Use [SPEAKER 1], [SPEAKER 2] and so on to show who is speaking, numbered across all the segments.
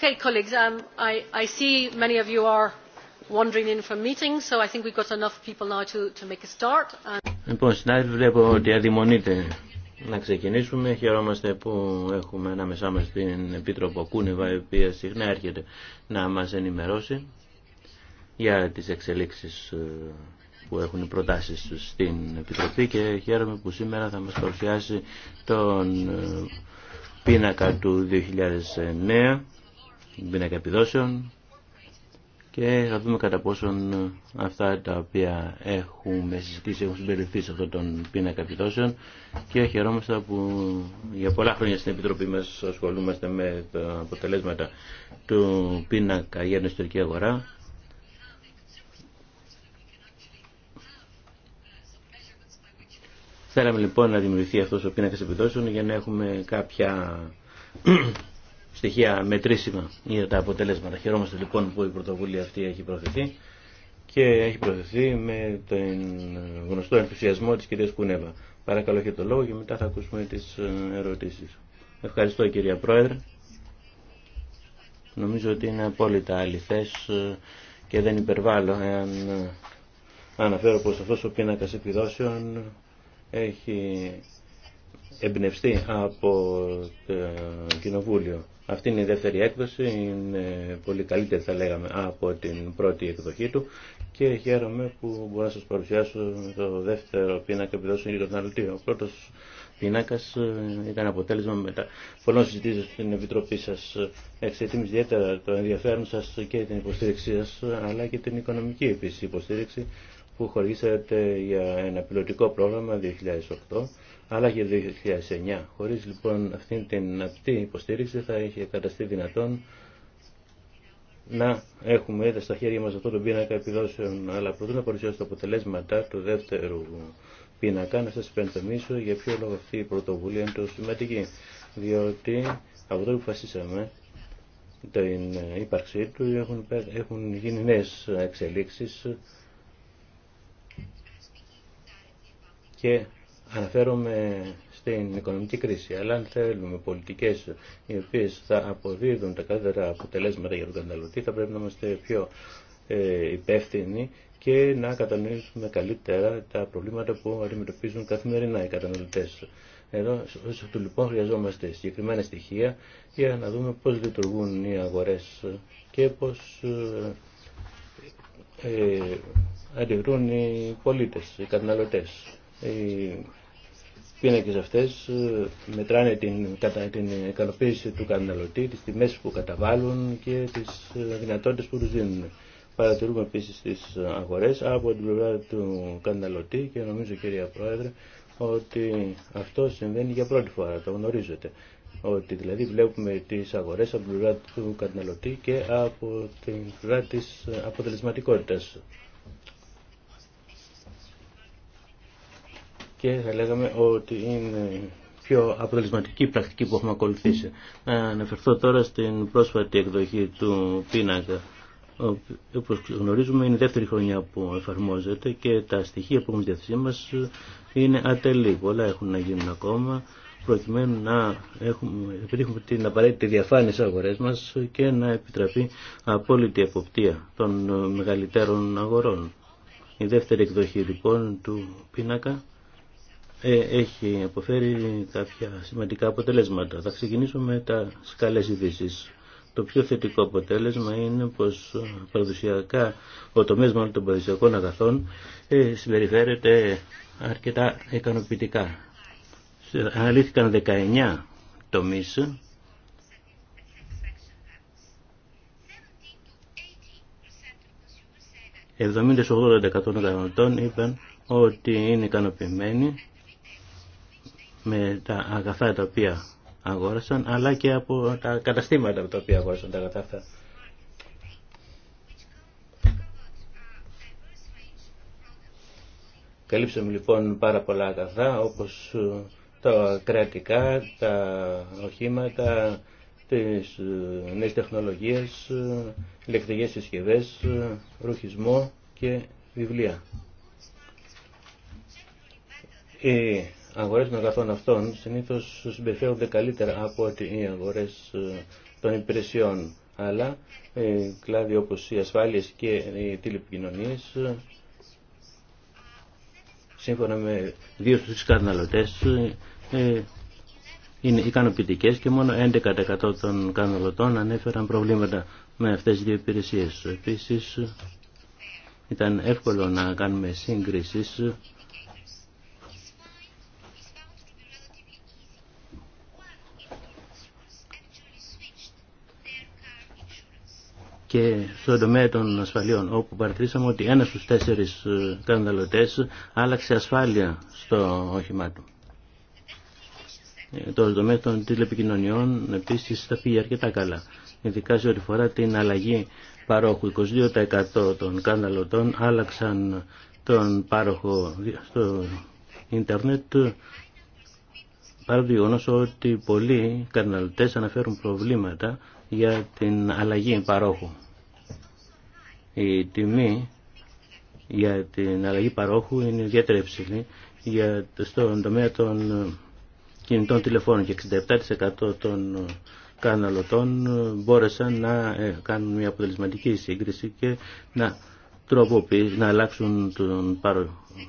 [SPEAKER 1] colleagues, I
[SPEAKER 2] Λοιπόν, συνάδελφοι, βλέπω ότι αδειμονείτε να ξεκινήσουμε. Χαιρόμαστε που έχουμε ανάμεσά μας την Επίτροπο Κούνεβα, η οποία συχνά έρχεται να μας ενημερώσει για τις εξελίξεις ε, που έχουν οι στην Επιτροπή και χαίρομαι που σήμερα θα μας παρουσιάσει τον ε, πίνακα του 2009 πίνακα επιδόσεων και θα δούμε κατά πόσον αυτά τα οποία έχουμε συζητήσει έχουν συμπεριληφθεί σε αυτόν τον πίνακα επιδόσεων και χαιρόμαστε που για πολλά χρόνια στην Επιτροπή μας ασχολούμαστε με τα αποτελέσματα του πίνακα για την αγορά Θέλαμε λοιπόν να δημιουργηθεί αυτός ο πίνακας επιδόσεων για να έχουμε κάποια στοιχεία μετρήσιμα για τα αποτελέσματα. Χαιρόμαστε λοιπόν που η πρωτοβουλία αυτή έχει προθεθεί και έχει προθεθεί με τον γνωστό ενθουσιασμό της κυρίας Κουνέβα. Παρακαλώ και το λόγο και μετά θα ακούσουμε τις ε, ερωτήσεις. Ευχαριστώ κυρία Πρόεδρε. Νομίζω ότι είναι απόλυτα αληθές ε, και δεν υπερβάλλω εάν ε, αναφέρω πως αυτός ο πίνακας επιδόσεων έχει εμπνευστεί από το Κοινοβούλιο. Αυτή είναι η δεύτερη έκδοση, είναι πολύ καλύτερη θα λέγαμε από την πρώτη εκδοχή του και χαίρομαι που μπορώ να σας παρουσιάσω το δεύτερο πίνακα δώσουν για τον καταναλωτή. Ο πρώτος πίνακας ε, ήταν αποτέλεσμα μετά πολλών συζητήσεων στην Επιτροπή σας. Εξαιτήμη ιδιαίτερα το ενδιαφέρον σας και την υποστήριξή σας αλλά και την οικονομική επίσης υποστήριξη που χορηγήσατε για ένα πιλωτικό πρόγραμμα 2008 αλλά και 2009. Χωρίς λοιπόν αυτή την απτή υποστήριξη θα είχε καταστεί δυνατόν να έχουμε στα χέρια μας αυτό το πίνακα επιδόσεων. Αλλά πρωτού να παρουσιάσω τα αποτελέσματα του δεύτερου πίνακα, να σα υπενθυμίσω για ποιο λόγο αυτή η πρωτοβουλία είναι τόσο σημαντική. Διότι από τότε που φασίσαμε την ύπαρξή του έχουν, έχουν γίνει νέες εξελίξεις και Αναφέρομαι στην οικονομική κρίση, αλλά αν θέλουμε πολιτικές οι οποίες θα αποδίδουν τα καλύτερα αποτελέσματα για τον καταναλωτή, θα πρέπει να είμαστε πιο ε, υπεύθυνοι και να κατανοήσουμε καλύτερα τα προβλήματα που αντιμετωπίζουν καθημερινά οι καταναλωτές. Εδώ, του λοιπόν, χρειαζόμαστε συγκεκριμένα στοιχεία για να δούμε πώς λειτουργούν οι αγορές και πώς ε, ε αντιδρούν οι πολίτες, οι καταναλωτές. Οι πίνακες αυτές ε, μετράνε την, κατα, την ικανοποίηση του καταναλωτή, τις τιμές που καταβάλουν και τις ε, δυνατότητες που τους δίνουν. Παρατηρούμε επίσης τις αγορές από την πλευρά του καταναλωτή και νομίζω κυρία Πρόεδρε ότι αυτό συμβαίνει για πρώτη φορά, το γνωρίζετε. Ότι δηλαδή βλέπουμε τις αγορές από την πλευρά του καταναλωτή και από την πλευρά της ε, αποτελεσματικότητας. και θα λέγαμε ότι είναι πιο αποτελεσματική πρακτική που έχουμε ακολουθήσει. Να αναφερθώ τώρα στην πρόσφατη εκδοχή του πίνακα. Όπω γνωρίζουμε είναι η δεύτερη χρονιά που εφαρμόζεται και τα στοιχεία που έχουμε διαθέσει μα είναι ατελή. Πολλά έχουν να γίνουν ακόμα προκειμένου να έχουμε, την απαραίτητη διαφάνεια στις αγορές μας και να επιτραπεί απόλυτη εποπτεία των μεγαλύτερων αγορών. Η δεύτερη εκδοχή λοιπόν του πίνακα ε, έχει αποφέρει κάποια σημαντικά αποτελέσματα. Θα ξεκινήσω με τα σκάλες ειδήσει. Το πιο θετικό αποτέλεσμα είναι πως ε, παραδοσιακά ο τομέας μόνο των παραδοσιακών αγαθών ε, συμπεριφέρεται αρκετά ικανοποιητικά. Αναλύθηκαν 19 τομείς των καταναλωτών είπαν ότι είναι ικανοποιημένοι με τα αγαθά τα οποία αγόρασαν αλλά και από τα καταστήματα τα οποία αγόρασαν τα αγαθά αυτά. Καλύψαμε λοιπόν πάρα πολλά αγαθά όπως ε, τα κρατικά, τα οχήματα, τις ε, νέες τεχνολογίες, ε, ηλεκτρικές συσκευές, ρουχισμό και βιβλία. Ε αγορές των αγαθών αυτών συνήθως συμπεριφέρονται καλύτερα από ότι οι αγορές ε, των υπηρεσιών. Αλλά κλάδοι όπως οι ασφάλειες και οι τηλεπικοινωνίες ε, σύμφωνα με δύο στους καταναλωτές ε, είναι ικανοποιητικές και μόνο 11% των καταναλωτών ανέφεραν προβλήματα με αυτές τις δύο υπηρεσίες. Επίσης ήταν εύκολο να κάνουμε σύγκρισης. και στον τομέα των ασφαλείων όπου παρατηρήσαμε ότι ένας στους τέσσερις ε, καταναλωτές άλλαξε ασφάλεια στο όχημά του. Ε, το τομέα των τηλεπικοινωνιών επίσης θα πήγε αρκετά καλά, ειδικά σε ό,τι φορά την αλλαγή παρόχου. 22% των καταναλωτών άλλαξαν τον πάροχο στο ίντερνετ παρά το ότι πολλοί καταναλωτές αναφέρουν προβλήματα για την αλλαγή παρόχου. Η τιμή για την αλλαγή παρόχου είναι ιδιαίτερα υψηλή για, στον τομέα των κινητών τηλεφώνων και 67% των καναλωτών μπόρεσαν να ε, κάνουν μια αποτελεσματική σύγκριση και να τροποποιήσουν, να αλλάξουν τον,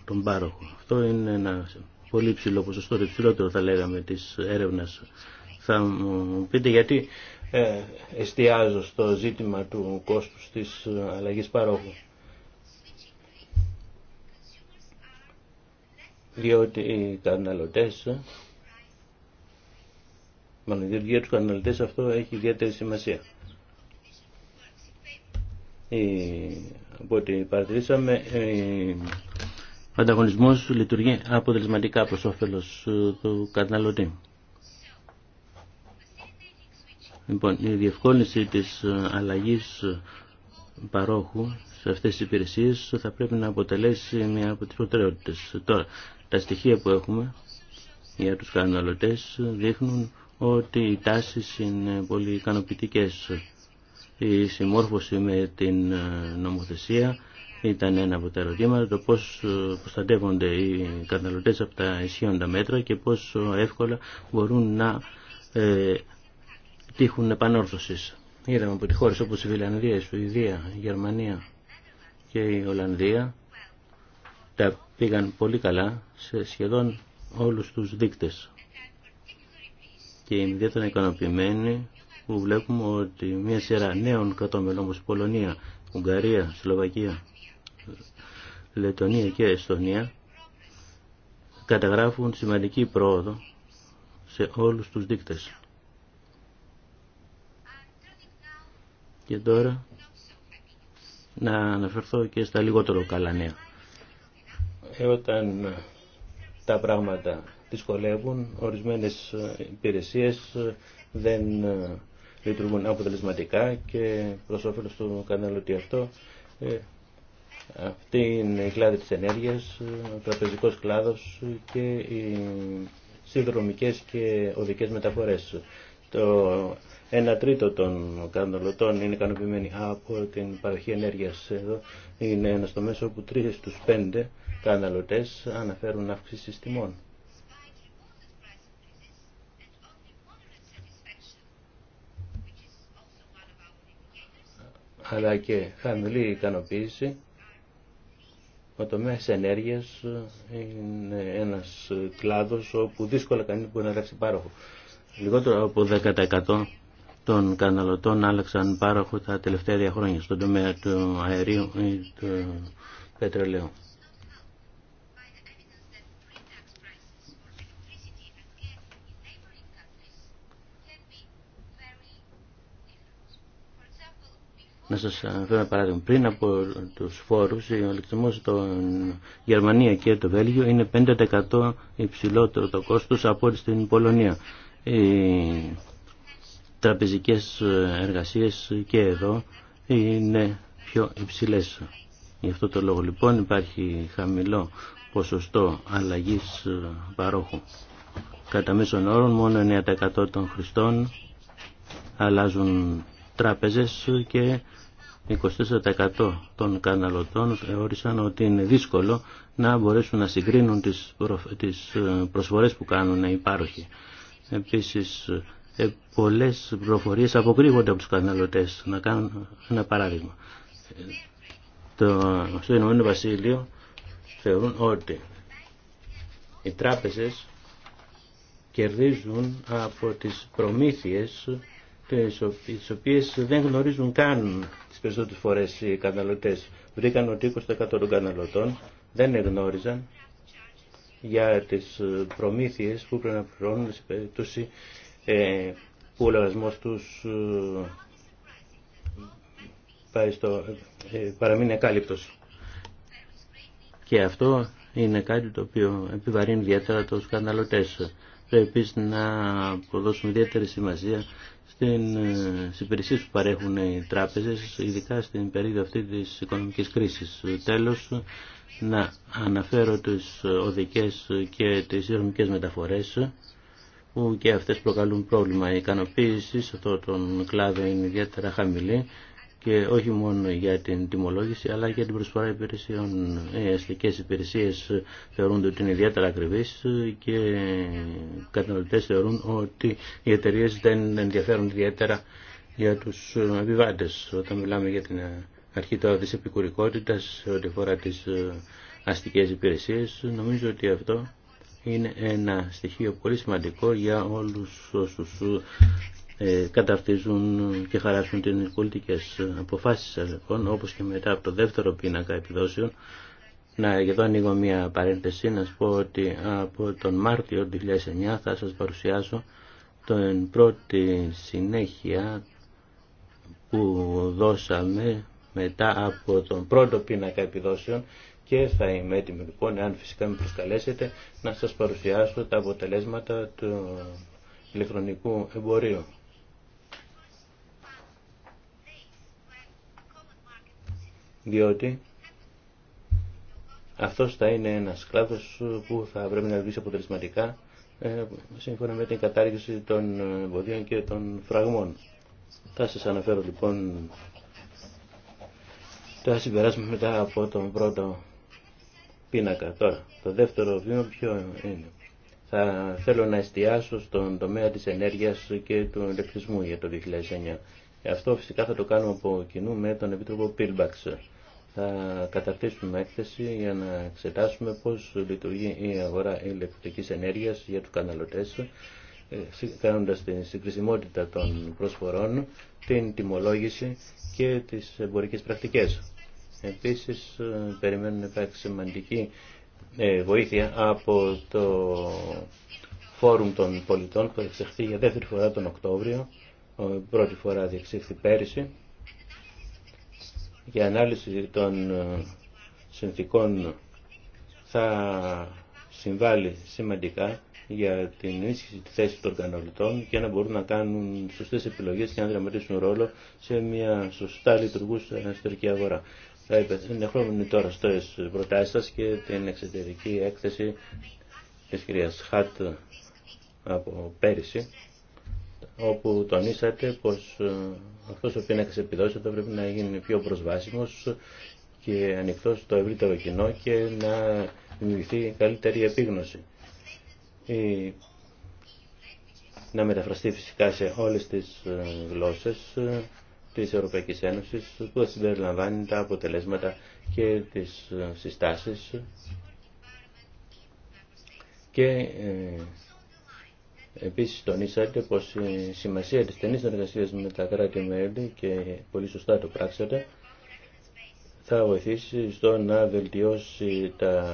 [SPEAKER 2] τον πάροχο. Αυτό είναι ένα πολύ ψηλό ποσοστό, το υψηλότερο θα λέγαμε της έρευνας. Θα μου πείτε γιατί ε, εστιάζω στο ζήτημα του κόστους της αλλαγής παρόχου. Διότι οι καταναλωτές, μάλλον η για τους καταναλωτές αυτό έχει ιδιαίτερη σημασία. Η, από ό,τι παρατηρήσαμε, ο ανταγωνισμός λειτουργεί αποτελεσματικά προς όφελος του καταναλωτή. Λοιπόν, η διευκόλυνση της ε, αλλαγής ε, παρόχου σε αυτές τις υπηρεσίες θα πρέπει να αποτελέσει μια από τις προτεραιότητες. Τώρα, τα στοιχεία που έχουμε για τους καταναλωτές δείχνουν ότι οι τάσεις είναι πολύ ικανοποιητικέ. Η συμμόρφωση με την ε, νομοθεσία ήταν ένα από τα ερωτήματα, το πώς προστατεύονται οι καταναλωτές από τα ισχύοντα μέτρα και πώς εύκολα μπορούν να τύχουν επανόρθωση. Είδαμε από τη χώρες όπως η Φιλανδία, η Σουηδία, η Γερμανία και η Ολλανδία τα πήγαν πολύ καλά σε σχεδόν όλους τους δείκτες. Και είναι ιδιαίτερα ικανοποιημένοι που βλέπουμε ότι μια σειρά νέων κρατών όπως Πολωνία, Ουγγαρία, Σλοβακία, Λετωνία και Εστονία καταγράφουν σημαντική πρόοδο σε όλους τους δείκτες. Και τώρα να αναφερθώ και στα λιγότερο καλά νέα. Ε, όταν ε, τα πράγματα δυσκολεύουν, ορισμένες ε, υπηρεσίες δεν λειτουργούν αποτελεσματικά και προς όφελος του καταναλωτή αυτό αυτή είναι η κλάδη της ενέργειας, ο τραπεζικός κλάδος και οι συνδρομικές και οδικές μεταφορές το 1 τρίτο των καταναλωτών είναι ικανοποιημένοι από την παροχή ενέργειας εδώ. Είναι ένα στο μέσο που 3 στους πέντε καταναλωτές αναφέρουν αύξηση τιμών. αλλά και χαμηλή ικανοποίηση. Ο τομέας ενέργειας είναι ένας κλάδος όπου δύσκολα κανείς μπορεί να αλλάξει πάροχο. Λιγότερο από 10% των καταναλωτών άλλαξαν πάροχο τα τελευταία δύο χρόνια στον τομέα του αερίου ή του πετρελαίου. Να σας δώσω ένα παράδειγμα. Πριν από τους φόρους, ο ελεκτρισμός των Γερμανία και το Βέλγιο είναι 5% υψηλότερο το κόστος από ό,τι στην Πολωνία οι τραπεζικές εργασίες και εδώ είναι πιο υψηλές. Γι' αυτό το λόγο λοιπόν υπάρχει χαμηλό ποσοστό αλλαγής παρόχου. Κατά μέσον όρων μόνο 9% των χρηστών αλλάζουν τράπεζες και 24% των καναλωτών θεώρησαν ότι είναι δύσκολο να μπορέσουν να συγκρίνουν τις ε, προσφορές που κάνουν οι πάροχοι. Επίσης, ε, πολλές προφορίες αποκρύβονται από τους καταναλωτές. Να κάνω ένα παράδειγμα. Το, στο Ηνωμένο Βασίλειο θεωρούν ότι οι τράπεζες κερδίζουν από τις προμήθειες τις οποίες δεν γνωρίζουν καν τις περισσότερες φορές οι καταναλωτές. Βρήκαν ότι 20% των καταναλωτών δεν εγνώριζαν για τις ε, προμήθειες που πρέπει να πληρώνουν σε περίπτωση που ο λογαριασμός τους ε, στο, ε, παραμείνει ακάλυπτος. Και αυτό είναι κάτι το οποίο επιβαρύνει ιδιαίτερα τους καταναλωτές. Πρέπει επίσης να αποδώσουμε ιδιαίτερη σημασία στην ε, υπηρεσίε που παρέχουν οι τράπεζες, ειδικά στην περίοδο αυτή της οικονομικής κρίσης. Τέλος, να αναφέρω τις οδικές και τις ηρωνικές μεταφορές που και αυτές προκαλούν πρόβλημα. Η ικανοποίηση σε τον κλάδο είναι ιδιαίτερα χαμηλή και όχι μόνο για την τιμολόγηση αλλά και για την προσφορά υπηρεσιών. Ε, οι αστικές υπηρεσίες θεωρούνται ότι είναι ιδιαίτερα ακριβείς και οι θεωρούν ότι οι εταιρείε δεν ενδιαφέρουν ιδιαίτερα για τους επιβάτες. Όταν μιλάμε για την αρχή τώρα της επικουρικότητας ό,τι αφορά τις ε, αστικές υπηρεσίες. Νομίζω ότι αυτό είναι ένα στοιχείο πολύ σημαντικό για όλους όσους ε, καταρτίζουν και χαράσουν τις πολιτικές αποφάσεις λοιπόν, όπως και μετά από το δεύτερο πίνακα επιδόσεων. Να, εδώ ανοίγω μια παρένθεση να σας πω ότι από τον Μάρτιο 2009 θα σας παρουσιάσω την πρώτη συνέχεια που δώσαμε μετά από τον πρώτο πίνακα επιδόσεων και θα είμαι έτοιμη λοιπόν, αν φυσικά με προσκαλέσετε, να σας παρουσιάσω τα αποτελέσματα του ηλεκτρονικού εμπορίου. Διότι αυτός θα είναι ένας κλάδος που θα πρέπει να λειτουργήσει αποτελεσματικά ε, σύμφωνα με την κατάργηση των εμποδιών και των φραγμών. Θα σας αναφέρω λοιπόν τα συμπεράσουμε μετά από τον πρώτο πίνακα. Τώρα, το δεύτερο βήμα ποιο είναι. Θα θέλω να εστιάσω στον τομέα της ενέργειας και του ηλεκτρισμού για το 2009. Αυτό φυσικά θα το κάνουμε από κοινού με τον Επίτροπο Πίλμπαξ. Θα καταρτήσουμε έκθεση για να εξετάσουμε πώς λειτουργεί η αγορά ηλεκτρικής ενέργειας για τους καταναλωτές Κανοντά την συγκρισιμότητα των προσφορών, την τιμολόγηση και τις εμπορικέ πρακτικέ. Επίση, ε, περιμένουν να σημαντική ε, βοήθεια από το Φόρουμ των Πολιτών που θα εξεχθεί για δεύτερη φορά τον Οκτώβριο, πρώτη φορά διεξήχθη πέρυσι, για ανάλυση των ε, συνθήκων θα συμβάλλει σημαντικά για την ίσχυση τη θέση των οργανωτών και να μπορούν να κάνουν σωστέ επιλογέ και να δραματίσουν ρόλο σε μια σωστά λειτουργούσα εσωτερική αγορά. Θα ενδεχόμενοι τώρα στι προτάσει σα και την εξωτερική έκθεση τη κυρία Χατ από πέρυσι, όπου τονίσατε πως ε, αυτό ο πίνακα επιδόσεων θα πρέπει να γίνει πιο προσβάσιμο και ανοιχτό στο ευρύτερο κοινό και να δημιουργηθεί καλύτερη επίγνωση να μεταφραστεί φυσικά σε όλες τις ε, γλώσσες ε, της Ευρωπαϊκής Ένωσης που θα συμπεριλαμβάνει τα αποτελέσματα και τις ε, συστάσεις και Επίσης τονίσατε πως η σημασία της ταινής συνεργασίας με τα κράτη-μέλη και πολύ σωστά το πράξατε θα βοηθήσει στο να βελτιώσει τα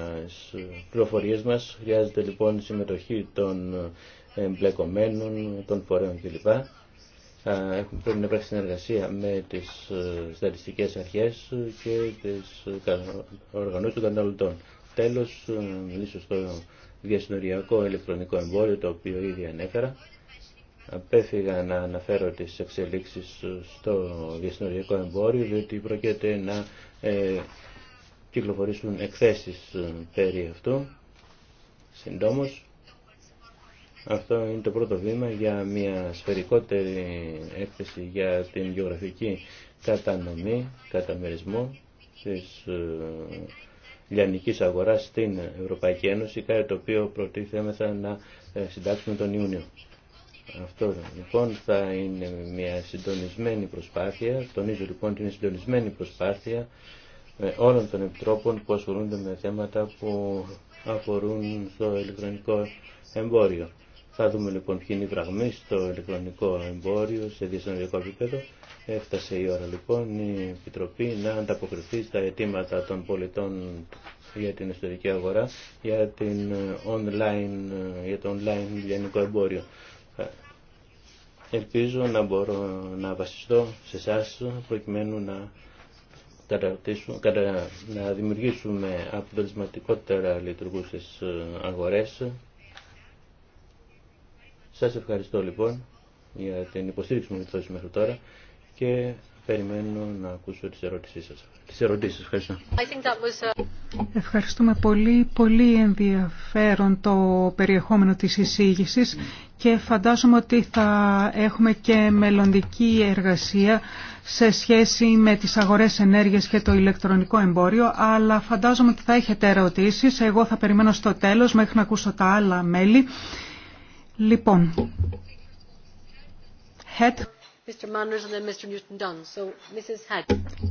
[SPEAKER 2] πληροφορίες μας. Χρειάζεται λοιπόν συμμετοχή των εμπλεκομένων, των φορέων κλπ. Έχουμε, πρέπει να υπάρχει συνεργασία με τις ε, στατιστικές αρχές και τις οργανώσεις των καταναλωτών. Τέλος, ε, μιλήσω στο διασυνοριακό ηλεκτρονικό εμπόριο, το οποίο ήδη ανέφερα. Απέφυγα να αναφέρω τις εξελίξεις στο διασυνοριακό εμπόριο, διότι πρόκειται να ε, κυκλοφορήσουν εκθέσεις ε, περί αυτού συντόμως. Αυτό είναι το πρώτο βήμα για μια σφαιρικότερη έκθεση για την γεωγραφική κατανομή, καταμερισμό της ε, λιανικής αγοράς στην Ευρωπαϊκή Ένωση, κάτι το οποίο προτίθεμεθα να συντάξουμε τον Ιούνιο. Αυτό λοιπόν θα είναι μια συντονισμένη προσπάθεια, τονίζω λοιπόν ότι είναι συντονισμένη προσπάθεια ε, όλων των επιτρόπων που ασχολούνται με θέματα που αφορούν στο ηλεκτρονικό εμπόριο. Θα δούμε λοιπόν ποιοι είναι οι πραγμοί στο ηλεκτρονικό εμπόριο σε διασυνοριακό επίπεδο. Έφτασε η ώρα λοιπόν η Επιτροπή να ανταποκριθεί στα αιτήματα των πολιτών για την ιστορική αγορά, για, την ε, online, ε, για το online γενικό εμπόριο. Ελπίζω να μπορώ να βασιστώ σε εσά προκειμένου να να δημιουργήσουμε αποτελεσματικότερα λειτουργούσες ε, αγορές. Σας ευχαριστώ λοιπόν για την υποστήριξη που μου μέχρι τώρα και Περιμένω να ακούσω τις ερωτήσεις σας. Τις ερωτήσεις, ευχαριστώ.
[SPEAKER 1] Uh,
[SPEAKER 3] Ευχαριστούμε πολύ. Πολύ ενδιαφέρον το περιεχόμενο της εισήγησης και φαντάζομαι ότι θα έχουμε και μελλοντική εργασία σε σχέση με τις αγορές ενέργειας και το ηλεκτρονικό εμπόριο, αλλά φαντάζομαι ότι θα έχετε ερωτήσεις. Εγώ θα περιμένω στο τέλος μέχρι να ακούσω τα άλλα μέλη. Λοιπόν,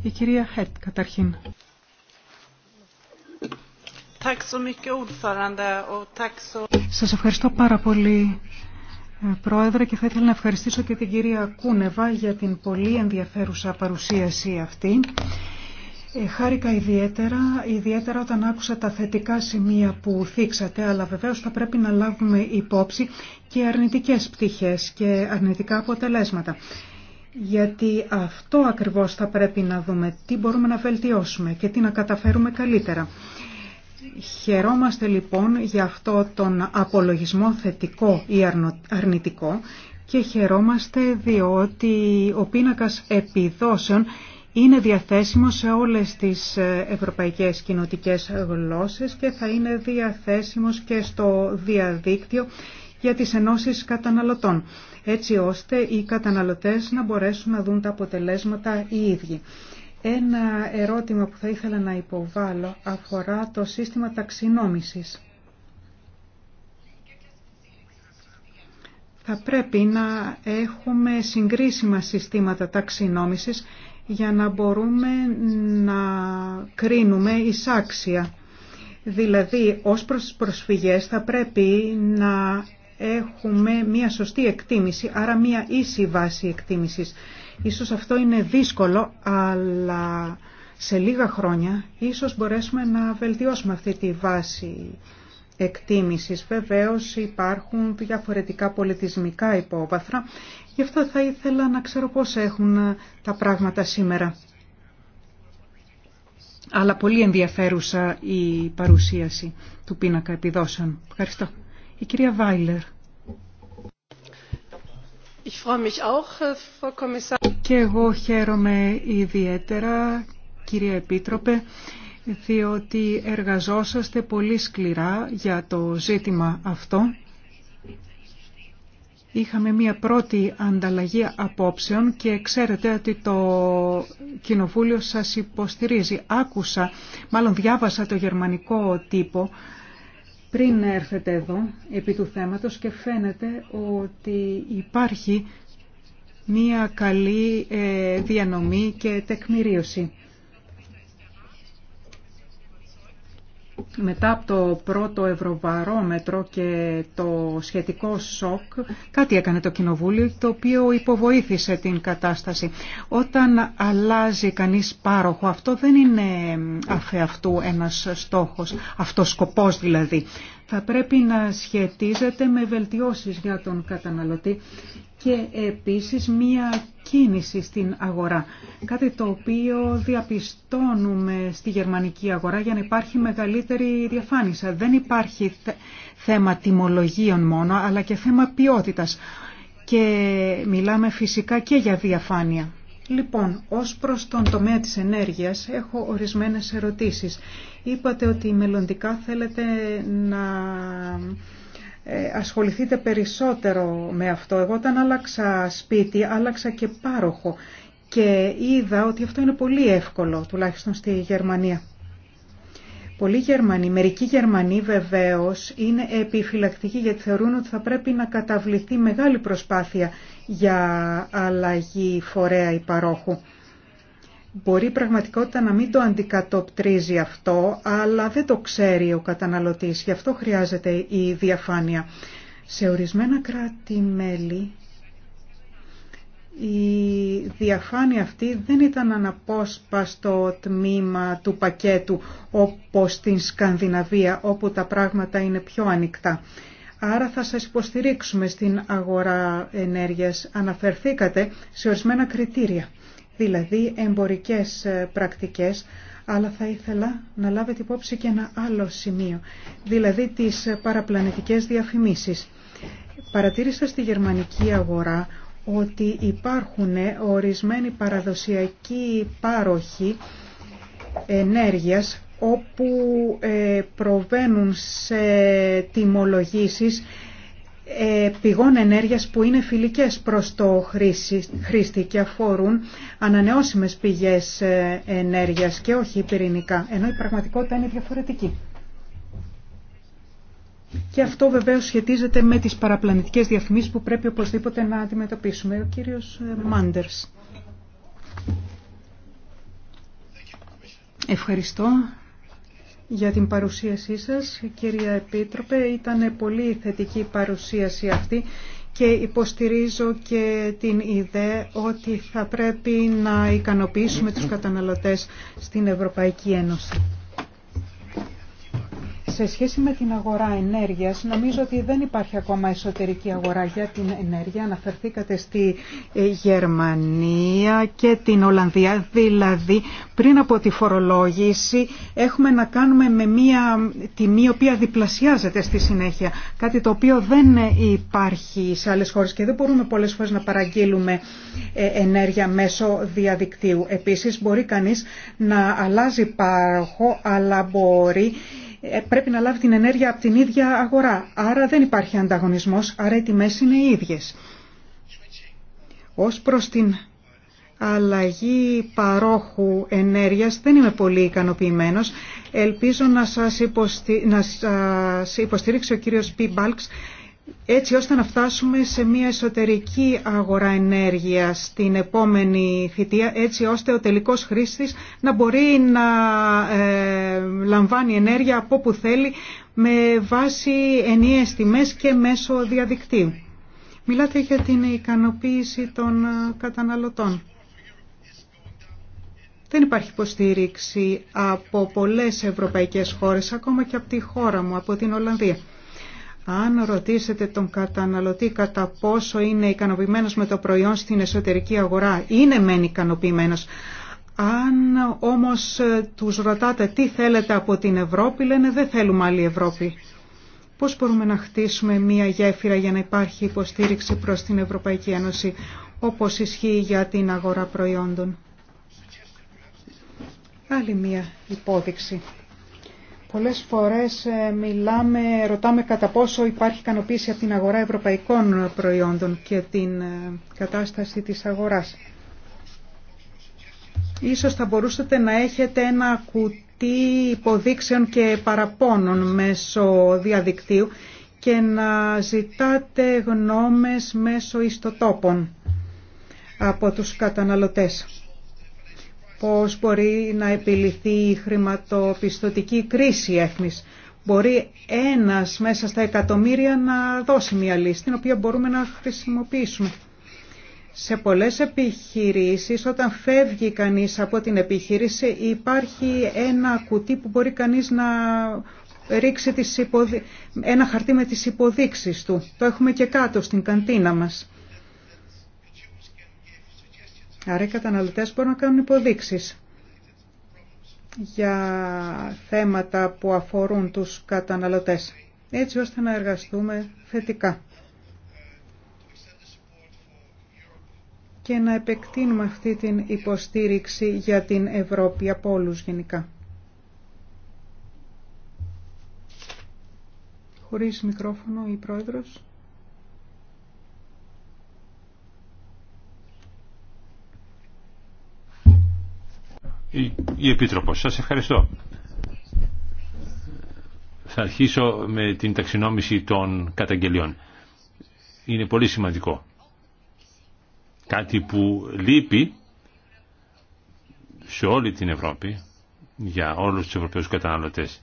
[SPEAKER 3] η κυρία Χέτ καταρχήν. Σας ευχαριστώ πάρα πολύ, ε, Πρόεδρε, και θα ήθελα να ευχαριστήσω και την κυρία Κούνεβα για την πολύ ενδιαφέρουσα παρουσίαση αυτή ε, χάρηκα ιδιαίτερα, ιδιαίτερα όταν άκουσα τα θετικά σημεία που θίξατε, αλλά βεβαίως θα πρέπει να λάβουμε υπόψη και αρνητικές πτυχές και αρνητικά αποτελέσματα. Γιατί αυτό ακριβώς θα πρέπει να δούμε, τι μπορούμε να βελτιώσουμε και τι να καταφέρουμε καλύτερα. Χαιρόμαστε λοιπόν για αυτό τον απολογισμό θετικό ή αρνητικό και χαιρόμαστε διότι ο πίνακας επιδόσεων είναι διαθέσιμο σε όλες τις ε, ευρωπαϊκές κοινοτικές γλώσσες και θα είναι διαθέσιμος και στο διαδίκτυο για τις ενώσεις καταναλωτών, έτσι ώστε οι καταναλωτές να μπορέσουν να δουν τα αποτελέσματα οι ίδιοι. Ένα ερώτημα που θα ήθελα να υποβάλω αφορά το σύστημα ταξινόμησης. Θα πρέπει να έχουμε συγκρίσιμα συστήματα ταξινόμησης για να μπορούμε να κρίνουμε εισάξια. Δηλαδή, ως προς τις προσφυγές θα πρέπει να έχουμε μία σωστή εκτίμηση, άρα μία ίση βάση εκτίμησης. Ίσως αυτό είναι δύσκολο, αλλά σε λίγα χρόνια ίσως μπορέσουμε να βελτιώσουμε αυτή τη βάση εκτίμησης. Βεβαίως υπάρχουν διαφορετικά πολιτισμικά υπόβαθρα, γι' αυτό θα ήθελα να ξέρω πώς έχουν τα πράγματα σήμερα. Αλλά πολύ ενδιαφέρουσα η παρουσίαση του πίνακα επιδόσεων. Ευχαριστώ. Η κυρία Βάιλερ. Και εγώ χαίρομαι ιδιαίτερα, κυρία Επίτροπε, διότι εργαζόσαστε πολύ σκληρά για το ζήτημα αυτό. Είχαμε μία πρώτη ανταλλαγή απόψεων και ξέρετε ότι το Κοινοβούλιο σας υποστηρίζει. Άκουσα, μάλλον διάβασα το γερμανικό τύπο πριν έρθετε εδώ επί του θέματος και φαίνεται ότι υπάρχει μία καλή ε, διανομή και τεκμηρίωση. μετά από το πρώτο ευρωβαρόμετρο και το σχετικό σοκ, κάτι έκανε το Κοινοβούλιο το οποίο υποβοήθησε την κατάσταση. Όταν αλλάζει κανείς πάροχο, αυτό δεν είναι αφεαυτού ένας στόχος, αυτός σκοπός δηλαδή. Θα πρέπει να σχετίζεται με βελτιώσεις για τον καταναλωτή και επίσης μία κίνηση στην αγορά. Κάτι το οποίο διαπιστώνουμε στη γερμανική αγορά για να υπάρχει μεγαλύτερη διαφάνιση. Δεν υπάρχει θέμα τιμολογίων μόνο, αλλά και θέμα ποιότητας. Και μιλάμε φυσικά και για διαφάνεια. Λοιπόν, ως προς τον τομέα της ενέργειας έχω ορισμένες ερωτήσεις. Είπατε ότι μελλοντικά θέλετε να ε, ασχοληθείτε περισσότερο με αυτό. Εγώ όταν άλλαξα σπίτι, άλλαξα και πάροχο και είδα ότι αυτό είναι πολύ εύκολο, τουλάχιστον στη Γερμανία. Πολλοί Γερμανοί, μερικοί Γερμανοί βεβαίως είναι επιφυλακτικοί γιατί θεωρούν ότι θα πρέπει να καταβληθεί μεγάλη προσπάθεια για αλλαγή φορέα ή παρόχου. Μπορεί πραγματικότητα να μην το αντικατοπτρίζει αυτό, αλλά δεν το ξέρει ο καταναλωτής. Γι' αυτό χρειάζεται η διαφάνεια. Σε ορισμένα κράτη-μέλη η διαφάνεια αυτή δεν ήταν αναπόσπαστο τμήμα του πακέτου όπως στην Σκανδιναβία όπου τα πράγματα είναι πιο ανοιχτά. Άρα θα σας υποστηρίξουμε στην αγορά ενέργειας. Αναφερθήκατε σε ορισμένα κριτήρια δηλαδή εμπορικές ε, πρακτικές, αλλά θα ήθελα να λάβετε υπόψη και ένα άλλο σημείο, δηλαδή τις παραπλανητικές διαφημίσεις. Παρατήρησα στη γερμανική αγορά ότι υπάρχουν ε, ορισμένοι παραδοσιακοί πάροχοι ενέργειας όπου ε, προβαίνουν σε τιμολογήσεις ε, πηγών ενέργειας που είναι φιλικές προς το χρήστη και αφορούν ανανεώσιμες πηγές ε, ενέργειας και όχι πυρηνικά, ενώ η πραγματικότητα είναι διαφορετική. Και αυτό βεβαίως σχετίζεται με τις παραπλανητικές διαφημίσεις που πρέπει οπωσδήποτε να αντιμετωπίσουμε. Ο κύριος ε, Μάντερς. Ευχαριστώ για την παρουσίασή σας, κυρία Επίτροπε. Ήταν πολύ θετική η παρουσίαση αυτή και υποστηρίζω και την ιδέα ότι θα πρέπει να ικανοποιήσουμε τους καταναλωτές στην Ευρωπαϊκή Ένωση σε σχέση με την αγορά ενέργειας, νομίζω ότι δεν υπάρχει ακόμα εσωτερική αγορά για την ενέργεια. Αναφερθήκατε στη ε, Γερμανία και την Ολλανδία, δηλαδή πριν από τη φορολόγηση έχουμε να κάνουμε με μια τιμή η οποία διπλασιάζεται στη συνέχεια. Κάτι το οποίο δεν υπάρχει σε άλλες χώρες και δεν μπορούμε πολλές φορές να παραγγείλουμε ε, ενέργεια μέσω διαδικτύου. Επίσης μπορεί κανείς να αλλάζει πάροχο αλλά μπορεί ε, πρέπει να λάβει την ενέργεια από την ίδια αγορά. Άρα δεν υπάρχει ανταγωνισμός, άρα οι τιμές είναι οι ίδιες. Ως προς την αλλαγή παρόχου ενέργειας δεν είμαι πολύ ικανοποιημένος. Ελπίζω να σας, να σας υποστηρίξει ο κύριος Πι έτσι ώστε να φτάσουμε σε μια εσωτερική αγορά ενέργειας την επόμενη θητεία, έτσι ώστε ο τελικός χρήστης να μπορεί να ε, λαμβάνει ενέργεια από που θέλει με βάση ενιαίες τιμές και μέσω διαδικτύου. Μιλάτε για την ικανοποίηση των ε, καταναλωτών. Δεν υπάρχει υποστήριξη από πολλές ευρωπαϊκές χώρες, ακόμα και από τη χώρα μου, από την Ολλανδία. Αν ρωτήσετε τον καταναλωτή κατά πόσο είναι ικανοποιημένος με το προϊόν στην εσωτερική αγορά, είναι μεν ικανοποιημένος. Αν όμως τους ρωτάτε τι θέλετε από την Ευρώπη, λένε δεν θέλουμε άλλη Ευρώπη. Πώς μπορούμε να χτίσουμε μία γέφυρα για να υπάρχει υποστήριξη προς την Ευρωπαϊκή Ένωση, όπως ισχύει για την αγορά προϊόντων. Άλλη μία υπόδειξη. Πολλές φορές ε, μιλάμε, ρωτάμε κατά πόσο υπάρχει ικανοποίηση από την αγορά ευρωπαϊκών προϊόντων και την ε, κατάσταση της αγοράς. Ίσως θα μπορούσατε να έχετε ένα κουτί υποδείξεων και παραπώνων μέσω διαδικτύου και να ζητάτε γνώμες μέσω ιστοτόπων από τους καταναλωτές πώς μπορεί να επιληθεί η χρηματοπιστωτική κρίση έθνης. Μπορεί ένας μέσα στα εκατομμύρια να δώσει μια λύση την οποία μπορούμε να χρησιμοποιήσουμε. Σε πολλές επιχειρήσεις όταν φεύγει κανείς από την επιχείρηση υπάρχει ένα κουτί που μπορεί κανείς να ρίξει τις ένα χαρτί με τις υποδείξεις του. Το έχουμε και κάτω στην καντίνα μας. Άρα οι καταναλωτές μπορούν να κάνουν υποδείξεις για θέματα που αφορούν τους καταναλωτές, έτσι ώστε να εργαστούμε θετικά. και να επεκτείνουμε αυτή την υποστήριξη για την Ευρώπη από όλους γενικά. Χωρίς μικρόφωνο η Πρόεδρος.
[SPEAKER 4] η, Επίτροπος. Σας ευχαριστώ. Θα αρχίσω με την ταξινόμηση των καταγγελιών. Είναι πολύ σημαντικό. Κάτι που λείπει σε όλη την Ευρώπη για όλους τους Ευρωπαίους καταναλωτές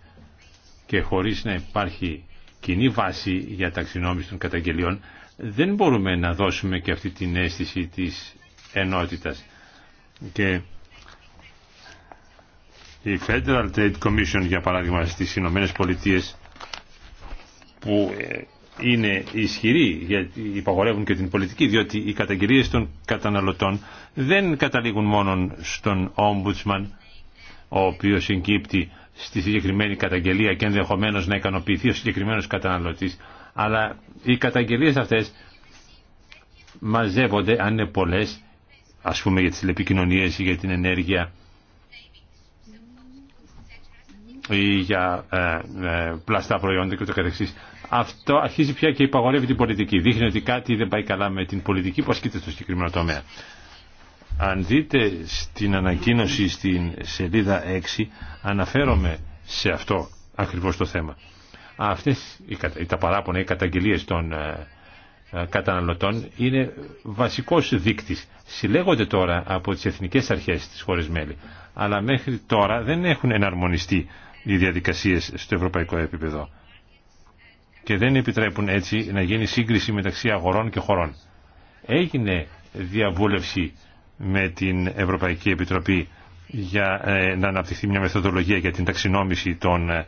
[SPEAKER 4] και χωρίς να υπάρχει κοινή βάση για ταξινόμηση των καταγγελιών δεν μπορούμε να δώσουμε και αυτή την αίσθηση της ενότητας. Και η Federal Trade Commission για παράδειγμα στις Ηνωμένε Πολιτείε, που ε, είναι ισχυροί γιατί υπαγορεύουν και την πολιτική διότι οι καταγγελίες των καταναλωτών δεν καταλήγουν μόνον στον Ombudsman ο οποίος εγκύπτει στη συγκεκριμένη καταγγελία και ενδεχομένω να ικανοποιηθεί ο συγκεκριμένο καταναλωτή, αλλά οι καταγγελίε αυτέ μαζεύονται αν είναι πολλέ, α πούμε για τι τηλεπικοινωνίε ή για την ενέργεια ή για ε, ε, πλαστά προϊόντα κ.ο.κ. Αυτό αρχίζει πια και υπαγορεύει την πολιτική. Δείχνει ότι κάτι δεν πάει καλά με την πολιτική που ασκείται στο συγκεκριμένο τομέα. Αν δείτε στην ανακοίνωση στην σελίδα 6 αναφέρομαι σε αυτό ακριβώς το θέμα. Αυτές τα παράπονα ή καταγγελίες των ε, καταναλωτών είναι βασικός δείκτης. Συλλέγονται τώρα από τις εθνικές αρχές της χώρες μέλη, αλλά μέχρι τώρα δεν έχουν εναρμονιστεί οι διαδικασίες στο ευρωπαϊκό επίπεδο και δεν επιτρέπουν έτσι να γίνει σύγκριση μεταξύ αγορών και χωρών. Έγινε διαβούλευση με την Ευρωπαϊκή Επιτροπή για ε, να αναπτυχθεί μια μεθοδολογία για την ταξινόμηση των ε,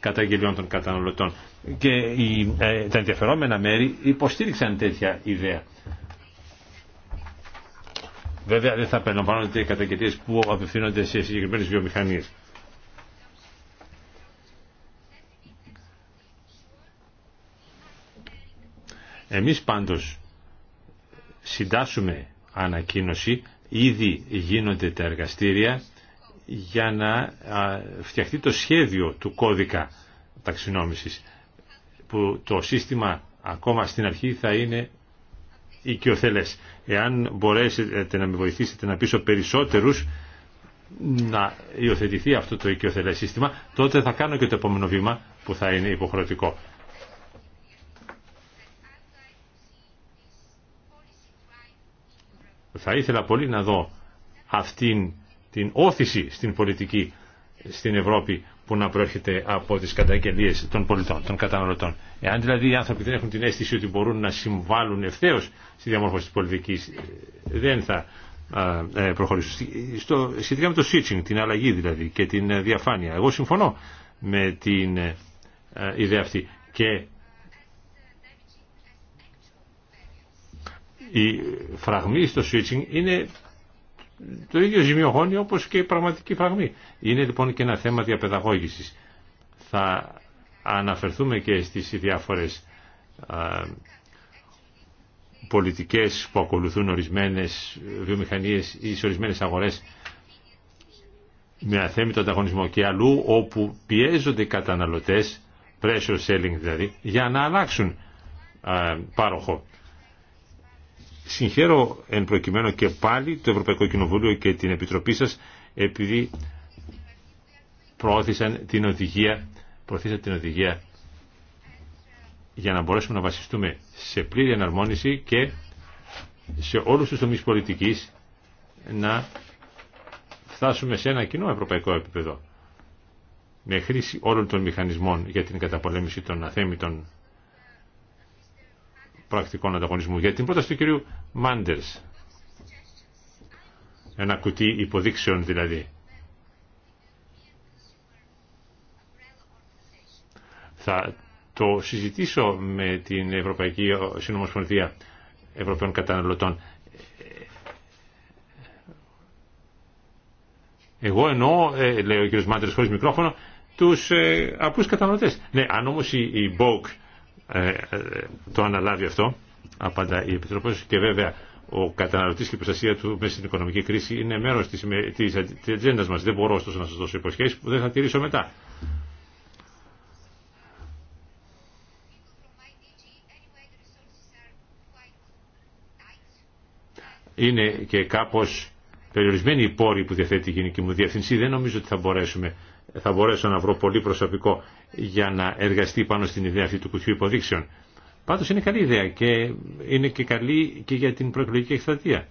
[SPEAKER 4] καταγγελιών των καταναλωτών και ε, τα ενδιαφερόμενα μέρη υποστήριξαν τέτοια ιδέα. Βέβαια δεν θα περιλαμβάνονται οι καταγγελίες που απευθύνονται σε συγκεκριμένες βιομηχανίες. Εμείς πάντως συντάσσουμε ανακοίνωση, ήδη γίνονται τα εργαστήρια για να φτιαχτεί το σχέδιο του κώδικα ταξινόμησης που το σύστημα ακόμα στην αρχή θα είναι οικειοθελές. Εάν μπορέσετε να με βοηθήσετε να πείσω περισσότερους να υιοθετηθεί αυτό το οικειοθελές σύστημα, τότε θα κάνω και το επόμενο βήμα που θα είναι υποχρεωτικό. Θα ήθελα πολύ να δω αυτήν την όθηση στην πολιτική στην Ευρώπη που να προέρχεται από τις καταγγελίες των πολιτών, των καταναλωτών. Εάν δηλαδή οι άνθρωποι δεν έχουν την αίσθηση ότι μπορούν να συμβάλλουν ευθέω στη διαμόρφωση της πολιτικής, δεν θα ε, προχωρήσουν. Στο, σχετικά με το switching, την αλλαγή δηλαδή και την ε, διαφάνεια, εγώ συμφωνώ με την ε, ιδέα αυτή η φραγμή στο switching είναι το ίδιο ζημιογόνιο όπως και η πραγματική φραγμή. Είναι λοιπόν και ένα θέμα διαπαιδαγώγησης. Θα αναφερθούμε και στις διάφορες α, πολιτικές που ακολουθούν ορισμένες βιομηχανίες ή σε ορισμένες αγορές με αθέμητο ανταγωνισμό και αλλού όπου πιέζονται οι καταναλωτές, pressure selling δηλαδή, για να αλλάξουν α, πάροχο. Συγχαίρω εν προκειμένου και πάλι το Ευρωπαϊκό Κοινοβούλιο και την Επιτροπή σας επειδή προώθησαν την οδηγία, προώθησαν την οδηγία για να μπορέσουμε να βασιστούμε σε πλήρη εναρμόνιση και σε όλους τους τομείς πολιτικής να φτάσουμε σε ένα κοινό ευρωπαϊκό επίπεδο με χρήση όλων των μηχανισμών για την καταπολέμηση των αθέμητων πρακτικών ανταγωνισμού. Για την πρόταση του κυρίου Μάντερς. Ένα κουτί υποδείξεων δηλαδή. Θα το συζητήσω με την Ευρωπαϊκή Συνομοσπονδία Ευρωπαίων Καταναλωτών. Εγώ εννοώ, ε, λέει ο κ. Μάντερς χωρίς μικρόφωνο, τους ε, απλούς καταναλωτές. Ναι, αν όμως η, η ε, ε, το αναλάβει αυτό, απαντά η Επιτροπή και βέβαια ο καταναλωτής και η προστασία του μέσα στην οικονομική κρίση είναι μέρος της, της ατζέντα μας. Δεν μπορώ ωστόσο να σας δώσω υποσχέσεις που δεν θα τηρήσω μετά. Είναι και κάπως περιορισμένοι οι πόροι που διαθέτει η Γενική μου Διευθυνσή. Δεν νομίζω ότι θα μπορέσουμε θα μπορέσω να βρω πολύ προσωπικό για να εργαστεί πάνω στην ιδέα αυτή του κουτιού υποδείξεων. Πάντως είναι καλή ιδέα και είναι και καλή και για την προεκλογική εκστρατεία.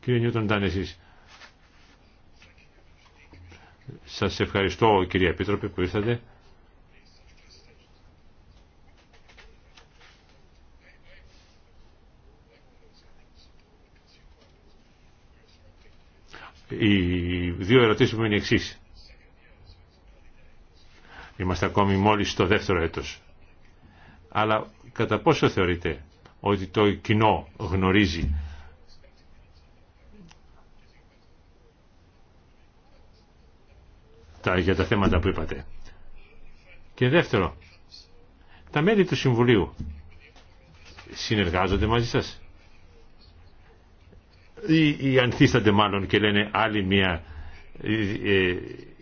[SPEAKER 4] Κύριε Νιούτον, ήταν Σας ευχαριστώ κύριε Επίτροπε που ήρθατε. Οι δύο ερωτήσεις μου είναι εξή. Είμαστε ακόμη μόλις στο δεύτερο έτος. Αλλά κατά πόσο θεωρείτε ότι το κοινό γνωρίζει τα, για τα θέματα που είπατε. Και δεύτερο, τα μέλη του Συμβουλίου συνεργάζονται μαζί σας ή, ανθίστανται μάλλον και λένε άλλη μια ε, ε,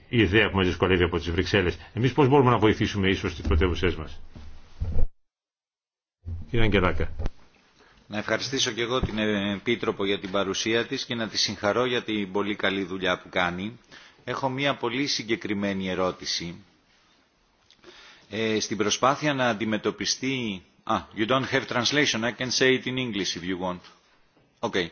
[SPEAKER 4] ιδέα που μας δυσκολεύει από τις Βρυξέλλες. Εμείς πώς μπορούμε να βοηθήσουμε ίσως τις πρωτεύουσές μας. Κύριε Αγγελάκα.
[SPEAKER 1] Να ευχαριστήσω και εγώ την Επίτροπο για την παρουσία της και να τη συγχαρώ για την πολύ καλή δουλειά που κάνει. Έχω μία πολύ συγκεκριμένη ερώτηση. Ε, στην προσπάθεια να αντιμετωπιστεί... Ah, you don't have translation. I can say it in English if you want. Okay.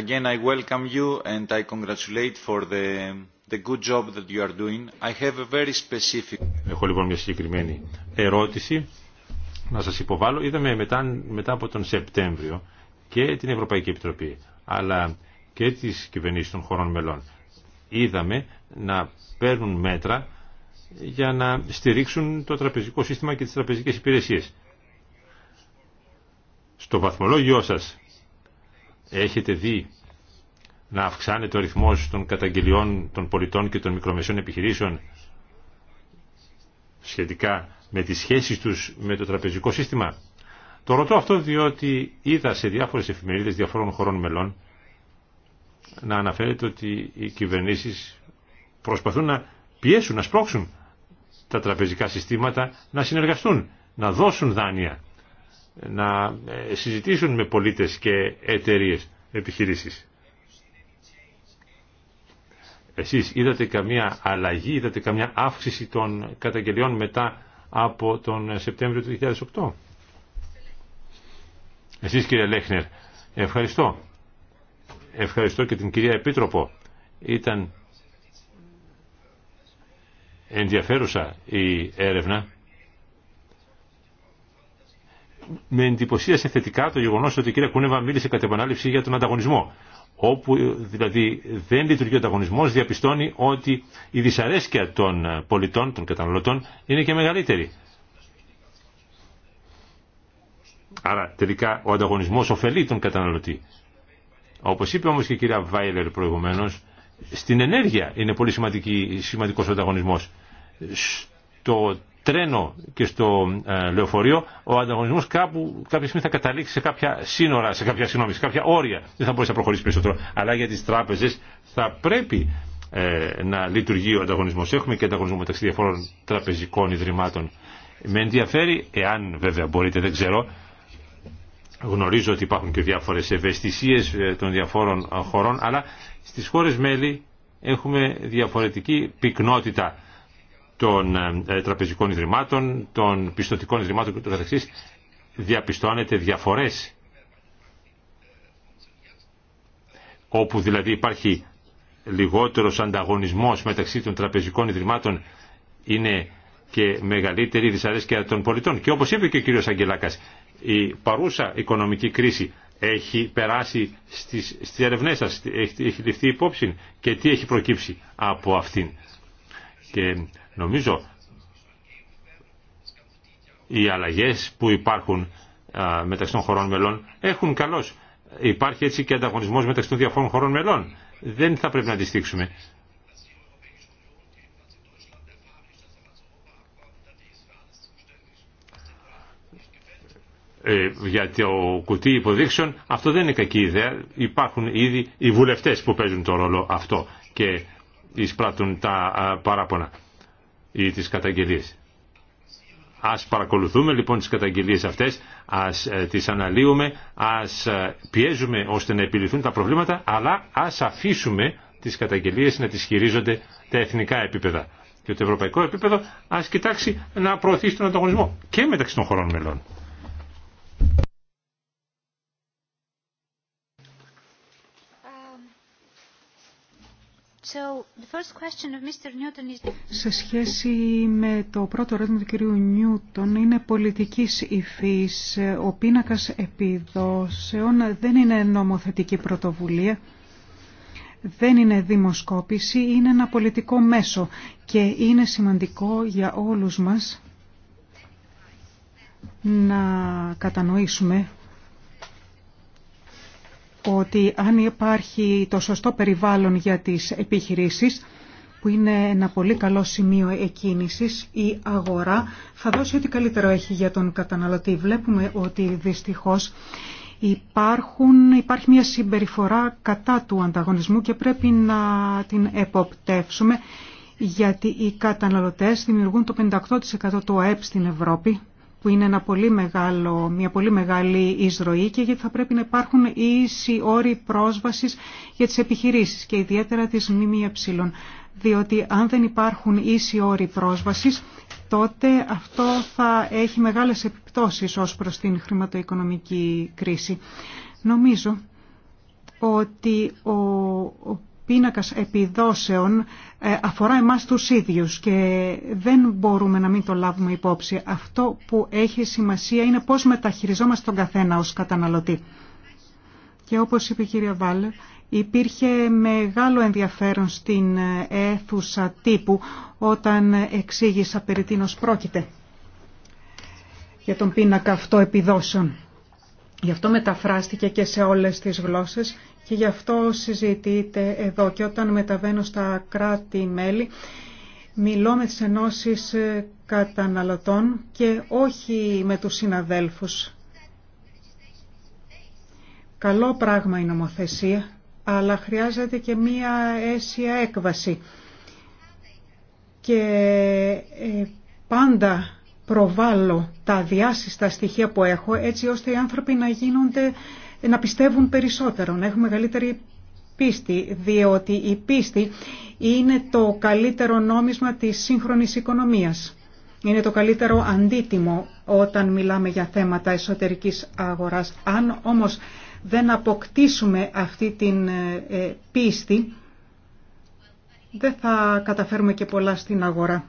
[SPEAKER 1] Again, I welcome you and I congratulate for the, the good job that you are doing. I have a very specific... Έχω λοιπόν
[SPEAKER 4] μια συγκεκριμένη
[SPEAKER 1] ερώτηση
[SPEAKER 4] να σας υποβάλω. Είδαμε μετά, μετά από τον Σεπτέμβριο και την Ευρωπαϊκή Επιτροπή αλλά και τις κυβερνήσεις των χωρών μελών. Είδαμε να παίρνουν μέτρα για να στηρίξουν το τραπεζικό σύστημα και τις τραπεζικές υπηρεσίες. Στο βαθμολόγιο σας έχετε δει να αυξάνεται ο ρυθμός των καταγγελιών των πολιτών και των μικρομεσαίων επιχειρήσεων σχετικά με τις σχέσεις τους με το τραπεζικό σύστημα. Το ρωτώ αυτό διότι είδα σε διάφορες εφημερίδες διαφόρων χωρών μελών να αναφέρεται ότι οι κυβερνήσεις προσπαθούν να πιέσουν, να σπρώξουν τα τραπεζικά συστήματα να συνεργαστούν, να δώσουν δάνεια να ε, συζητήσουν με πολίτες και εταιρείε επιχειρήσεις. Εσείς είδατε καμία αλλαγή, είδατε καμία αύξηση των καταγγελιών μετά από τον Σεπτέμβριο του 2008. Εσείς κύριε Λέχνερ, ευχαριστώ. Ευχαριστώ και την κυρία Επίτροπο. Ήταν ενδιαφέρουσα η έρευνα με εντυπωσίασε θετικά το γεγονό ότι η κυρία Κούνεβα μίλησε κατά επανάληψη για τον ανταγωνισμό. Όπου δηλαδή δεν λειτουργεί ο ανταγωνισμό, διαπιστώνει ότι η δυσαρέσκεια των πολιτών, των καταναλωτών, είναι και μεγαλύτερη. Άρα τελικά ο ανταγωνισμό ωφελεί τον καταναλωτή. Όπω είπε όμω και η κυρία Βάιλερ προηγουμένω, στην ενέργεια είναι πολύ σημαντικό ο ανταγωνισμό. Στο τρένο και στο ε, λεωφορείο, ο ανταγωνισμό κάπου κάποια στιγμή θα καταλήξει σε κάποια σύνορα, σε κάποια, συγνώμη, σε κάποια όρια. Δεν θα μπορεί να προχωρήσει περισσότερο. Αλλά για τι τράπεζε θα πρέπει ε, να λειτουργεί ο ανταγωνισμό. Έχουμε και ανταγωνισμό μεταξύ διαφόρων τραπεζικών ιδρυμάτων. Με ενδιαφέρει, εάν βέβαια μπορείτε, δεν ξέρω. Γνωρίζω ότι υπάρχουν και διάφορε ευαισθησίε ε, των διαφόρων χωρών, αλλά στι χώρε μέλη έχουμε διαφορετική πυκνότητα των ε, ε, τραπεζικών ιδρυμάτων, των πιστοτικών ιδρυμάτων κ.ο.κ. διαπιστώνεται διαφορές όπου δηλαδή υπάρχει λιγότερος ανταγωνισμός μεταξύ των τραπεζικών ιδρυμάτων είναι και μεγαλύτερη δυσαρέσκεια των πολιτών. Και όπως είπε και ο κύριος Αγγελάκας, η παρούσα οικονομική κρίση έχει περάσει στις, στις ερευνές έχει, έχει ληφθεί υπόψη και τι έχει προκύψει από αυτήν. Και Νομίζω οι αλλαγές που υπάρχουν μεταξύ των χωρών μελών έχουν καλώς. Υπάρχει έτσι και ανταγωνισμός μεταξύ των διαφόρων χωρών μελών. Δεν θα πρέπει να αντιστήξουμε. Ε, Γιατί ο κουτί υποδείξεων, αυτό δεν είναι κακή ιδέα. Υπάρχουν ήδη οι βουλευτές που παίζουν το ρόλο αυτό και εισπράττουν τα παράπονα ή τις καταγγελίες. Ας παρακολουθούμε λοιπόν τις καταγγελίες αυτές, ας ε, τις αναλύουμε, ας ε, πιέζουμε ώστε να επιληθούν τα προβλήματα, αλλά ας αφήσουμε τις καταγγελίες να τις χειρίζονται τα εθνικά επίπεδα. Και το ευρωπαϊκό επίπεδο ας κοιτάξει να προωθήσει τον ανταγωνισμό και μεταξύ των χωρών μελών.
[SPEAKER 3] Σε σχέση με το πρώτο ερώτημα του κυρίου Νιούτον, είναι πολιτικής υφής. Ο πίνακας επιδόσεων δεν είναι νομοθετική πρωτοβουλία, δεν είναι δημοσκόπηση, είναι ένα πολιτικό μέσο και είναι σημαντικό για όλους μας να κατανοήσουμε ότι αν υπάρχει το σωστό περιβάλλον για τις επιχειρήσεις, που είναι ένα πολύ καλό σημείο εκκίνησης, η αγορά θα δώσει ό,τι καλύτερο έχει για τον καταναλωτή. Βλέπουμε ότι δυστυχώς υπάρχουν, υπάρχει μια συμπεριφορά κατά του ανταγωνισμού και πρέπει να την εποπτεύσουμε γιατί οι καταναλωτές δημιουργούν το 58% του ΑΕΠ στην Ευρώπη που είναι πολύ μια πολύ μεγάλη εισρωή και γιατί θα πρέπει να υπάρχουν ίσοι όροι πρόσβασης για τις επιχειρήσεις και ιδιαίτερα τις ΜΜΕ. Διότι αν δεν υπάρχουν ίσοι όροι πρόσβασης, τότε αυτό θα έχει μεγάλες επιπτώσεις ως προς την χρηματοοικονομική κρίση. Νομίζω ότι ο πίνακας επιδόσεων ε, αφορά εμάς τους ίδιους και δεν μπορούμε να μην το λάβουμε υπόψη. Αυτό που έχει σημασία είναι πώς μεταχειριζόμαστε τον καθένα ως καταναλωτή. Και όπως είπε η κυρία Βάλ, υπήρχε μεγάλο ενδιαφέρον στην αίθουσα τύπου όταν εξήγησα περί τίνος πρόκειται για τον πίνακα αυτό επιδόσεων. Γι' αυτό μεταφράστηκε και σε όλες τις γλώσσες και γι' αυτό συζητείτε εδώ και όταν μεταβαίνω στα κράτη-μέλη μιλώ με τις ενώσεις καταναλωτών και όχι με τους συναδέλφους. Καλό πράγμα η νομοθεσία, αλλά χρειάζεται και μία αίσια έκβαση. Και ε, πάντα προβάλλω τα διάσυστα στοιχεία που έχω έτσι ώστε οι άνθρωποι να γίνονται ε, να πιστεύουν περισσότερο, να έχουν μεγαλύτερη πίστη, διότι η πίστη είναι το καλύτερο νόμισμα της σύγχρονης οικονομίας. Είναι το καλύτερο αντίτιμο όταν μιλάμε για θέματα εσωτερικής αγοράς. Αν όμως δεν αποκτήσουμε αυτή την ε, ε, πίστη, δεν θα καταφέρουμε και πολλά στην αγορά.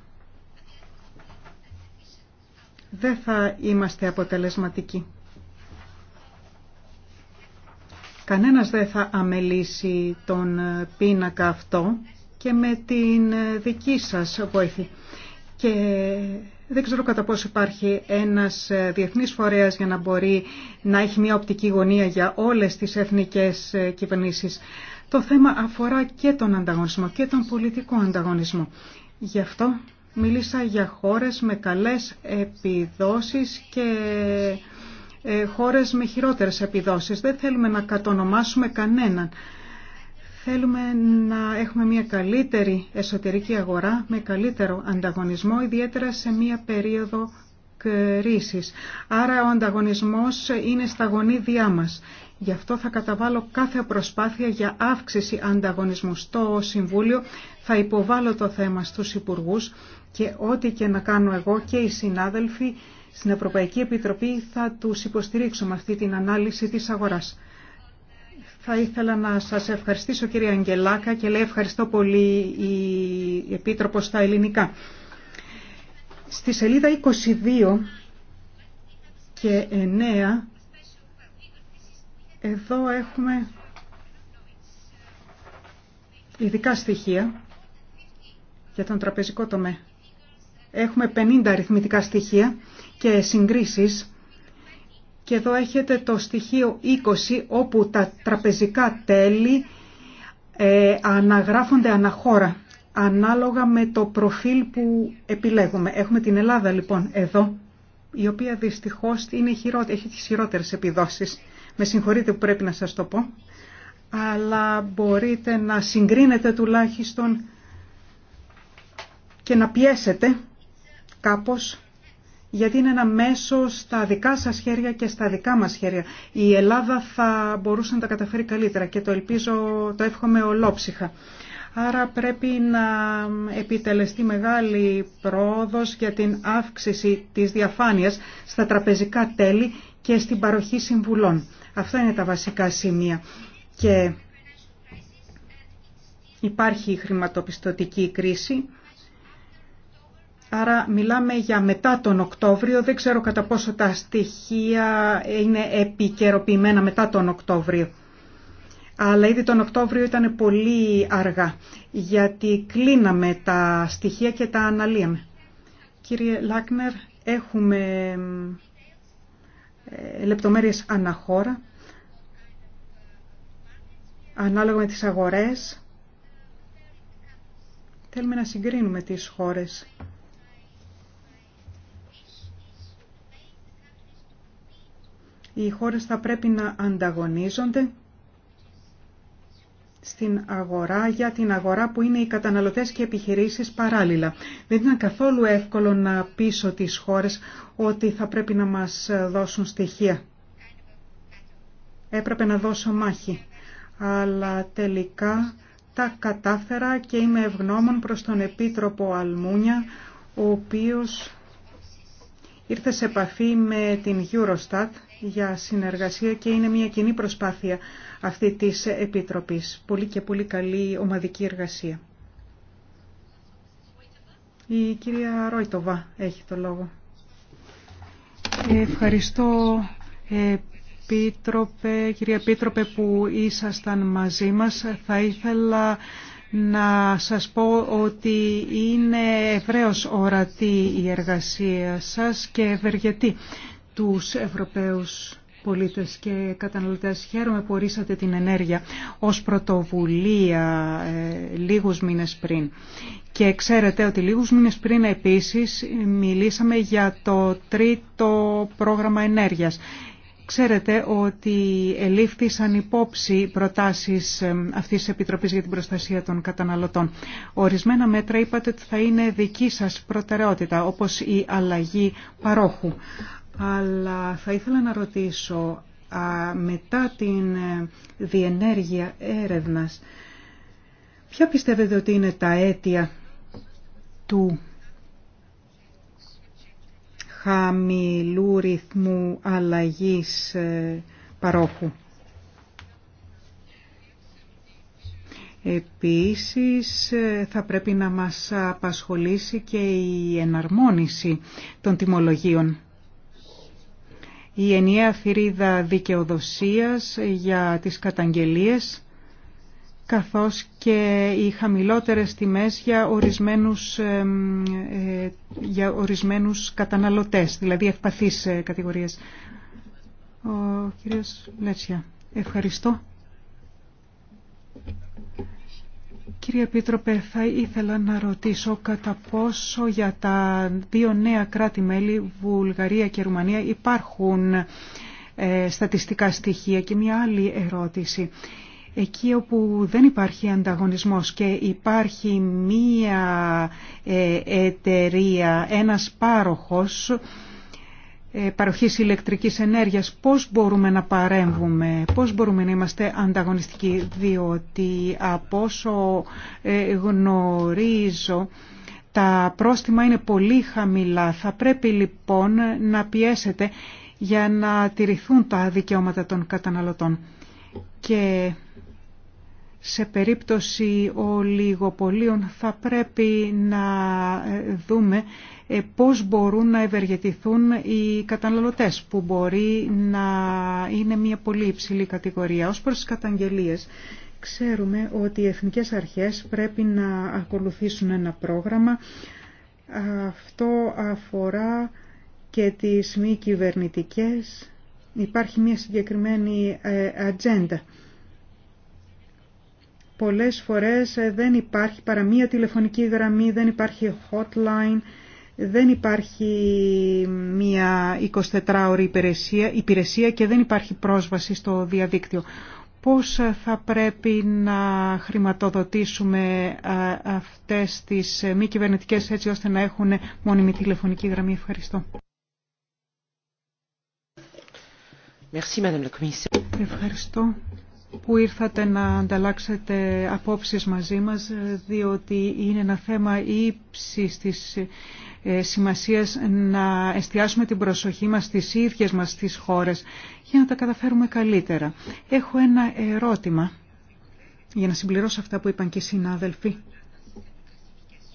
[SPEAKER 3] Δεν θα είμαστε αποτελεσματικοί. Κανένας δεν θα αμελήσει τον ε, πίνακα αυτό και με την ε, δική σας βοήθη. Και δεν ξέρω κατά πόσο υπάρχει ένας ε, διεθνής φορέας για να μπορεί να έχει μια οπτική γωνία για όλες τις εθνικές κυβερνήσεις. Το θέμα αφορά και τον ανταγωνισμό και τον πολιτικό ανταγωνισμό. Γι' αυτό μίλησα για χώρες με καλές επιδόσεις και ε, χώρες με χειρότερες επιδόσεις. Δεν θέλουμε να κατονομάσουμε κανέναν. Θέλουμε να έχουμε μια καλύτερη εσωτερική αγορά με καλύτερο ανταγωνισμό, ιδιαίτερα σε μια περίοδο κρίσης. Άρα ο ανταγωνισμός είναι στα γονίδια μας. Γι' αυτό θα καταβάλω κάθε προσπάθεια για αύξηση ανταγωνισμού στο Συμβούλιο. Θα υποβάλω το θέμα στους Υπουργούς και ό,τι και να κάνω εγώ και οι συνάδελφοι στην Ευρωπαϊκή Επιτροπή θα τους υποστηρίξουμε αυτή την ανάλυση της αγοράς. Θα ήθελα να σας ευχαριστήσω κυρία Αγγελάκα και λέει ευχαριστώ πολύ η Επίτροπο στα ελληνικά. Στη σελίδα 22 και 9 εδώ έχουμε ειδικά στοιχεία για τον τραπεζικό τομέα. Έχουμε 50 αριθμητικά στοιχεία και συγκρίσεις και εδώ έχετε το στοιχείο 20 όπου τα τραπεζικά τέλη ε, αναγράφονται αναχώρα ανάλογα με το προφίλ που επιλέγουμε. Έχουμε την Ελλάδα λοιπόν εδώ η οποία δυστυχώς είναι έχει τις χειρότερες επιδόσεις. Με συγχωρείτε που πρέπει να σας το πω, αλλά μπορείτε να συγκρίνετε τουλάχιστον και να πιέσετε κάπως γιατί είναι ένα μέσο στα δικά σας χέρια και στα δικά μας χέρια. Η Ελλάδα θα μπορούσε να τα καταφέρει καλύτερα και το ελπίζω, το εύχομαι ολόψυχα. Άρα πρέπει να επιτελεστεί μεγάλη πρόοδος για την αύξηση της διαφάνειας στα τραπεζικά τέλη και στην παροχή συμβουλών. Αυτά είναι τα βασικά σημεία. Και υπάρχει η χρηματοπιστωτική κρίση Άρα μιλάμε για μετά τον Οκτώβριο, δεν ξέρω κατά πόσο τα στοιχεία είναι επικαιροποιημένα μετά τον Οκτώβριο. Αλλά ήδη τον Οκτώβριο ήταν πολύ αργά, γιατί κλείναμε τα στοιχεία και τα αναλύαμε. Κύριε Λάκνερ, έχουμε ε, λεπτομέρειες αναχώρα, ανάλογα με τις αγορές. Θέλουμε να συγκρίνουμε τις χώρες Οι χώρες θα πρέπει να ανταγωνίζονται στην αγορά για την αγορά που είναι οι καταναλωτές και οι επιχειρήσεις παράλληλα. Δεν ήταν καθόλου εύκολο να πείσω τις χώρες ότι θα πρέπει να μας δώσουν στοιχεία. Έπρεπε να δώσω μάχη, αλλά τελικά τα κατάφερα και είμαι ευγνώμων προς τον Επίτροπο Αλμούνια, ο οποίος ήρθε σε επαφή με την Eurostat για συνεργασία και είναι μια κοινή προσπάθεια αυτή της Επιτροπής. Πολύ και πολύ καλή ομαδική εργασία. Η κυρία Ρόιτοβα έχει το λόγο. Ευχαριστώ Επίτροπε, κυρία Επίτροπε που ήσασταν μαζί μας. Θα ήθελα να σας πω ότι είναι ευρέως ορατή η εργασία σας και ευεργετή τους Ευρωπαίους πολίτες και καταναλωτές. Χαίρομαι που ορίσατε την ενέργεια ως πρωτοβουλία ε, λίγους μήνες πριν. Και ξέρετε ότι λίγους μήνες πριν επίσης μιλήσαμε για το τρίτο πρόγραμμα ενέργειας Ξέρετε ότι ελήφθησαν υπόψη προτάσεις ε, αυτής της Επιτροπής για την Προστασία των Καταναλωτών. Ορισμένα μέτρα είπατε ότι θα είναι δική σας προτεραιότητα, όπως η αλλαγή παρόχου. Αλλά θα ήθελα να ρωτήσω, μετά την ε, διενέργεια έρευνας, ποια πιστεύετε ότι είναι τα αίτια του χαμηλού ρυθμού αλλαγής ε, παρόχου. Επίσης ε, θα πρέπει να μας απασχολήσει και η εναρμόνιση των τιμολογίων. Η ενιαία θηρίδα δικαιοδοσίας για τις καταγγελίες καθώς και οι χαμηλότερες τιμές για ορισμένους, ε, για καταναλωτές, δηλαδή ευπαθείς ε, κατηγορίες. Ο ευχαριστώ. Κύριε Επίτροπε, θα ήθελα να ρωτήσω κατά πόσο για τα δύο νέα κράτη-μέλη, Βουλγαρία και Ρουμανία, υπάρχουν ε, στατιστικά στοιχεία. Και μια άλλη ερώτηση εκεί όπου δεν υπάρχει ανταγωνισμός και υπάρχει μία ε, εταιρεία, ένας πάροχος ε, παροχής ηλεκτρικής ενέργειας, πώς μπορούμε να παρέμβουμε, πώς μπορούμε να είμαστε ανταγωνιστικοί, διότι από όσο ε, γνωρίζω τα πρόστιμα είναι πολύ χαμηλά. Θα πρέπει λοιπόν να πιέσετε για να τηρηθούν τα δικαιώματα των καταναλωτών. Και σε περίπτωση ολιγοπολίων θα πρέπει να ε, δούμε ε, πώς μπορούν να ευεργετηθούν οι καταναλωτές που μπορεί να είναι μια πολύ υψηλή κατηγορία. Ως προς τις καταγγελίες ξέρουμε ότι οι εθνικές αρχές πρέπει να ακολουθήσουν ένα πρόγραμμα. Αυτό αφορά και τις μη κυβερνητικές. Υπάρχει μια συγκεκριμένη ε, ατζέντα Πολλές φορές ε, δεν υπάρχει παρά μία τηλεφωνική γραμμή, δεν υπάρχει hotline, δεν υπάρχει μία 24ωρη υπηρεσία, υπηρεσία και δεν υπάρχει πρόσβαση στο διαδίκτυο. Πώς ε, θα πρέπει να χρηματοδοτήσουμε ε, αυτές τις μη κυβερνητικέ έτσι ώστε να έχουν μόνιμη τηλεφωνική γραμμή. Ευχαριστώ. Merci, Madame la Ευχαριστώ που ήρθατε να ανταλλάξετε απόψεις μαζί μας, διότι είναι ένα θέμα ύψης της ε, σημασίας να εστιάσουμε την προσοχή μας στις ίδιες μας τις χώρες για να τα καταφέρουμε καλύτερα. Έχω ένα ερώτημα για να συμπληρώσω αυτά που είπαν και οι συνάδελφοι.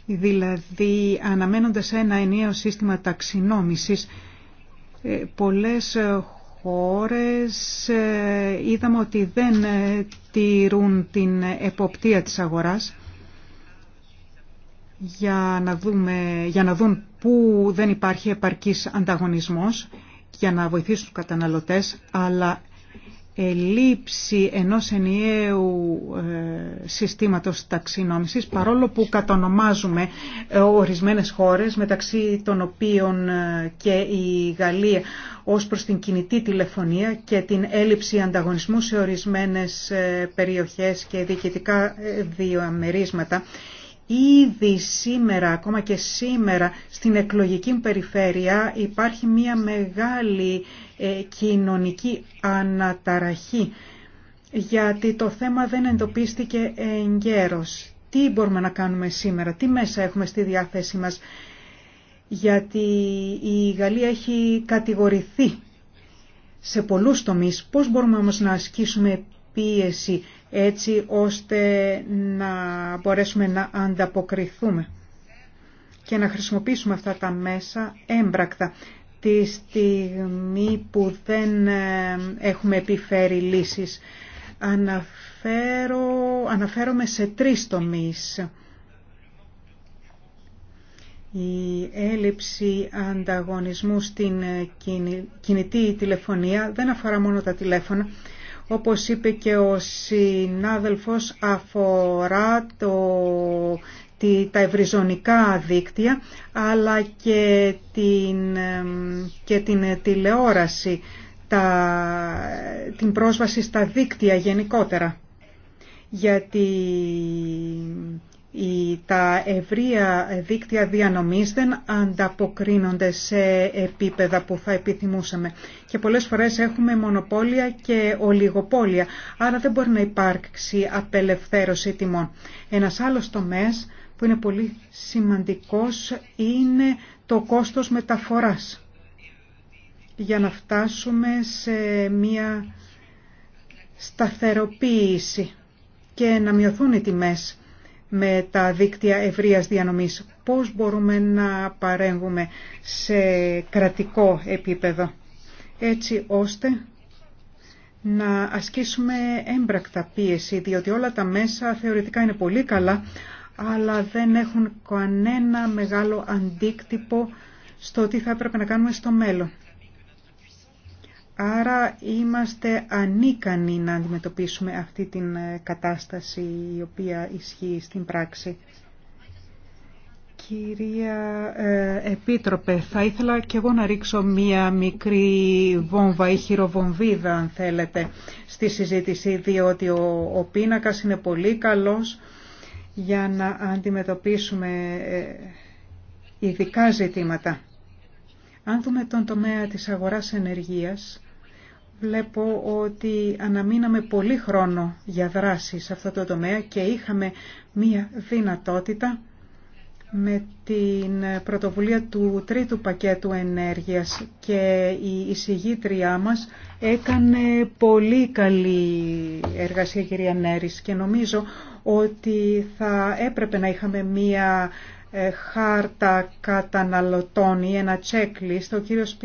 [SPEAKER 3] Δηλαδή, αναμένοντας ένα ενιαίο σύστημα ταξινόμησης, ε, πολλές χώρες ε, είδαμε ότι δεν ε, τηρούν την εποπτεία της αγοράς για να, δούμε, για να δουν πού δεν υπάρχει επαρκής ανταγωνισμός για να βοηθήσουν τους καταναλωτές, αλλά λήψη ενός ενιαίου ε, συστήματος ταξινόμησης, παρόλο που κατονομάζουμε ε, ορισμένες χώρες, μεταξύ των οποίων ε, και η Γαλλία ως προς την κινητή τηλεφωνία και την έλλειψη ανταγωνισμού σε ορισμένες περιοχές και διοικητικά διαμερίσματα Ήδη σήμερα, ακόμα και σήμερα, στην εκλογική περιφέρεια υπάρχει μια μεγάλη ε, κοινωνική αναταραχή γιατί το θέμα δεν εντοπίστηκε εγκαίρως. Τι μπορούμε να κάνουμε σήμερα, τι μέσα έχουμε στη διάθεσή μας, γιατί η Γαλλία έχει κατηγορηθεί σε πολλούς τομείς. Πώς μπορούμε όμως να ασκήσουμε πίεση έτσι ώστε να μπορέσουμε να ανταποκριθούμε και να χρησιμοποιήσουμε αυτά τα μέσα έμπρακτα τη στιγμή που δεν ε, έχουμε επιφέρει λύσεις. Αναφέρω, αναφέρομαι σε τρεις τομείς. Η έλλειψη ανταγωνισμού στην ε, κινητή τηλεφωνία δεν αφορά μόνο τα τηλέφωνα, όπως είπε και ο συνάδελφος, αφορά το, τα ευρυζωνικά δίκτυα, αλλά και την, και την τηλεόραση, τα, την πρόσβαση στα δίκτυα γενικότερα. Γιατί τα ευρεία δίκτυα διανομής δεν ανταποκρίνονται σε επίπεδα που θα επιθυμούσαμε. Και πολλές φορές έχουμε μονοπόλια και ολιγοπόλια, άρα δεν μπορεί να υπάρξει απελευθέρωση τιμών. Ένας άλλος τομέας που είναι πολύ σημαντικός είναι το κόστος μεταφοράς για να φτάσουμε σε μία σταθεροποίηση και να μειωθούν οι τιμές με τα δίκτυα ευρείας διανομής. Πώς μπορούμε να παρέμβουμε σε κρατικό επίπεδο έτσι ώστε να ασκήσουμε έμπρακτα πίεση, διότι όλα τα μέσα θεωρητικά είναι πολύ καλά, αλλά δεν έχουν κανένα μεγάλο αντίκτυπο στο τι θα έπρεπε να κάνουμε στο μέλλον. Άρα είμαστε ανίκανοι να αντιμετωπίσουμε αυτή την ε, κατάσταση η οποία ισχύει στην πράξη. Κυρία ε, Επίτροπε, θα ήθελα και εγώ να ρίξω μία μικρή βόμβα ή χειροβομβίδα, αν θέλετε, στη συζήτηση, διότι ο, ο πίνακας είναι πολύ καλός για να αντιμετωπίσουμε ε, ειδικά ζητήματα. Αν δούμε τον τομέα της αγοράς ενεργείας, Βλέπω ότι αναμείναμε πολύ χρόνο για δράση σε αυτό το τομέα και είχαμε μία δυνατότητα με την πρωτοβουλία του τρίτου πακέτου ενέργειας και η εισηγήτριά μας έκανε πολύ καλή εργασία κυρία Νέρης και νομίζω ότι θα έπρεπε να είχαμε μία ε, χάρτα καταναλωτών ή ένα checklist. Ο κύριος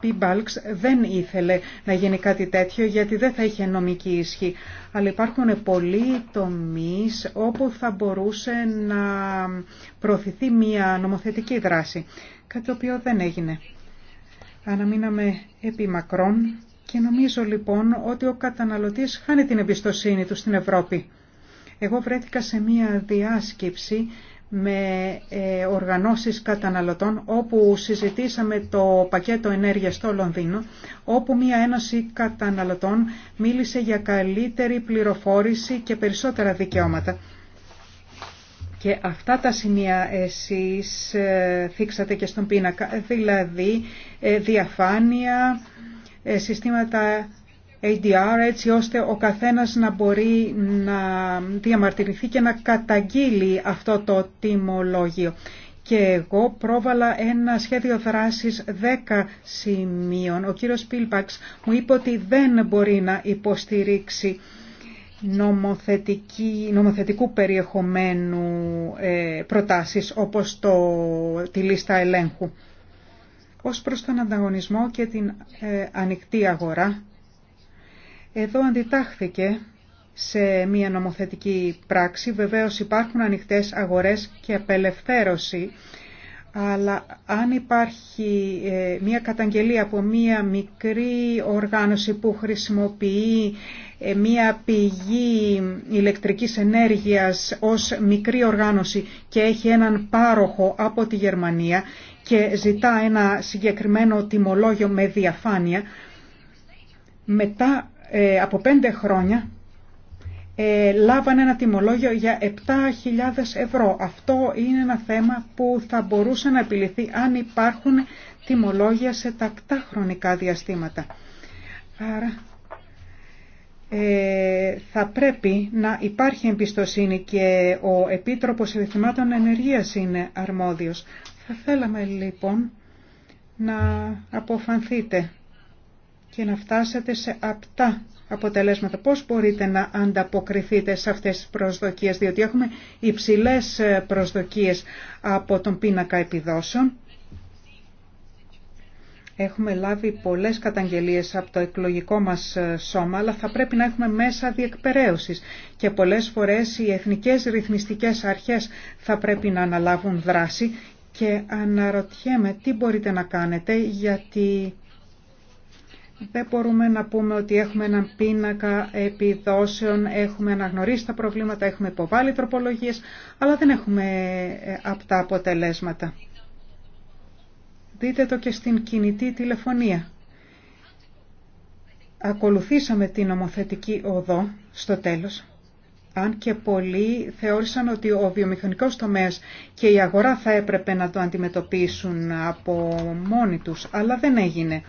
[SPEAKER 3] Πίμπαλξ δεν ήθελε να γίνει κάτι τέτοιο γιατί δεν θα είχε νομική ισχύ. Αλλά υπάρχουν πολλοί τομείς όπου θα μπορούσε να προωθηθεί μια νομοθετική δράση. Κάτι το οποίο δεν έγινε. Αναμείναμε επί μακρόν και νομίζω λοιπόν ότι ο καταναλωτής χάνει την εμπιστοσύνη του στην Ευρώπη. Εγώ βρέθηκα σε μια διάσκεψη με ε, οργανώσεις καταναλωτών όπου συζητήσαμε το πακέτο ενέργειας στο Λονδίνο όπου μια ένωση καταναλωτών μίλησε για καλύτερη πληροφόρηση και περισσότερα δικαιώματα. Και αυτά τα σημεία εσείς ε, θίξατε και στον πίνακα, δηλαδή ε, διαφάνεια, συστήματα ADR έτσι ώστε ο καθένας να μπορεί να διαμαρτυρηθεί και να καταγγείλει αυτό το τιμολόγιο. Και εγώ πρόβαλα ένα σχέδιο δράσης 10 σημείων. Ο κύριος Πίλπαξ μου είπε ότι δεν μπορεί να υποστηρίξει νομοθετικού περιεχομένου ε, προτάσεις όπως το, τη λίστα ελέγχου. Ως προς τον ανταγωνισμό και την ε, ανοιχτή αγορά, εδώ αντιτάχθηκε σε μια νομοθετική πράξη. Βεβαίως υπάρχουν ανοιχτές αγορές και απελευθέρωση, αλλά αν υπάρχει ε, μια καταγγελία από μια μικρή οργάνωση που χρησιμοποιεί ε, μια πηγή ηλεκτρικής ενέργειας ως μικρή οργάνωση και έχει έναν πάροχο από τη Γερμανία και ζητά ένα συγκεκριμένο τιμολόγιο με διαφάνεια, μετά ε, από πέντε χρόνια ε, λάβανε ένα τιμολόγιο για 7.000 ευρώ. Αυτό είναι ένα θέμα που θα μπορούσε να επιληθεί αν υπάρχουν τιμολόγια σε τακτά χρονικά διαστήματα. Άρα ε, θα πρέπει να υπάρχει εμπιστοσύνη και ο Επίτροπος Ρυθμάτων Ενεργείας είναι αρμόδιος. Θα θέλαμε λοιπόν να αποφανθείτε και να φτάσετε σε απτά αποτελέσματα. Πώς μπορείτε να ανταποκριθείτε σε αυτές τις προσδοκίες, διότι έχουμε υψηλές ε, προσδοκίες από τον πίνακα επιδόσεων. Έχουμε λάβει πολλές καταγγελίες από το εκλογικό μας ε, σώμα, αλλά θα πρέπει να έχουμε μέσα διεκπαιρέωσης και πολλές φορές οι εθνικές ρυθμιστικές αρχές θα πρέπει να αναλάβουν δράση και αναρωτιέμαι τι μπορείτε να κάνετε γιατί δεν μπορούμε να πούμε ότι έχουμε έναν πίνακα επιδόσεων, έχουμε αναγνωρίσει τα προβλήματα, έχουμε υποβάλει τροπολογίες, αλλά δεν έχουμε ε, απτά αποτελέσματα. Δείτε το και στην κινητή τηλεφωνία. Ακολουθήσαμε την ομοθετική οδό στο τέλος, αν και πολλοί θεώρησαν ότι ο βιομηχανικός τομέας και η αγορά θα έπρεπε να το αντιμετωπίσουν από μόνοι τους, αλλά δεν έγινε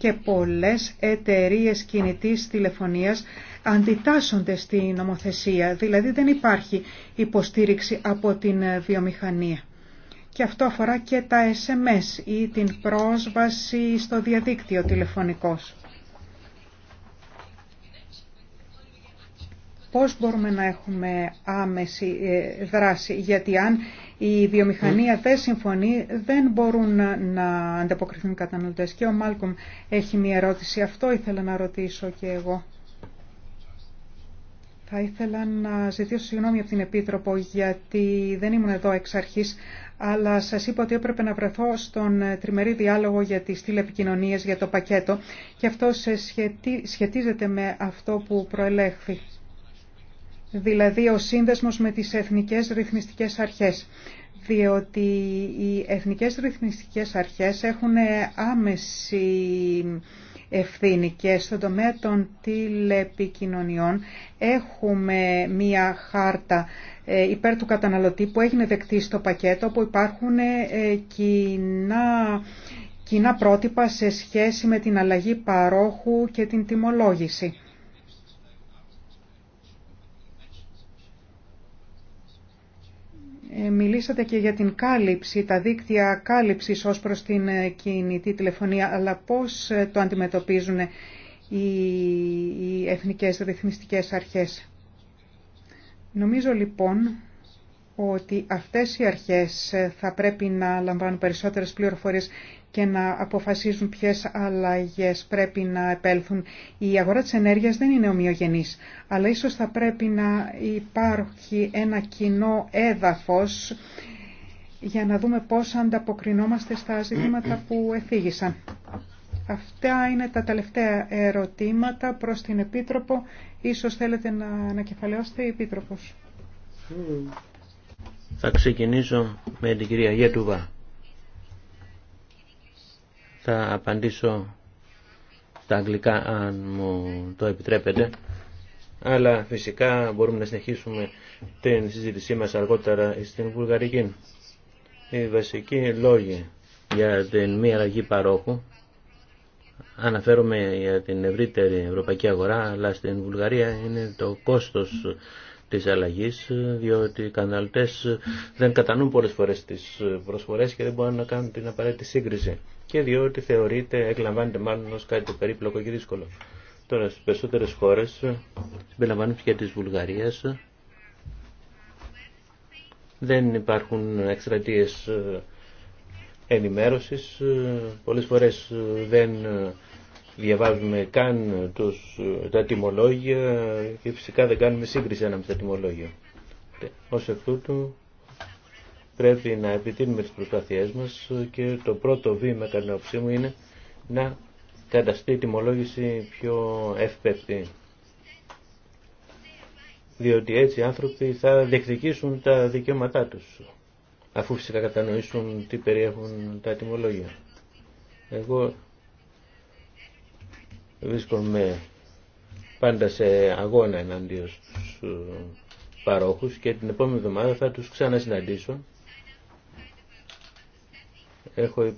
[SPEAKER 3] και πολλές εταιρείες κινητής τηλεφωνίας αντιτάσσονται στη νομοθεσία, δηλαδή δεν υπάρχει υποστήριξη από την βιομηχανία. Και αυτό αφορά και τα SMS ή την πρόσβαση στο διαδίκτυο τηλεφωνικός. πώς μπορούμε να έχουμε άμεση ε, δράση. Γιατί αν η βιομηχανία mm. δεν συμφωνεί, δεν μπορούν να ανταποκριθούν οι καταναλωτές. Και ο Μάλκομ έχει μία ερώτηση. Αυτό ήθελα να ρωτήσω και εγώ. Θα ήθελα να ζητήσω συγγνώμη από την Επίτροπο γιατί δεν ήμουν εδώ εξ αρχής, αλλά σας είπα ότι έπρεπε να βρεθώ στον ε, τριμερή διάλογο για τις τηλεπικοινωνίες, για το πακέτο και αυτό σε σχετίζεται με αυτό που προελέχθη δηλαδή ο σύνδεσμος με τις εθνικές ρυθμιστικές αρχές διότι οι εθνικές ρυθμιστικές αρχές έχουν άμεση ευθύνη και στον τομέα των τηλεπικοινωνιών έχουμε μία χάρτα ε, υπέρ του καταναλωτή που έγινε δεκτή στο πακέτο που υπάρχουν ε, κοινά, κοινά πρότυπα σε σχέση με την αλλαγή παρόχου και την τιμολόγηση. Ε, μιλήσατε και για την κάλυψη, τα δίκτυα κάλυψης ως προς την ε, κινητή τηλεφωνία, αλλά πώς ε, το αντιμετωπίζουν οι εθνικές ρυθμιστικές αρχές. Νομίζω λοιπόν ότι αυτές οι αρχές θα πρέπει να λαμβάνουν περισσότερες πληροφορίες και να αποφασίζουν ποιες αλλαγές πρέπει να επέλθουν. Η αγορά της ενέργειας δεν είναι ομοιογενής, αλλά ίσως θα πρέπει να υπάρχει ένα κοινό έδαφος για να δούμε πώς ανταποκρινόμαστε στα ζητήματα που εφήγησαν. Αυτά είναι τα τελευταία ερωτήματα προς την Επίτροπο. Ίσως θέλετε να ανακεφαλαιώσετε η Επίτροπος.
[SPEAKER 2] Θα ξεκινήσω με την κυρία Γέτουβα θα απαντήσω στα αγγλικά αν μου το επιτρέπετε. Αλλά φυσικά μπορούμε να συνεχίσουμε την συζήτησή μας αργότερα στην Βουλγαρική. Οι βασικοί λόγοι για την μη αλλαγή παρόχου αναφέρομαι για την ευρύτερη ευρωπαϊκή αγορά, αλλά στην Βουλγαρία είναι το κόστος της αλλαγής διότι οι καναλτές δεν κατανοούν πολλές φορές τις προσφορές και δεν μπορούν να κάνουν την απαραίτητη σύγκριση και διότι θεωρείται, εκλαμβάνεται μάλλον ως κάτι περίπλοκο και δύσκολο. Τώρα στις περισσότερες χώρες, συμπεριλαμβάνουν και της Βουλγαρίας, δεν υπάρχουν εκστρατείες ενημέρωσης, πολλές φορές δεν διαβάζουμε καν τους, τα τιμολόγια και φυσικά δεν κάνουμε σύγκριση ανάμεσα τα τιμολόγια. Ως εκ τούτου πρέπει να επιτείνουμε τις προσπάθειές μας και το πρώτο βήμα κατά την άποψή μου είναι να καταστεί η τιμολόγηση πιο εύπεπτη. Διότι έτσι οι άνθρωποι θα διεκδικήσουν τα δικαιώματά τους, αφού φυσικά κατανοήσουν τι περιέχουν τα τιμολόγια. Εγώ βρίσκομαι πάντα σε αγώνα εναντίον στους παρόχους και την επόμενη εβδομάδα θα τους ξανασυναντήσω. Έχω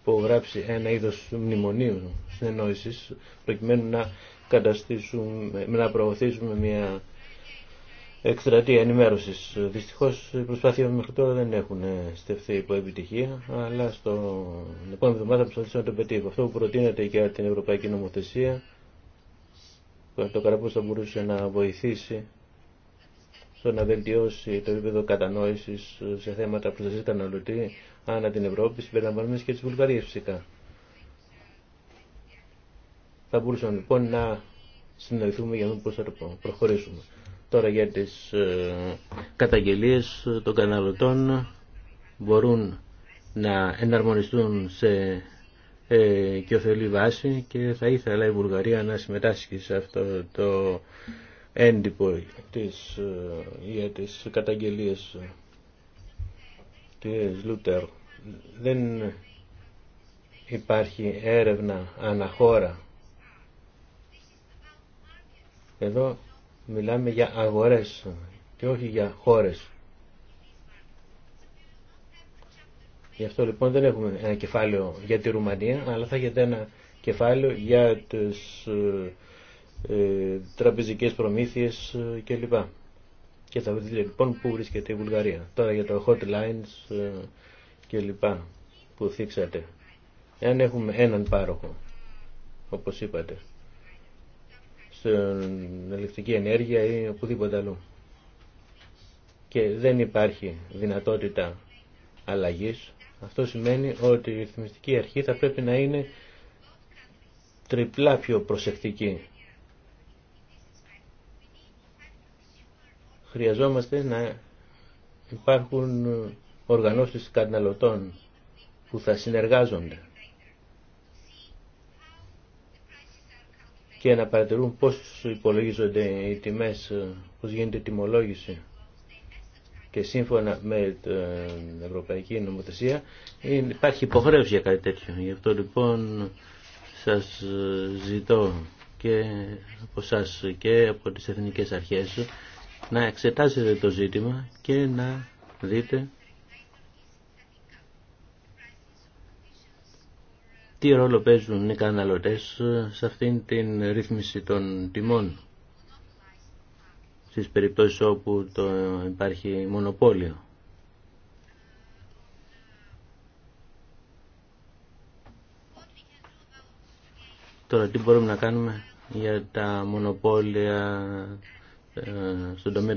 [SPEAKER 2] υπογράψει ένα είδος μνημονίου συνεννόησης προκειμένου να καταστήσουμε, να προωθήσουμε μια εκστρατεία ενημέρωση. Δυστυχώ, οι προσπάθειες μέχρι τώρα δεν έχουν στεφθεί υπό επιτυχία, αλλά στο επόμενη εβδομάδα προσπαθήσω να το πετύχουμε. Αυτό που προτείνεται για την Ευρωπαϊκή Νομοθεσία, το καράπο θα μπορούσε να βοηθήσει στο να βελτιώσει το επίπεδο κατανόηση σε θέματα προστασία καταναλωτή ανά την Ευρώπη, συμπεριλαμβανομένη και τη Βουλγαρία φυσικά. Θα μπορούσαμε λοιπόν να συνοηθούμε για να δούμε προχωρήσουμε. Τώρα για τις ε, καταγγελίες των καναλωτών μπορούν να εναρμονιστούν σε ε, κοιοθελή βάση και θα ήθελα η Βουλγαρία να συμμετάσχει σε αυτό το έντυπο της, ε, για τις καταγγελίες της Λούτερ. Δεν υπάρχει έρευνα αναχώρα. Εδώ Μιλάμε για αγορές και όχι για χώρες. Γι' αυτό λοιπόν δεν έχουμε ένα κεφάλαιο για τη Ρουμανία, αλλά θα έχετε ένα κεφάλαιο για τις ε, ε τραπεζικές προμήθειες ε, κλπ. Και θα δείτε λοιπόν πού βρίσκεται η Βουλγαρία. Τώρα για τα hotlines ε, κλπ. που θίξατε. Εάν έχουμε έναν πάροχο, όπως είπατε, στην ηλεκτρική ενέργεια ή οπουδήποτε αλλού. Και δεν υπάρχει δυνατότητα αλλαγής. Αυτό σημαίνει ότι η ρυθμιστική αρχή θα πρέπει να είναι τριπλά πιο προσεκτική. Χρειαζόμαστε να υπάρχουν οργανώσεις καταναλωτών που θα συνεργάζονται και να παρατηρούν πώς υπολογίζονται οι τιμές, πώς γίνεται η τιμολόγηση και σύμφωνα με την Ευρωπαϊκή Νομοθεσία υπάρχει υποχρέωση για κάτι τέτοιο. Γι' αυτό λοιπόν σας ζητώ και από σας και από τις εθνικές αρχές να εξετάσετε το ζήτημα και να δείτε τι ρόλο παίζουν οι καταναλωτές σε αυτήν την ρύθμιση των τιμών στις περιπτώσεις όπου το υπάρχει μονοπόλιο. Τώρα τι μπορούμε να κάνουμε για τα μονοπόλια ε, στον τομέα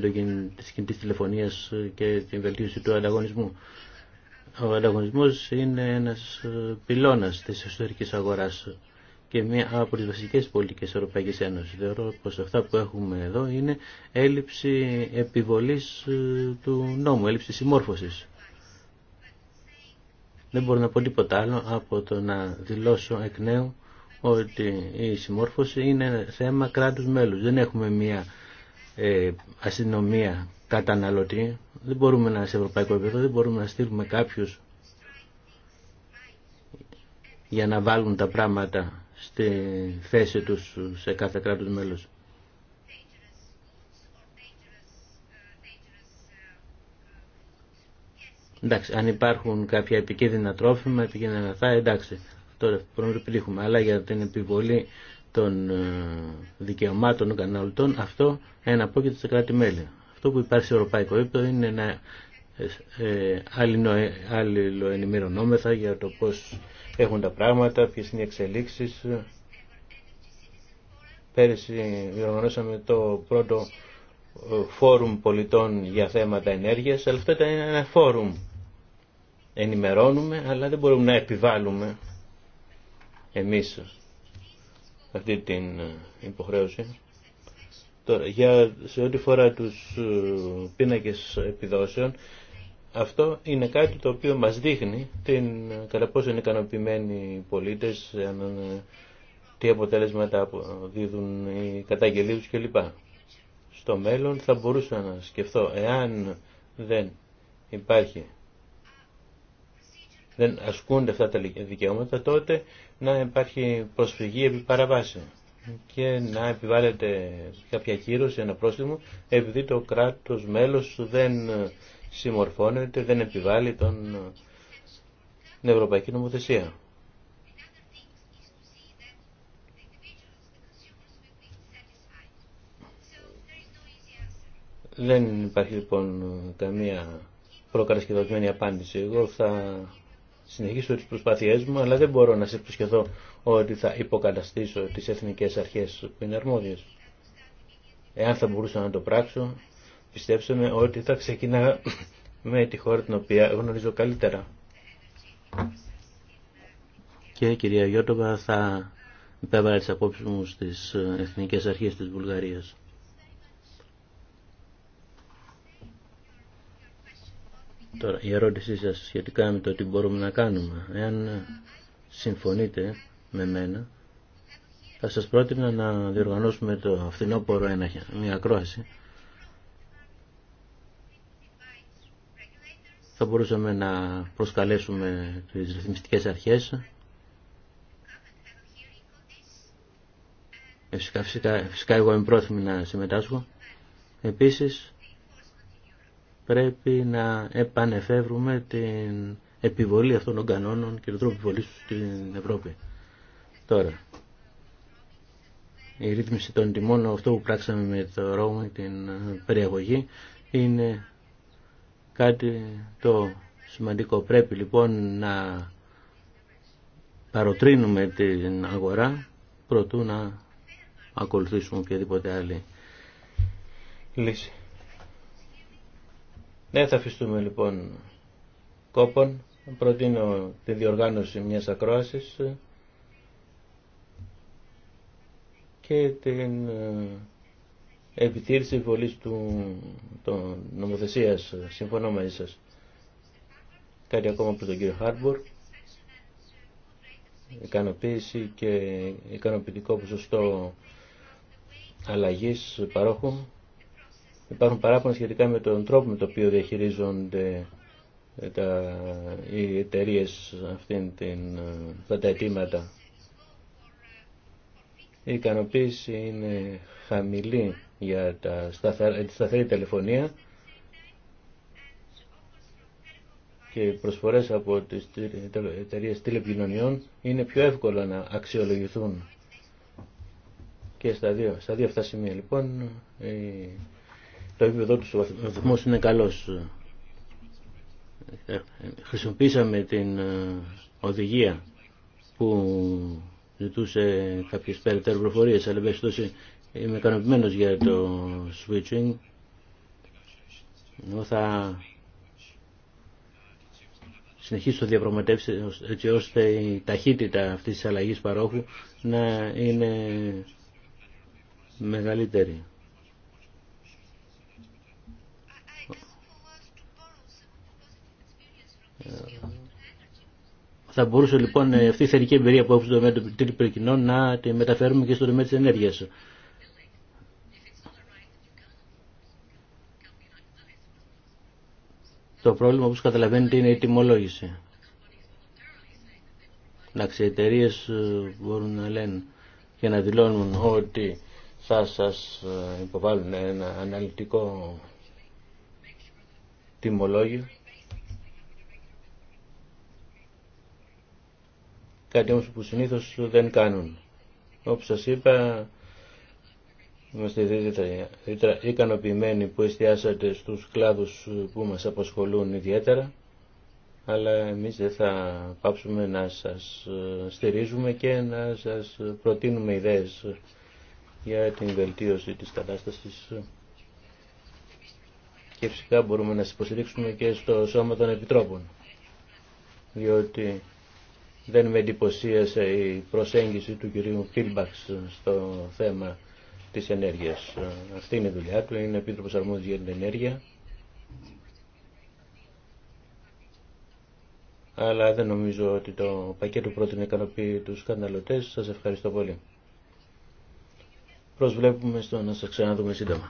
[SPEAKER 2] της κινητής τηλεφωνίας και την βελτίωση του ανταγωνισμού. Ο ανταγωνισμός είναι ένας ε, πυλώνας της εσωτερικής αγοράς και μία από τις βασικές πολιτικές Ευρωπαϊκής Ένωσης. Θεωρώ πως αυτά που έχουμε εδώ είναι έλλειψη επιβολής ε, του νόμου, έλλειψη συμμόρφωσης. Δεν μπορώ να πω τίποτα άλλο από το να δηλώσω εκ νέου ότι η συμμόρφωση είναι θέμα κράτους μέλους. Δεν έχουμε μία ε, αστυνομία καταναλωτή, δεν μπορούμε να, σε ευρωπαϊκό επίπεδο, δεν μπορούμε να στείλουμε κάποιους για να βάλουν τα πράγματα στη θέση τους σε κάθε κράτος μέλος. Εντάξει, αν υπάρχουν κάποια επικίνδυνα τρόφιμα, επικίνδυνα αγαθά, εντάξει, τώρα μπορούμε να Αλλά για την επιβολή των ε, δικαιωμάτων των καταναλωτών, αυτό απόκειτο σε κράτη-μέλη. Το που υπάρχει σε ευρωπαϊκό επίπεδο είναι να ε, ε, αλληλοενημερωνόμεθα για το πώς έχουν τα πράγματα, ποιες είναι οι εξελίξεις. Πέρυσι διοργανώσαμε το πρώτο ε, φόρουμ πολιτών για θέματα ενέργειας, αλλά αυτό ήταν ένα φόρουμ. Ενημερώνουμε, αλλά δεν μπορούμε να επιβάλλουμε εμείς αυτή την υποχρέωση για, σε ό,τι φορά τους ε, πίνακες επιδόσεων, αυτό είναι κάτι το οποίο μας δείχνει την, ε, κατά πόσο είναι ικανοποιημένοι οι πολίτες, ε, τι αποτέλεσματα δίδουν οι καταγγελίε τους κλπ. Στο μέλλον θα μπορούσα να σκεφτώ, εάν δεν υπάρχει, δεν ασκούνται αυτά τα δικαιώματα, τότε να υπάρχει προσφυγή επί παραβάσεων και να επιβάλλεται κάποια κύρωση, ένα πρόστιμο, επειδή το κράτος μέλος δεν συμμορφώνεται, δεν επιβάλλει τον, την Ευρωπαϊκή Νομοθεσία. Δεν υπάρχει λοιπόν καμία προκατασκευασμένη απάντηση. Εγώ θα συνεχίσω τις προσπάθειές μου, αλλά δεν μπορώ να σε επισκεφθώ ότι θα υποκαταστήσω τις εθνικές αρχές που είναι αρμόδιες. Εάν θα μπορούσα να το πράξω, πιστέψτε με ότι θα ξεκινά με τη χώρα την οποία γνωρίζω καλύτερα. Και κυρία Γιώτοβα θα υπέβαλα τις απόψεις μου στις εθνικές αρχές της Βουλγαρίας. Τώρα, η ερώτησή σας σχετικά με το τι μπορούμε να κάνουμε. Εάν συμφωνείτε με μένα, θα σας πρότεινα να διοργανώσουμε το φθινόπωρο ένα, μια ακρόαση. Θα μπορούσαμε να προσκαλέσουμε τις ρυθμιστικές αρχές. Ε, φυσικά, φυσικά, φυσικά εγώ είμαι πρόθυμη να συμμετάσχω. Επίσης, πρέπει να επανεφεύρουμε την επιβολή αυτών των κανόνων και τον τρόπο επιβολής στην Ευρώπη. Τώρα, η ρύθμιση των τιμών, αυτό που πράξαμε με το Ρώμα, την ε, περιαγωγή, είναι κάτι το σημαντικό. Πρέπει λοιπόν να παροτρύνουμε την αγορά προτού να ακολουθήσουμε οποιαδήποτε άλλη λύση. Δεν ναι, θα αφιστούμε λοιπόν κόπον. Προτείνω τη διοργάνωση μιας ακρόασης και την ε, επιτήρηση βολής του, των νομοθεσίας. Συμφωνώ μαζί σας. Κάτι ακόμα από τον κύριο Χάρμπορ. Ικανοποίηση και ικανοποιητικό ποσοστό αλλαγής παρόχου. Υπάρχουν παράπονα σχετικά με τον τρόπο με τον οποίο διαχειρίζονται ε, τα, οι εταιρείε αυτήν την, ε, τα αιτήματα η ικανοποίηση είναι χαμηλή για τα ε, τη σταθερή τηλεφωνία και οι προσφορές από τις εταιρείε τηλεπικοινωνιών είναι πιο εύκολα να αξιολογηθούν. Και στα δύο, στα δύο αυτά σημεία λοιπόν το επίπεδο του ο είναι καλός. Ε, ε, χρησιμοποίησαμε την οδηγία που ζητούσε κάποιες περαιτέρω προφορίες, αλλά βέβαια είμαι ικανοποιημένος για το switching. Εγώ θα συνεχίσω το διαπραγματεύσει έτσι ώστε η ταχύτητα αυτής της αλλαγής παρόχου να είναι μεγαλύτερη. Θα μπορούσε λοιπόν ε, αυτή η θερική εμπειρία που έχουμε στο τομέα των να τη μεταφέρουμε και στο τομέα τη ενέργεια. Το πρόβλημα, όπως καταλαβαίνετε, είναι η τιμολόγηση. Εντάξει, οι εταιρείε ε, μπορούν να λένε και να δηλώνουν ότι θα σας ε, υποβάλουν ένα αναλυτικό τιμολόγιο κάτι όμως που συνήθως δεν κάνουν. Όπως σας είπα, είμαστε ιδιαίτερα ικανοποιημένοι που εστιάσατε στους κλάδους που μας απασχολούν ιδιαίτερα, αλλά εμείς δεν θα πάψουμε να σας ε, στηρίζουμε και να σας προτείνουμε ιδέες για την βελτίωση της κατάστασης και φυσικά μπορούμε να σας υποστηρίξουμε και στο Σώμα των Επιτρόπων διότι δεν με εντυπωσίασε η προσέγγιση του κυρίου Φιλμπαξ στο θέμα της ενέργειας. Αυτή είναι η δουλειά του, είναι επίτροπος αρμόδιος για την ενέργεια. Αλλά δεν νομίζω ότι το πακέτο πρότεινε ικανοποιεί τους καταναλωτές. Σας ευχαριστώ πολύ. Προσβλέπουμε στο να σας ξαναδούμε σύντομα.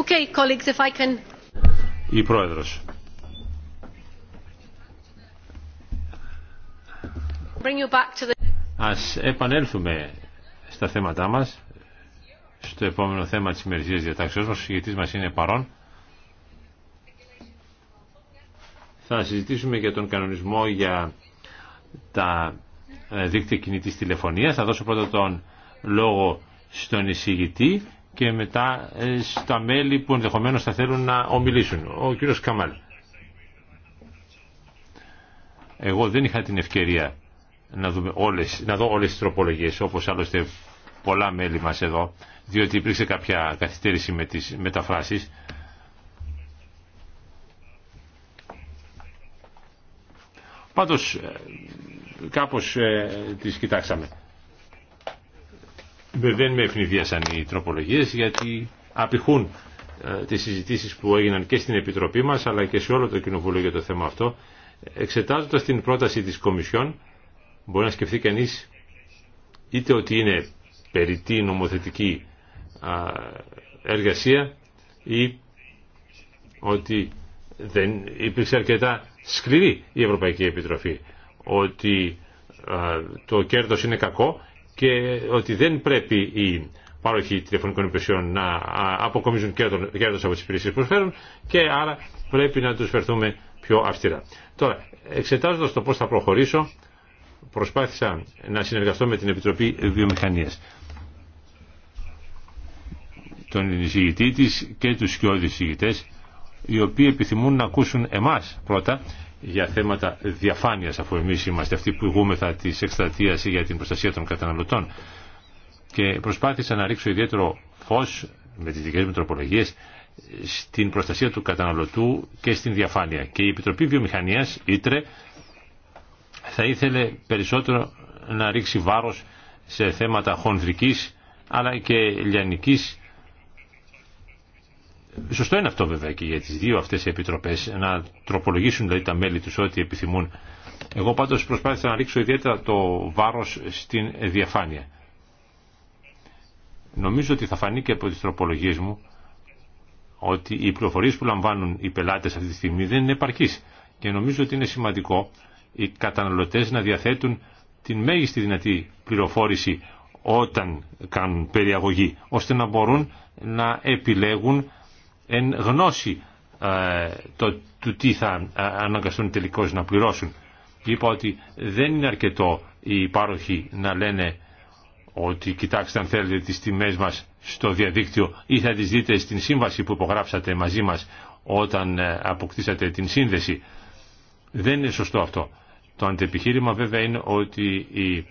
[SPEAKER 3] Okay,
[SPEAKER 1] Η
[SPEAKER 4] Ας επανέλθουμε στα θέματά μας, στο επόμενο θέμα της ημερησίας διατάξεως μας, ο συγγετής μας είναι παρόν. Θα συζητήσουμε για τον κανονισμό για τα ε, δίκτυα κινητής τηλεφωνίας. Θα δώσω πρώτα τον λόγο στον εισηγητή και μετά ε, στα μέλη που ενδεχομένως θα θέλουν να ομιλήσουν. Ο κύριος Καμάλ. Εγώ δεν είχα την ευκαιρία να, δούμε όλες, να δω όλες τις τροπολογίες, όπως άλλωστε πολλά μέλη μας εδώ, διότι υπήρξε κάποια καθυστέρηση με τις μεταφράσεις. Πάντως ε, κάπως ε, τις κοιτάξαμε δεν με ευνηδίασαν οι τροπολογίες γιατί απηχούν ε, τις συζητήσεις που έγιναν και στην Επιτροπή μας αλλά και σε όλο το Κοινοβούλιο για το θέμα αυτό εξετάζοντας την πρόταση της Κομισιόν μπορεί να σκεφτεί κανείς είτε ότι είναι περιττή νομοθετική εργασία ή ότι δεν υπήρξε αρκετά σκληρή η Ευρωπαϊκή Επιτροφή ότι το κέρδος είναι κακό και ότι δεν πρέπει οι παροχοί τηλεφωνικών υπηρεσιών να αποκομίζουν κέρδος από τις υπηρεσίες που προσφέρουν και άρα πρέπει να τους φερθούμε πιο αυστηρά. Τώρα, εξετάζοντας το πώς θα προχωρήσω, προσπάθησα να συνεργαστώ με την Επιτροπή Βιομηχανίας τον εισηγητή της και τους σκιώδης εισηγητές οι οποίοι επιθυμούν να ακούσουν εμάς πρώτα για θέματα διαφάνειας, αφού εμείς είμαστε αυτοί που ηγούμεθα της εκστρατείας για την προστασία των καταναλωτών. Και προσπάθησα να ρίξω ιδιαίτερο φως με τις δικές μου στην προστασία του καταναλωτού και στην διαφάνεια. Και η Επιτροπή Βιομηχανίας, Ήτρε, θα ήθελε περισσότερο να ρίξει βάρος σε θέματα χονδρικής αλλά και λιανικής Σωστό είναι αυτό βέβαια και για τις δύο αυτές οι επιτροπές να τροπολογήσουν δηλαδή τα μέλη τους ό,τι επιθυμούν. Εγώ πάντως προσπάθησα να ρίξω ιδιαίτερα το βάρος στην διαφάνεια. Νομίζω ότι θα φανεί και από τις τροπολογίες μου ότι οι πληροφορίες που λαμβάνουν οι πελάτες αυτή τη στιγμή δεν είναι επαρκείς και νομίζω ότι είναι σημαντικό οι καταναλωτές να διαθέτουν την μέγιστη δυνατή πληροφόρηση όταν κάνουν περιαγωγή, ώστε να μπορούν να επιλέγουν εν γνώση ε, το, του τι θα ε, αναγκαστούν τελικώς να πληρώσουν. Είπα ότι δεν είναι αρκετό οι πάροχοι να λένε ότι κοιτάξτε αν θέλετε τις τιμές μας στο διαδίκτυο ή θα τις δείτε στην σύμβαση που υπογράψατε μαζί μας όταν ε, αποκτήσατε την σύνδεση. Δεν είναι σωστό αυτό. Το αντεπιχείρημα βέβαια είναι ότι οι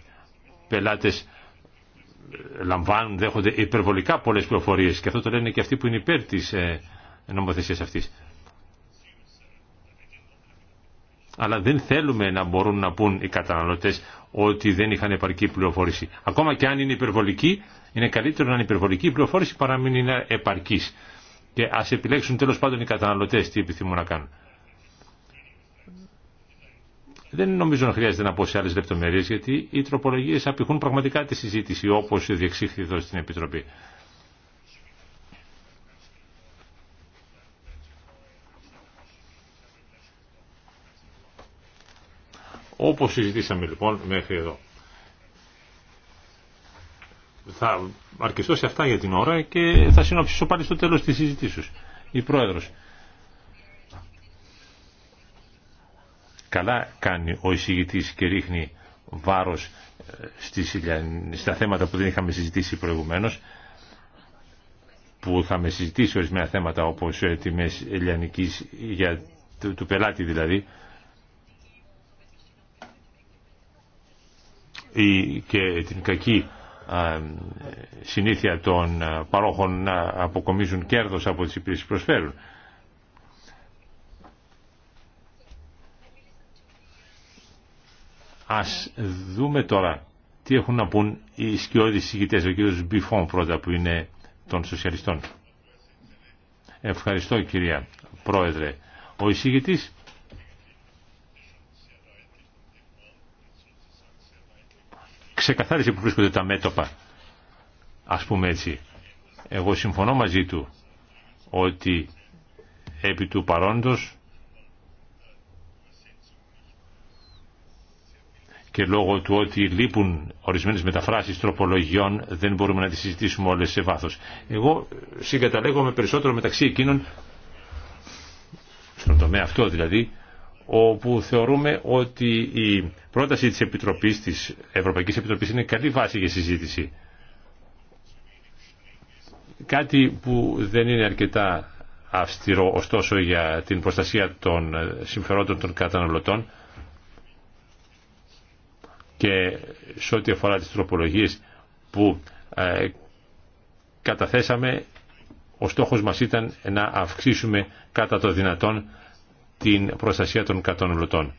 [SPEAKER 4] πελάτες λαμβάνουν, δέχονται υπερβολικά πολλές πληροφορίες και αυτό το λένε και αυτοί που είναι υπέρ της ε, νομοθεσίας αυτής. Αλλά δεν θέλουμε να μπορούν να πούν οι καταναλωτές ότι δεν είχαν επαρκή πληροφόρηση. Ακόμα και αν είναι υπερβολική, είναι καλύτερο να είναι υπερβολική η πληροφόρηση παρά μην είναι επαρκής. Και ας επιλέξουν τέλος πάντων οι καταναλωτές τι επιθυμούν να κάνουν. Δεν νομίζω να χρειάζεται να πω σε άλλε λεπτομέρειε, γιατί οι τροπολογίε απηχούν πραγματικά τη συζήτηση όπως διεξήχθη εδώ στην Επιτροπή. Όπως συζητήσαμε λοιπόν μέχρι εδώ. Θα αρκεστώ σε αυτά για την ώρα και θα συνοψίσω πάλι στο τέλος τη συζήτηση, Η Πρόεδρος. Καλά κάνει ο εισηγητής και ρίχνει βάρος ε, στα θέματα που δεν είχαμε συζητήσει προηγουμένως που θα με συζητήσει ορισμένα θέματα όπως ε, τιμές ελιανικής για, του, πελάτη δηλαδή ή, και την κακή συνήθεια των παρόχων να αποκομίζουν κέρδος από τις υπηρεσίες που προσφέρουν. Ας δούμε τώρα τι έχουν να πούν οι σκιώδεις συγκητές, ο κύριος Μπιφόν πρώτα που είναι των σοσιαλιστών. Ευχαριστώ κυρία Πρόεδρε. Ο εισηγητής ξεκαθάρισε που βρίσκονται τα μέτωπα, ας πούμε έτσι. Εγώ συμφωνώ μαζί του ότι επί του παρόντος και λόγω του ότι λείπουν ορισμένες μεταφράσεις τροπολογιών δεν μπορούμε να τις συζητήσουμε όλες σε βάθος. Εγώ συγκαταλέγομαι περισσότερο μεταξύ εκείνων, στον τομέα αυτό δηλαδή, όπου θεωρούμε ότι η πρόταση της Επιτροπής, της Ευρωπαϊκής Επιτροπής είναι καλή βάση για συζήτηση. Κάτι που δεν είναι αρκετά αυστηρό ωστόσο για την προστασία των συμφερόντων των καταναλωτών και σε ό,τι αφορά τις τροπολογίες που ε, καταθέσαμε, ο στόχος μας ήταν να αυξήσουμε κατά το δυνατόν την προστασία των κατανολωτών.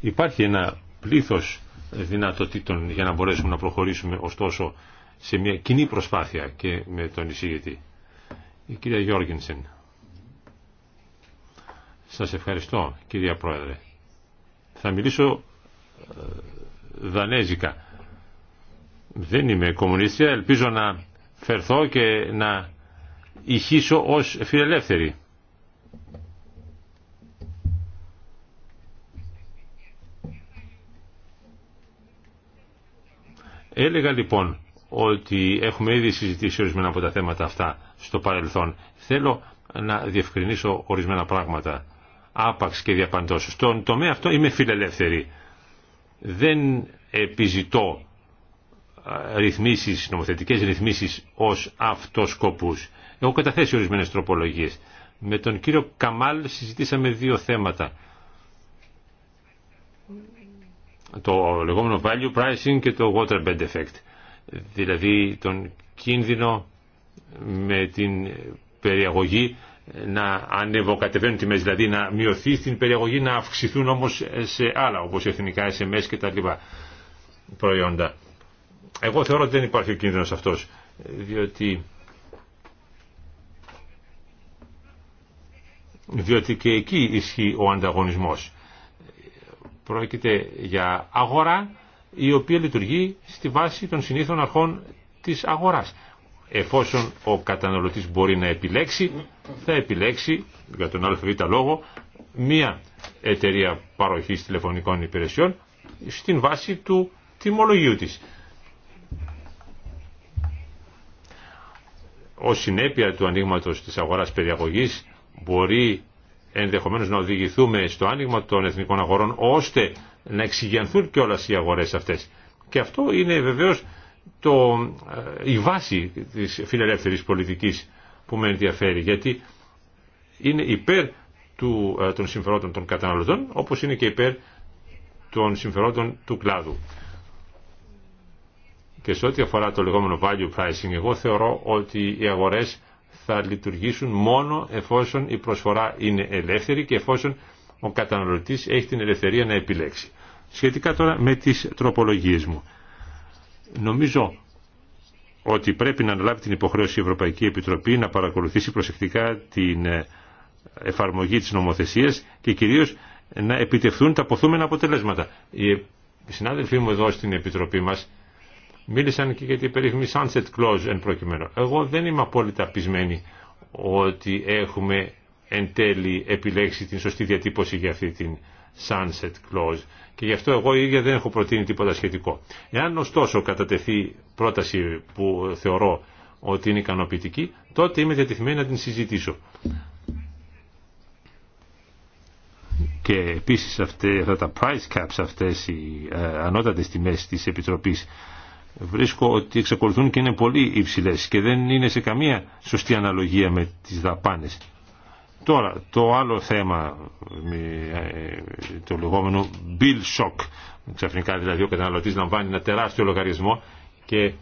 [SPEAKER 4] Υπάρχει ένα πλήθος δυνατοτήτων για να μπορέσουμε να προχωρήσουμε ωστόσο σε μια κοινή προσπάθεια και με τον εισηγητή. Η κυρία Γιώργινσεν. Σας ευχαριστώ κυρία Πρόεδρε. Θα μιλήσω ε, δανέζικα. Δεν είμαι κομμουνίστρια, ελπίζω να φερθώ και να ηχήσω ως φιλελεύθερη. Έλεγα λοιπόν ότι έχουμε ήδη συζητήσει ορισμένα από τα θέματα αυτά στο παρελθόν. Θέλω να διευκρινίσω ορισμένα πράγματα άπαξ και διαπαντός. Στον τομέα αυτό είμαι φιλελεύθερη. Δεν επιζητώ ρυθμίσεις, νομοθετικές ρυθμίσεις ως αυτοσκοπούς. Έχω καταθέσει ορισμένες τροπολογίες. Με τον κύριο Καμάλ συζητήσαμε δύο θέματα. Το λεγόμενο value pricing και το water bed effect. Δηλαδή τον κίνδυνο με την περιαγωγή να ανεβοκατεβαίνουν τιμές, δηλαδή να μειωθεί στην περιεγωγή, να αυξηθούν όμως σε άλλα, όπως εθνικά SMS και τα λοιπά προϊόντα. Εγώ θεωρώ ότι δεν υπάρχει ο κίνδυνος αυτός, διότι, διότι και εκεί ισχύει ο ανταγωνισμός. Πρόκειται για αγορά η οποία λειτουργεί στη βάση των συνήθων αρχών της αγοράς εφόσον ο καταναλωτής μπορεί να επιλέξει, θα επιλέξει για τον ΑΒ λόγο μία εταιρεία παροχής τηλεφωνικών υπηρεσιών στην βάση του τιμολογίου της. Ω συνέπεια του ανοίγματο της αγοράς περιαγωγής μπορεί ενδεχομένως να οδηγηθούμε στο άνοιγμα των εθνικών αγορών ώστε να εξηγιανθούν όλες οι αγορές αυτές. Και αυτό είναι βεβαίως το, ε, η βάση της φιλελεύθερης πολιτικής που με ενδιαφέρει γιατί είναι υπέρ του, ε, των συμφερόντων των καταναλωτών όπως είναι και υπέρ των συμφερόντων του κλάδου. Και σε ό,τι αφορά το λεγόμενο value pricing, εγώ θεωρώ ότι οι αγορές θα λειτουργήσουν μόνο εφόσον η προσφορά είναι ελεύθερη και εφόσον ο καταναλωτής έχει την ελευθερία να επιλέξει. Σχετικά τώρα με τις τροπολογίες μου. Νομίζω ότι πρέπει να αναλάβει την υποχρέωση η Ευρωπαϊκή Επιτροπή να παρακολουθήσει προσεκτικά την ε, εφαρμογή της νομοθεσίας και κυρίως να επιτευθούν τα ποθούμενα αποτελέσματα. Οι συνάδελφοί μου εδώ στην Επιτροπή μας μίλησαν και για την περίφημη sunset clause εν προκειμένου. Εγώ δεν είμαι απόλυτα πεισμένη ότι έχουμε εν τέλει επιλέξει την σωστή διατύπωση για αυτή την sunset clause και γι' αυτό εγώ ίδια δεν έχω προτείνει τίποτα σχετικό. Εάν ωστόσο κατατεθεί πρόταση που θεωρώ ότι είναι ικανοποιητική, τότε είμαι διατεθειμένη να την συζητήσω. Και επίσης αυτά τα price caps, αυτές οι ε, ανώτατες τιμές της Επιτροπής, βρίσκω ότι εξακολουθούν και είναι πολύ υψηλές και δεν είναι σε καμία σωστή αναλογία με τις δαπάνες. Τώρα, το άλλο θέμα, ε, το λεγόμενο bill shock, ξαφνικά δηλαδή ο καταναλωτής λαμβάνει ένα τεράστιο λογαριασμό και ε,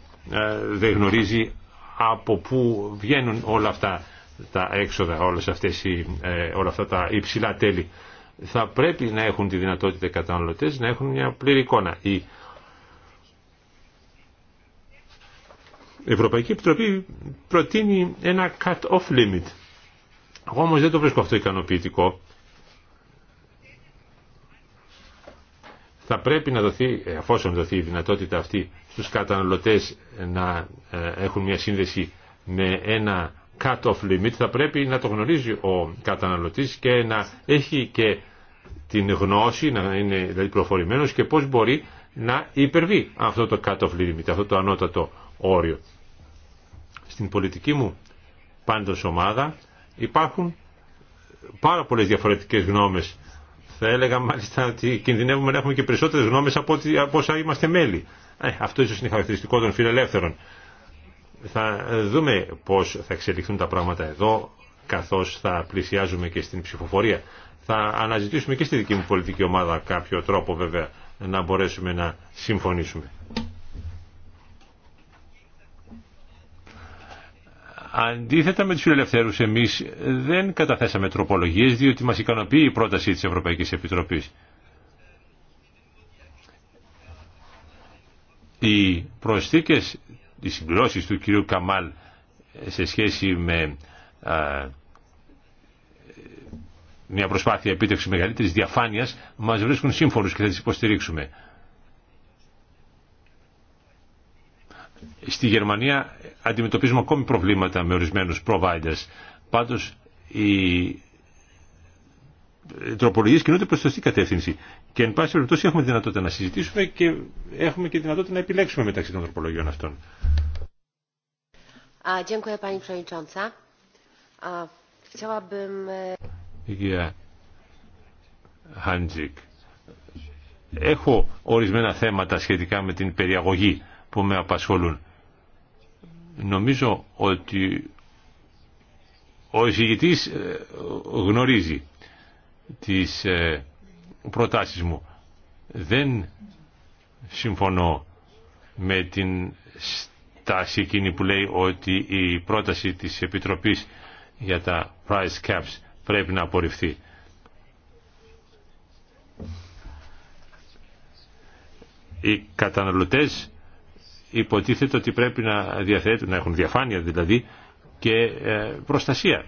[SPEAKER 4] δεν γνωρίζει από πού βγαίνουν όλα αυτά τα έξοδα, όλες αυτές οι, ε, όλα αυτά τα υψηλά τέλη. Θα πρέπει να έχουν τη δυνατότητα οι καταναλωτές να έχουν μια πλήρη εικόνα. Η Ευρωπαϊκή Επιτροπή προτείνει ένα cut-off limit εγώ όμως δεν το βρίσκω αυτό ικανοποιητικό. Θα πρέπει να δοθεί, αφόσον ε, δοθεί η δυνατότητα αυτή στους καταναλωτές να ε, έχουν μια σύνδεση με ένα cut-off limit, θα πρέπει να το γνωρίζει ο καταναλωτής και να έχει και την γνώση, να είναι δηλαδή προφορημένος και πώς μπορεί να υπερβεί αυτό το cut-off limit, αυτό το ανώτατο όριο. Στην πολιτική μου πάντως ομάδα Υπάρχουν πάρα πολλές διαφορετικές γνώμες. Θα έλεγα μάλιστα ότι κινδυνεύουμε να έχουμε και περισσότερες γνώμες από, ό,τι, από όσα είμαστε μέλη. Ε, αυτό ίσως είναι χαρακτηριστικό των φιλελεύθερων. Θα δούμε πώς θα εξελιχθούν τα πράγματα εδώ, καθώς θα πλησιάζουμε και στην ψηφοφορία. Θα αναζητήσουμε και στη δική μου πολιτική ομάδα κάποιο τρόπο βέβαια να μπορέσουμε να συμφωνήσουμε. Αντίθετα με τους φιλελευθέρους εμείς δεν καταθέσαμε τροπολογίες διότι μας ικανοποιεί η πρόταση της Ευρωπαϊκής Επιτροπής. Οι προσθήκες, οι συγκλώσεις του κυρίου Καμάλ σε σχέση με μια προσπάθεια επίτευξης μεγαλύτερης διαφάνειας μας βρίσκουν σύμφωνους και θα τις υποστηρίξουμε. Στη Γερμανία αντιμετωπίζουμε ακόμη προβλήματα με ορισμένους providers. Πάντως οι τροπολογίες κινούνται προς σωστή κατεύθυνση. Και εν πάση περιπτώσει έχουμε δυνατότητα να συζητήσουμε και έχουμε και δυνατότητα να επιλέξουμε μεταξύ των τροπολογιών αυτών. E, έχω ορισμένα θέματα σχετικά με την περιαγωγή που με απασχολούν. Νομίζω ότι ο εισηγητής ε, γνωρίζει τις ε, προτάσεις μου. Δεν συμφωνώ με την στάση εκείνη που λέει ότι η πρόταση της Επιτροπής για τα price caps πρέπει να απορριφθεί. Οι καταναλωτές υποτίθεται ότι πρέπει να διαθέτουν, να έχουν διαφάνεια δηλαδή και ε, προστασία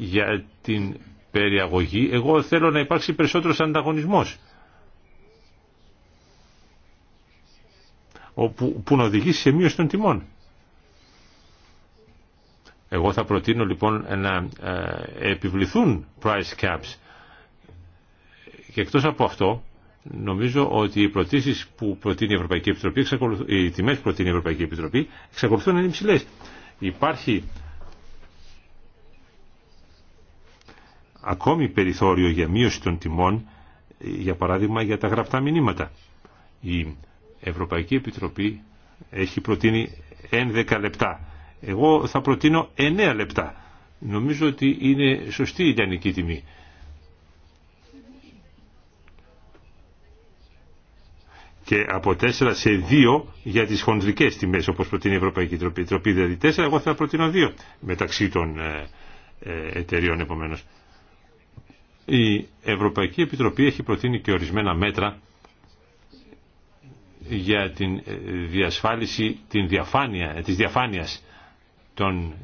[SPEAKER 4] για την περιαγωγή. Εγώ θέλω να υπάρξει περισσότερος ανταγωνισμός όπου, που να οδηγήσει σε μείωση των τιμών. Εγώ θα προτείνω λοιπόν να ε, επιβληθούν price caps και εκτός από αυτό Νομίζω ότι οι προτίσει που προτείνει η Ευρωπαϊκή Επιτροπή, οι τιμέ που προτείνει η Ευρωπαϊκή Επιτροπή, εξακολουθούν να είναι υψηλέ. Υπάρχει ακόμη περιθώριο για μείωση των τιμών, για παράδειγμα για τα γραπτά μηνύματα. Η Ευρωπαϊκή Επιτροπή έχει προτείνει 11 λεπτά. Εγώ θα προτείνω 9 λεπτά. Νομίζω ότι είναι σωστή η ιδανική τιμή. και από 4 σε 2 για τις χοντρικές τιμές όπως προτείνει η Ευρωπαϊκή Τροπή. δηλαδή 4, εγώ θα προτείνω 2 μεταξύ των ε, ε, εταιριών επομένως. Η Ευρωπαϊκή Επιτροπή έχει προτείνει και ορισμένα μέτρα για την ε, διασφάλιση τη διαφάνεια, της διαφάνειας των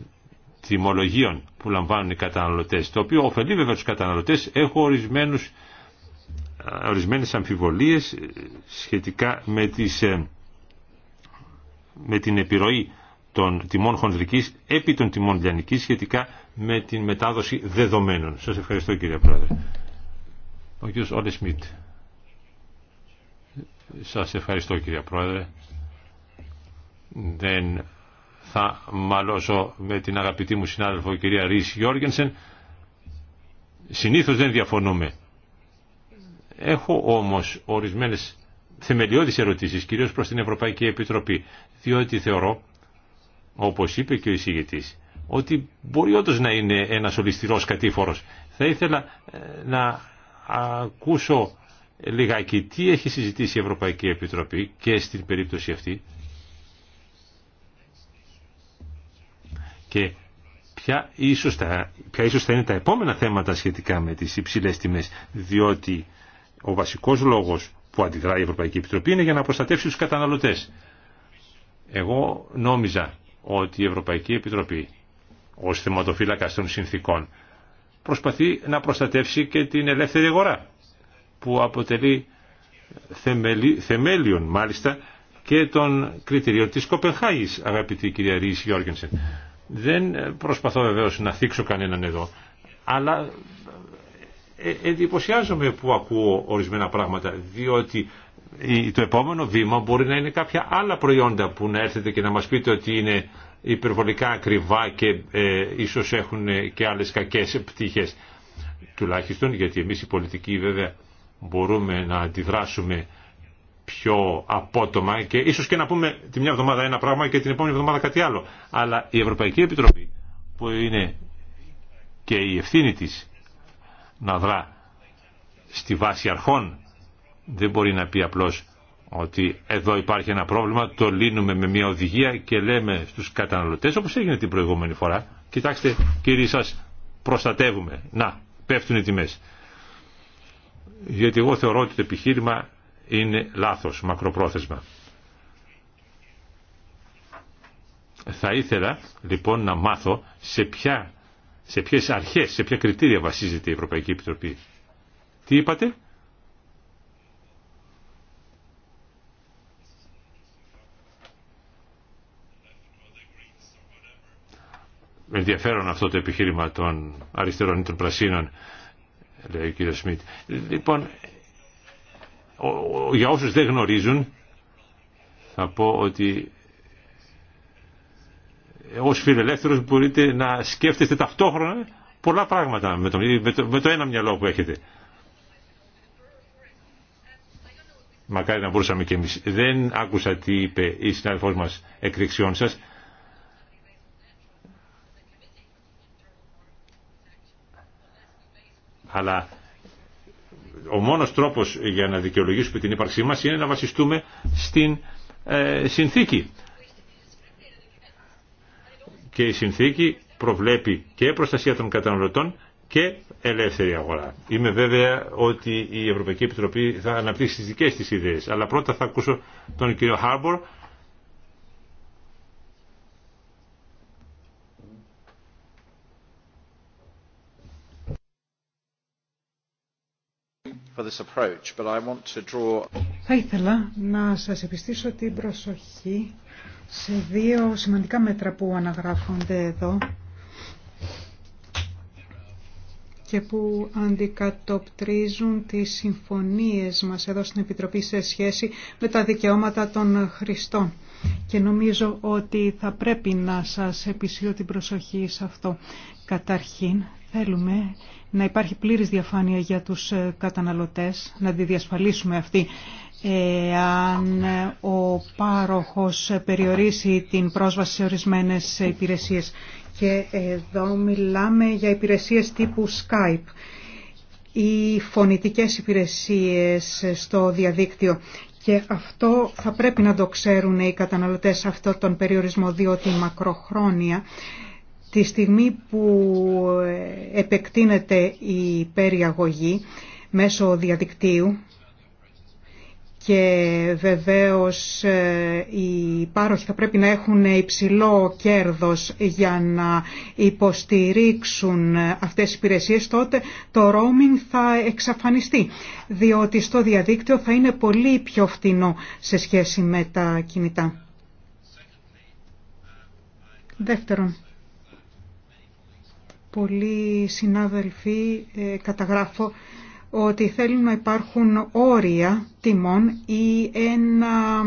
[SPEAKER 4] τιμολογίων που λαμβάνουν οι καταναλωτές, το οποίο ωφελεί βέβαια τους καταναλωτές, έχω ορισμένους ε, ορισμένες αμφιβολίες ε, σχετικά με, τις, ε, την επιρροή των τιμών χονδρικής επί των τιμών λιανικής σχετικά με την μετάδοση δεδομένων. Σας ευχαριστώ κύριε Πρόεδρε. Ο κύριος Όλε Σμιτ. Σας ευχαριστώ κύριε Πρόεδρε. Δεν θα μαλώσω με την αγαπητή μου συνάδελφο κυρία Ρίς Γιώργενσεν. Συνήθως δεν διαφωνούμε Έχω όμως ορισμένες θεμελιώδεις ερωτήσεις, κυρίως προς την Ευρωπαϊκή Επιτροπή, διότι θεωρώ, όπως είπε και ο εισηγητής, ότι μπορεί όντω να είναι ένας ολιστηρός κατήφορος. Θα ήθελα ε, να ακούσω λιγάκι τι έχει συζητήσει η Ευρωπαϊκή Επιτροπή και στην περίπτωση αυτή και ποια ίσως, τα, ποια ίσως θα είναι τα επόμενα θέματα σχετικά με τις υψηλές τιμές διότι ο βασικός λόγος που αντιδράει η Ευρωπαϊκή Επιτροπή είναι για να προστατεύσει τους καταναλωτές. Εγώ νόμιζα ότι η Ευρωπαϊκή Επιτροπή ως θεματοφύλακα των συνθήκων προσπαθεί να προστατεύσει και την ελεύθερη αγορά που αποτελεί θεμέλιον μάλιστα και των κριτηρίων της Κοπενχάγης αγαπητή κυρία Ρίση Γιώργενσεν. Δεν προσπαθώ βεβαίως να θίξω κανέναν εδώ αλλά ε, εντυπωσιάζομαι που ακούω ορισμένα πράγματα, διότι το επόμενο βήμα μπορεί να είναι κάποια άλλα προϊόντα που να έρθετε και να μας πείτε ότι είναι υπερβολικά ακριβά και ε, ίσως έχουν ε, και άλλες κακές πτυχές. Τουλάχιστον γιατί εμείς οι πολιτικοί βέβαια μπορούμε να αντιδράσουμε πιο απότομα και ίσως και να πούμε τη μια εβδομάδα ένα πράγμα και την επόμενη εβδομάδα κάτι άλλο. Αλλά η Ευρωπαϊκή Επιτροπή που είναι και η ευθύνη της να δρά στη βάση αρχών. Δεν μπορεί να πει απλώς ότι εδώ υπάρχει ένα πρόβλημα, το λύνουμε με μια οδηγία και λέμε στους καταναλωτές όπως έγινε την προηγούμενη φορά. Κοιτάξτε κύριοι σας, προστατεύουμε. Να, πέφτουν οι τιμές. Γιατί εγώ θεωρώ ότι το επιχείρημα είναι λάθος, μακροπρόθεσμα. Θα ήθελα λοιπόν να μάθω σε ποια σε ποιε αρχές, σε ποια κριτήρια βασίζεται η Ευρωπαϊκή Επιτροπή. Τι είπατε? ενδιαφέρον αυτό το επιχείρημα των αριστερών ή των πρασίνων, λέει ο κ. Σμιτ. Λοιπόν, για όσους δεν γνωρίζουν, θα πω ότι ως φιλελεύθερος μπορείτε να σκέφτεστε ταυτόχρονα πολλά πράγματα με το, με το, ένα μυαλό που έχετε. Μακάρι να μπορούσαμε και εμείς. Δεν άκουσα τι είπε η συνάδελφός μας εκρηξιών σας. Αλλά ο μόνος τρόπος για να δικαιολογήσουμε την ύπαρξή μας είναι να βασιστούμε στην ε, συνθήκη και η συνθήκη προβλέπει και προστασία των καταναλωτών και ελεύθερη αγορά. Είμαι βέβαια ότι η Ευρωπαϊκή Επιτροπή θα αναπτύξει τις δικές της ιδέες, αλλά πρώτα θα ακούσω τον κύριο Χάρμπορ
[SPEAKER 1] for this approach,
[SPEAKER 3] Θα ήθελα να σας επιστήσω την προσοχή σε δύο σημαντικά μέτρα που αναγράφονται εδώ και που αντικατοπτρίζουν τις συμφωνίες μας εδώ στην Επιτροπή σε σχέση με τα δικαιώματα των Χριστών. Και νομίζω ότι θα πρέπει να σας επισύρω την προσοχή σε αυτό. Καταρχήν θέλουμε να υπάρχει πλήρης διαφάνεια για τους ε, καταναλωτές, να τη διασφαλίσουμε αυτή. αν ε, ο πάροχος ε, περιορίσει την πρόσβαση σε ορισμένες υπηρεσίες και εδώ μιλάμε για υπηρεσίες τύπου Skype ή φωνητικές υπηρεσίες στο διαδίκτυο και αυτό θα πρέπει να το ξέρουν οι καταναλωτές αυτό τον περιορισμό διότι μακροχρόνια Τη στιγμή που ε, επεκτείνεται η περιαγωγή μέσω διαδικτύου και βεβαίως ε, οι πάροχοι θα πρέπει να έχουν υψηλό κέρδος για να υποστηρίξουν αυτές τις υπηρεσίες, τότε το roaming θα εξαφανιστεί, διότι στο διαδίκτυο θα είναι πολύ πιο φτηνό σε σχέση με τα κινητά. Δεύτερον, πολλοί συνάδελφοι ε, καταγράφω ότι θέλουν να υπάρχουν όρια τιμών ή ένα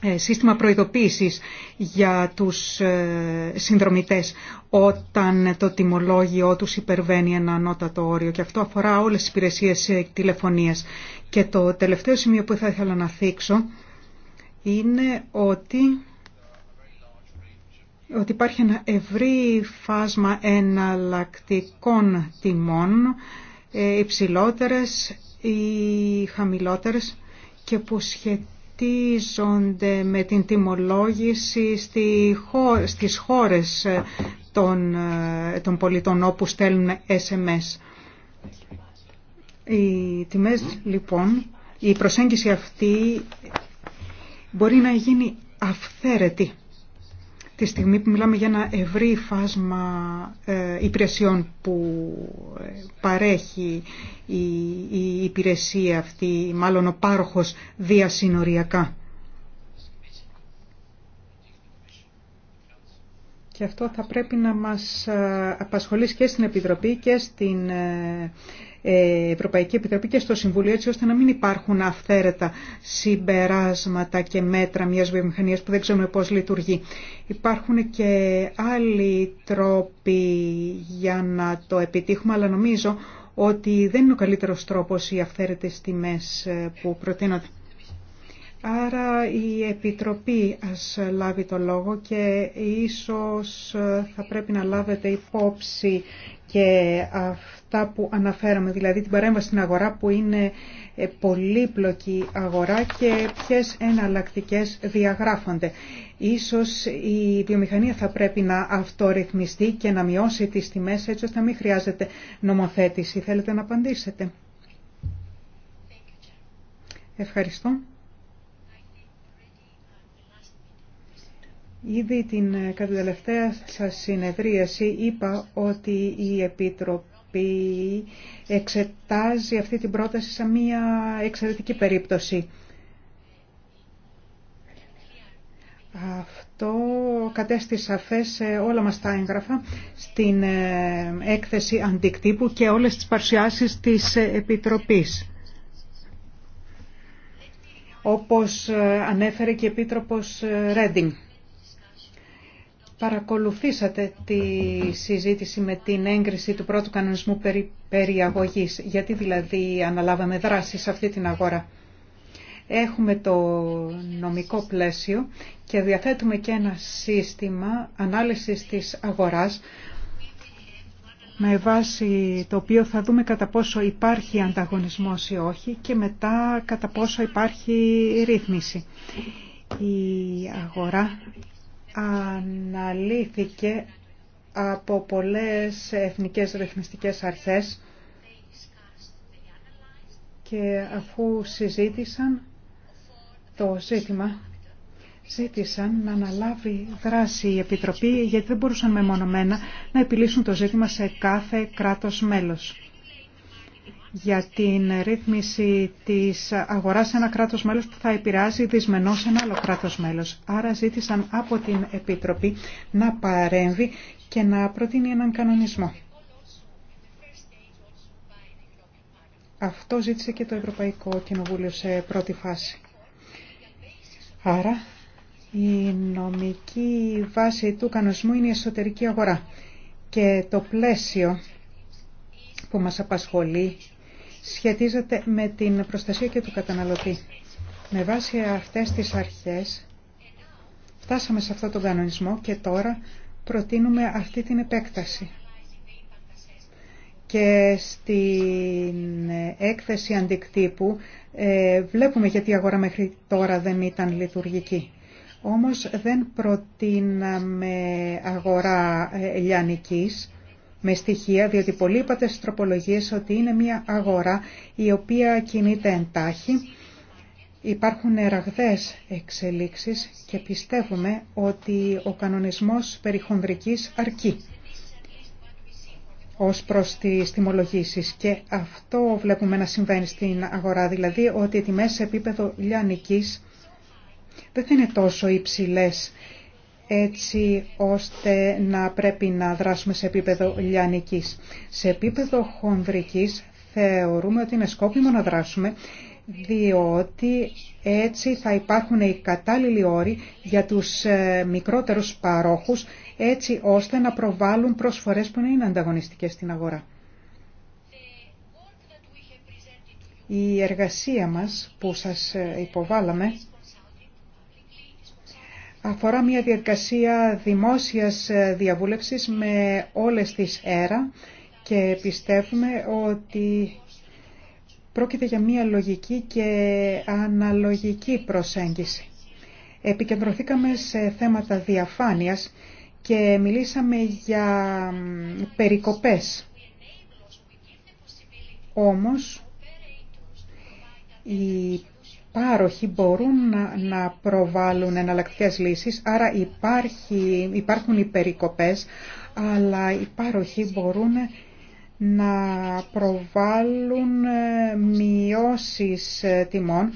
[SPEAKER 3] ε, σύστημα προειδοποίησης για τους ε, συνδρομητές όταν το τιμολόγιο τους υπερβαίνει ένα ανώτατο όριο και αυτό αφορά όλες τις υπηρεσίες τηλεφωνίας. Και το τελευταίο σημείο που θα ήθελα να θίξω είναι ότι ότι υπάρχει ένα ευρύ φάσμα εναλλακτικών τιμών, ε, υψηλότερες ή χαμηλότερες και που σχετίζονται με την τιμολόγηση στις χώρες ε, των, ε, των πολιτών όπου στέλνουν SMS. Οι τιμές λοιπόν, η προσέγγιση αυτή μπορεί να γίνει αυθαίρετη τη στιγμή που μιλάμε για ένα ευρύ φάσμα ε, υπηρεσιών που ε, παρέχει η υπηρεσία αυτή, μάλλον ο πάροχος διασυνοριακά. Και αυτό θα πρέπει να μας ε, απασχολήσει και στην Επιτροπή και στην ε, Ευρωπαϊκή Επιτροπή και στο Συμβούλιο έτσι ώστε να μην υπάρχουν αυθαίρετα συμπεράσματα και μέτρα μιας βιομηχανίας που δεν ξέρουμε πώς λειτουργεί. Υπάρχουν και άλλοι τρόποι για να το επιτύχουμε, αλλά νομίζω ότι δεν είναι ο καλύτερος τρόπος οι αυθαίρετες τιμές ε, που προτείνονται. Άρα η Επιτροπή ας λάβει το λόγο και ίσως ε, θα πρέπει να λάβετε υπόψη και αυτά που αναφέραμε, δηλαδή την παρέμβαση στην αγορά που είναι ε, πολύπλοκη αγορά και ποιες εναλλακτικές διαγράφονται. Ίσως η βιομηχανία θα πρέπει να αυτορυθμιστεί και να μειώσει τις τιμές έτσι ώστε να μην χρειάζεται νομοθέτηση. Θέλετε να απαντήσετε. Ευχαριστώ. Ήδη την ε, κατατελευταία σας συνεδρίαση είπα ότι η Επίτροπη εξετάζει αυτή την πρόταση σαν μια εξαιρετική περίπτωση. Αυτό κατέστη σαφές σε όλα μας τα έγγραφα στην ε, έκθεση αντικτύπου και όλες τις παρουσιάσεις της ε, Επιτροπής. Όπως ανέφερε και η Επίτροπος Ρέντινγκ παρακολουθήσατε τη συζήτηση με την έγκριση του πρώτου κανονισμού περί αγωγής. Γιατί δηλαδή αναλάβαμε δράση σε αυτή την αγορά. Έχουμε το νομικό πλαίσιο και διαθέτουμε και ένα σύστημα ανάλυσης της αγοράς με βάση το οποίο θα δούμε κατά πόσο υπάρχει ανταγωνισμός ή όχι και μετά κατά πόσο υπάρχει ρύθμιση. Η αγορά αναλύθηκε από πολλές εθνικές ρυθμιστικές αρχές και αφού συζήτησαν το ζήτημα, ζήτησαν να αναλάβει δράση η Επιτροπή γιατί δεν μπορούσαν μεμονωμένα να επιλύσουν το ζήτημα σε κάθε κράτος μέλος για την ρύθμιση της αγοράς σε ένα κράτος μέλος που θα επηρεάζει δυσμενώς ένα άλλο κράτος μέλος. Άρα ζήτησαν από την Επίτροπη να παρέμβει και να προτείνει έναν κανονισμό. Αυτό ζήτησε και το Ευρωπαϊκό Κοινοβούλιο σε πρώτη φάση. Άρα η νομική βάση του κανονισμού είναι η εσωτερική αγορά και το πλαίσιο που μας απασχολεί σχετίζεται με την προστασία και του καταναλωτή. Με βάση αυτές τις αρχές φτάσαμε σε αυτόν τον κανονισμό και τώρα προτείνουμε αυτή την επέκταση. Και στην έκθεση αντικτύπου ε, βλέπουμε γιατί η αγορά μέχρι τώρα δεν ήταν λειτουργική. Όμως δεν προτείναμε αγορά ε, λιανικής με στοιχεία, διότι πολλοί είπατε στις ότι είναι μια αγορά η οποία κινείται εντάχει. Υπάρχουν ραγδαίες εξελίξεις και πιστεύουμε ότι ο κανονισμός περιχονδρικής αρκεί ως προς τις τιμολογήσεις και αυτό βλέπουμε να συμβαίνει στην αγορά, δηλαδή ότι οι τιμές σε επίπεδο λιανικής δεν είναι τόσο υψηλές έτσι ώστε να πρέπει να δράσουμε σε επίπεδο λιανικής. Σε επίπεδο χονδρικής θεωρούμε ότι είναι σκόπιμο να δράσουμε διότι έτσι θα υπάρχουν οι κατάλληλοι όροι για τους ε, μικρότερους παρόχους έτσι ώστε να προβάλλουν προσφορές που να είναι ανταγωνιστικές στην αγορά. Η εργασία μας που σας ε, υποβάλαμε αφορά μια διαδικασία δημόσιας ε, διαβούλευσης με όλες τις αίρα και πιστεύουμε ότι πρόκειται για μια λογική και αναλογική προσέγγιση. Επικεντρωθήκαμε σε θέματα διαφάνειας και μιλήσαμε για περικοπές. Όμως, πάροχοι μπορούν να, να προβάλλουν εναλλακτικέ λύσεις, άρα υπάρχουν οι περικοπές, αλλά οι πάροχοι μπορούν να προβάλλουν ε, μειώσεις ε, τιμών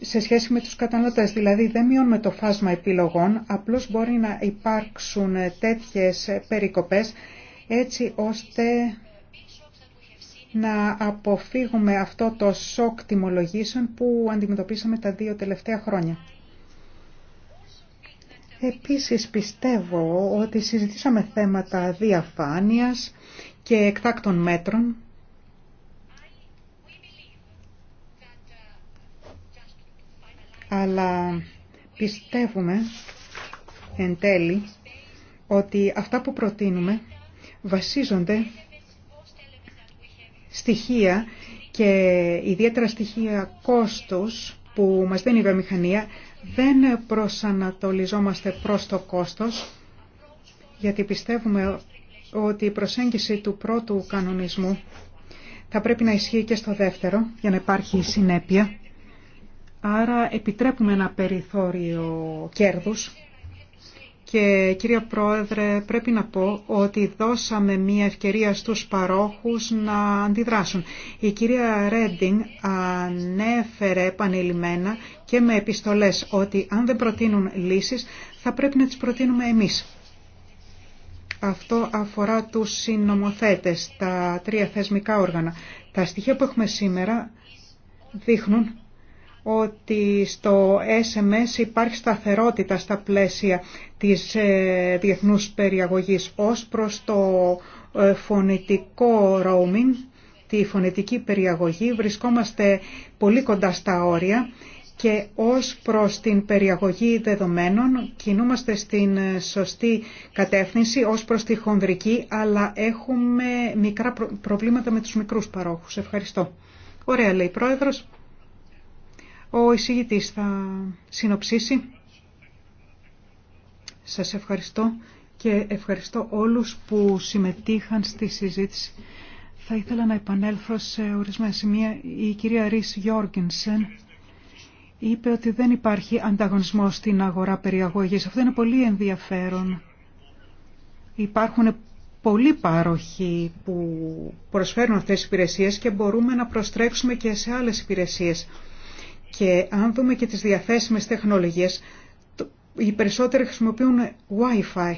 [SPEAKER 3] σε σχέση με τους καταναλωτές. Δηλαδή δεν μειώνουμε το φάσμα επιλογών, απλώς μπορεί να υπάρξουν ε, τέτοιες περικοπές έτσι ώστε να αποφύγουμε αυτό το σοκ τιμολογήσεων που αντιμετωπίσαμε τα δύο τελευταία χρόνια. Επίσης πιστεύω ότι συζητήσαμε θέματα διαφάνειας και εκτάκτων μέτρων αλλά πιστεύουμε εν τέλει ότι αυτά που προτείνουμε βασίζονται στοιχεία και ιδιαίτερα στοιχεία κόστος που μας δίνει η βιομηχανία, δεν προσανατολιζόμαστε προς το κόστος, γιατί πιστεύουμε ότι η προσέγγιση του πρώτου κανονισμού θα πρέπει να ισχύει και στο δεύτερο, για να υπάρχει συνέπεια. Άρα επιτρέπουμε ένα περιθώριο κέρδους και κυρία Πρόεδρε, πρέπει να πω ότι δώσαμε μια ευκαιρία στους παρόχους να αντιδράσουν. Η κυρία Ρέντινγκ ανέφερε επανειλημμένα και με επιστολές ότι αν δεν προτείνουν λύσεις θα πρέπει να τις προτείνουμε εμείς. Αυτό αφορά τους συνομοθέτες, τα τρία θεσμικά όργανα. Τα στοιχεία που έχουμε σήμερα δείχνουν ότι στο SMS υπάρχει σταθερότητα στα πλαίσια της ε, διεθνούς περιαγωγής ως προς το ε, φωνητικό roaming, τη φωνητική περιαγωγή. Βρισκόμαστε πολύ κοντά στα όρια και ως προς την περιαγωγή δεδομένων κινούμαστε στην ε, σωστή κατεύθυνση ως προς τη χονδρική, αλλά έχουμε μικρά προβλήματα με τους μικρούς παρόχους. Ευχαριστώ. Ωραία λέει Πρόεδρος. Ο εισηγητής θα συνοψίσει. Σας ευχαριστώ και ευχαριστώ όλους που συμμετείχαν στη συζήτηση. Θα ήθελα να επανέλθω σε ορισμένα σημεία. Η κυρία Ρίς Γιόργενσεν είπε ότι δεν υπάρχει ανταγωνισμό στην αγορά περιαγωγής. Αυτό είναι πολύ ενδιαφέρον. Υπάρχουν πολλοί πάροχοι που προσφέρουν αυτές τις υπηρεσίες και μπορούμε να προστρέψουμε και σε άλλες υπηρεσίες. Και αν δούμε και τις διαθέσιμες τεχνολογίες, οι περισσότεροι χρησιμοποιούν Wi-Fi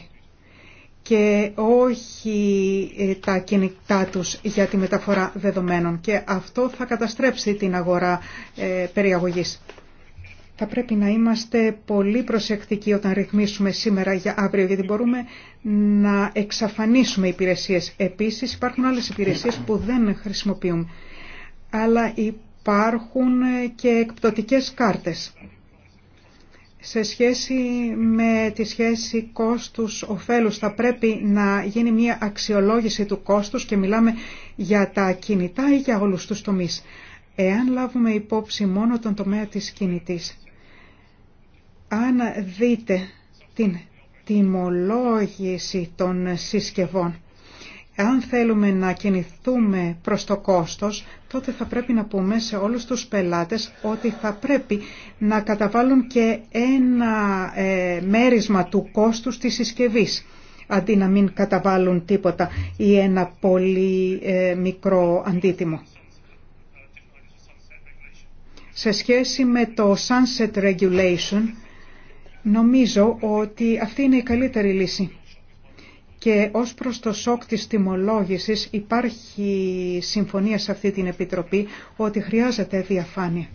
[SPEAKER 3] και όχι ε, τα κινητά τους για τη μεταφορά δεδομένων. Και αυτό θα καταστρέψει την αγορά ε, περιαγωγής. Θα πρέπει να είμαστε πολύ προσεκτικοί όταν ρυθμίσουμε σήμερα για αύριο, γιατί μπορούμε να εξαφανίσουμε υπηρεσίες. Επίσης υπάρχουν άλλες υπηρεσίες που δεν χρησιμοποιούν Αλλά υπάρχουν ε, και εκπτωτικές κάρτες σε σχέση με τη σχέση κόστους οφέλους θα πρέπει να γίνει μια αξιολόγηση του κόστους και μιλάμε για τα κινητά ή για όλους τους τομείς. Εάν λάβουμε υπόψη μόνο τον τομέα της κινητής, αν δείτε την τιμολόγηση των συσκευών, αν θέλουμε να κινηθούμε προς το κόστος, τότε θα πρέπει να πούμε σε όλους τους πελάτες ότι θα πρέπει να καταβάλουν και ένα ε, μέρισμα του κόστους της συσκευής αντί να μην καταβάλουν τίποτα ή ένα πολύ ε, μικρό αντίτιμο. Σε σχέση με το Sunset Regulation, νομίζω ότι αυτή είναι η καλύτερη λύση. Και ως προς το σοκ της τιμολόγησης υπάρχει συμφωνία σε αυτή την Επιτροπή ότι χρειάζεται διαφάνεια.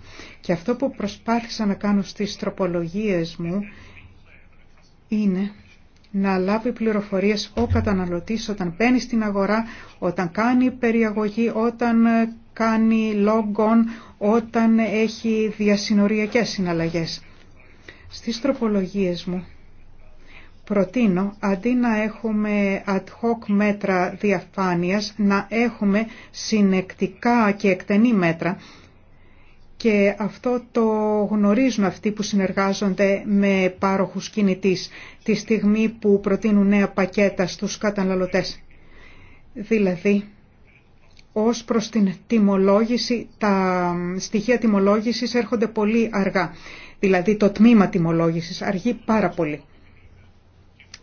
[SPEAKER 3] Και αυτό που προσπάθησα να κάνω στις τροπολογίες μου είναι να λάβει πληροφορίες ο καταναλωτής όταν μπαίνει στην αγορά, όταν κάνει περιαγωγή, όταν κάνει λόγκον, όταν έχει διασυνοριακές συναλλαγές. Στις τροπολογίες μου Προτείνω, αντί να έχουμε ad hoc μέτρα διαφάνειας, να έχουμε συνεκτικά και εκτενή μέτρα. Και αυτό το γνωρίζουν αυτοί που συνεργάζονται με πάροχους κινητής τη στιγμή που προτείνουν νέα πακέτα στους καταναλωτές. Δηλαδή, ως προς την τιμολόγηση, τα στοιχεία τιμολόγησης έρχονται πολύ αργά. Δηλαδή το τμήμα τιμολόγησης αργεί πάρα πολύ.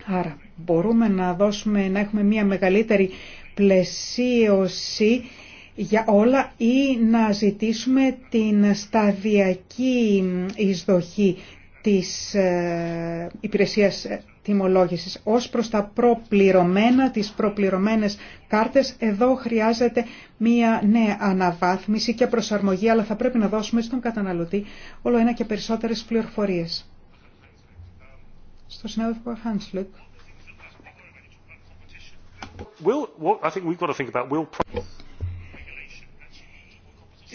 [SPEAKER 3] Άρα μπορούμε να, δώσουμε, να έχουμε μια μεγαλύτερη πλαισίωση για όλα ή να ζητήσουμε την σταδιακή εισδοχή της ε, υπηρεσίας ε, τιμολόγησης. Ως προς τα προπληρωμένα, τις προπληρωμένες κάρτες, εδώ χρειάζεται μία νέα αναβάθμιση και προσαρμογή, αλλά θα πρέπει να δώσουμε στον καταναλωτή όλο ένα και περισσότερες πληροφορίες στο συνάδελφο Χάνσλετ.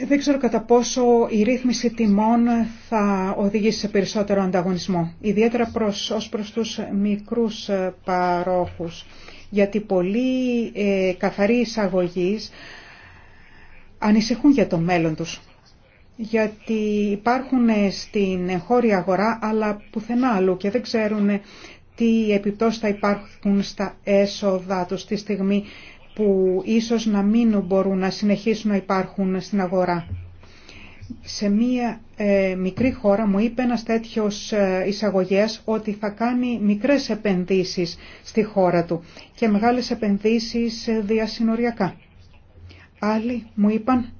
[SPEAKER 3] Δεν ξέρω κατά πόσο η ρύθμιση τιμών θα οδηγήσει σε περισσότερο ανταγωνισμό, ιδιαίτερα προς, ως προς τους μικρούς ε, παρόχους, γιατί πολλοί ε, καθαροί εισαγωγείς ανησυχούν για το μέλλον τους γιατί υπάρχουν στην χώρια αγορά αλλά πουθενά αλλού και δεν ξέρουν τι επιπτώσεις θα υπάρχουν στα έσοδα τους τη στιγμή που ίσως να μην μπορούν να συνεχίσουν να υπάρχουν στην αγορά. Σε μία ε, μικρή χώρα μου είπε ένας τέτοιος ε, εισαγωγέας ότι θα κάνει μικρές επενδύσεις στη χώρα του και μεγάλες επενδύσεις ε, διασυνοριακά. Άλλοι μου είπαν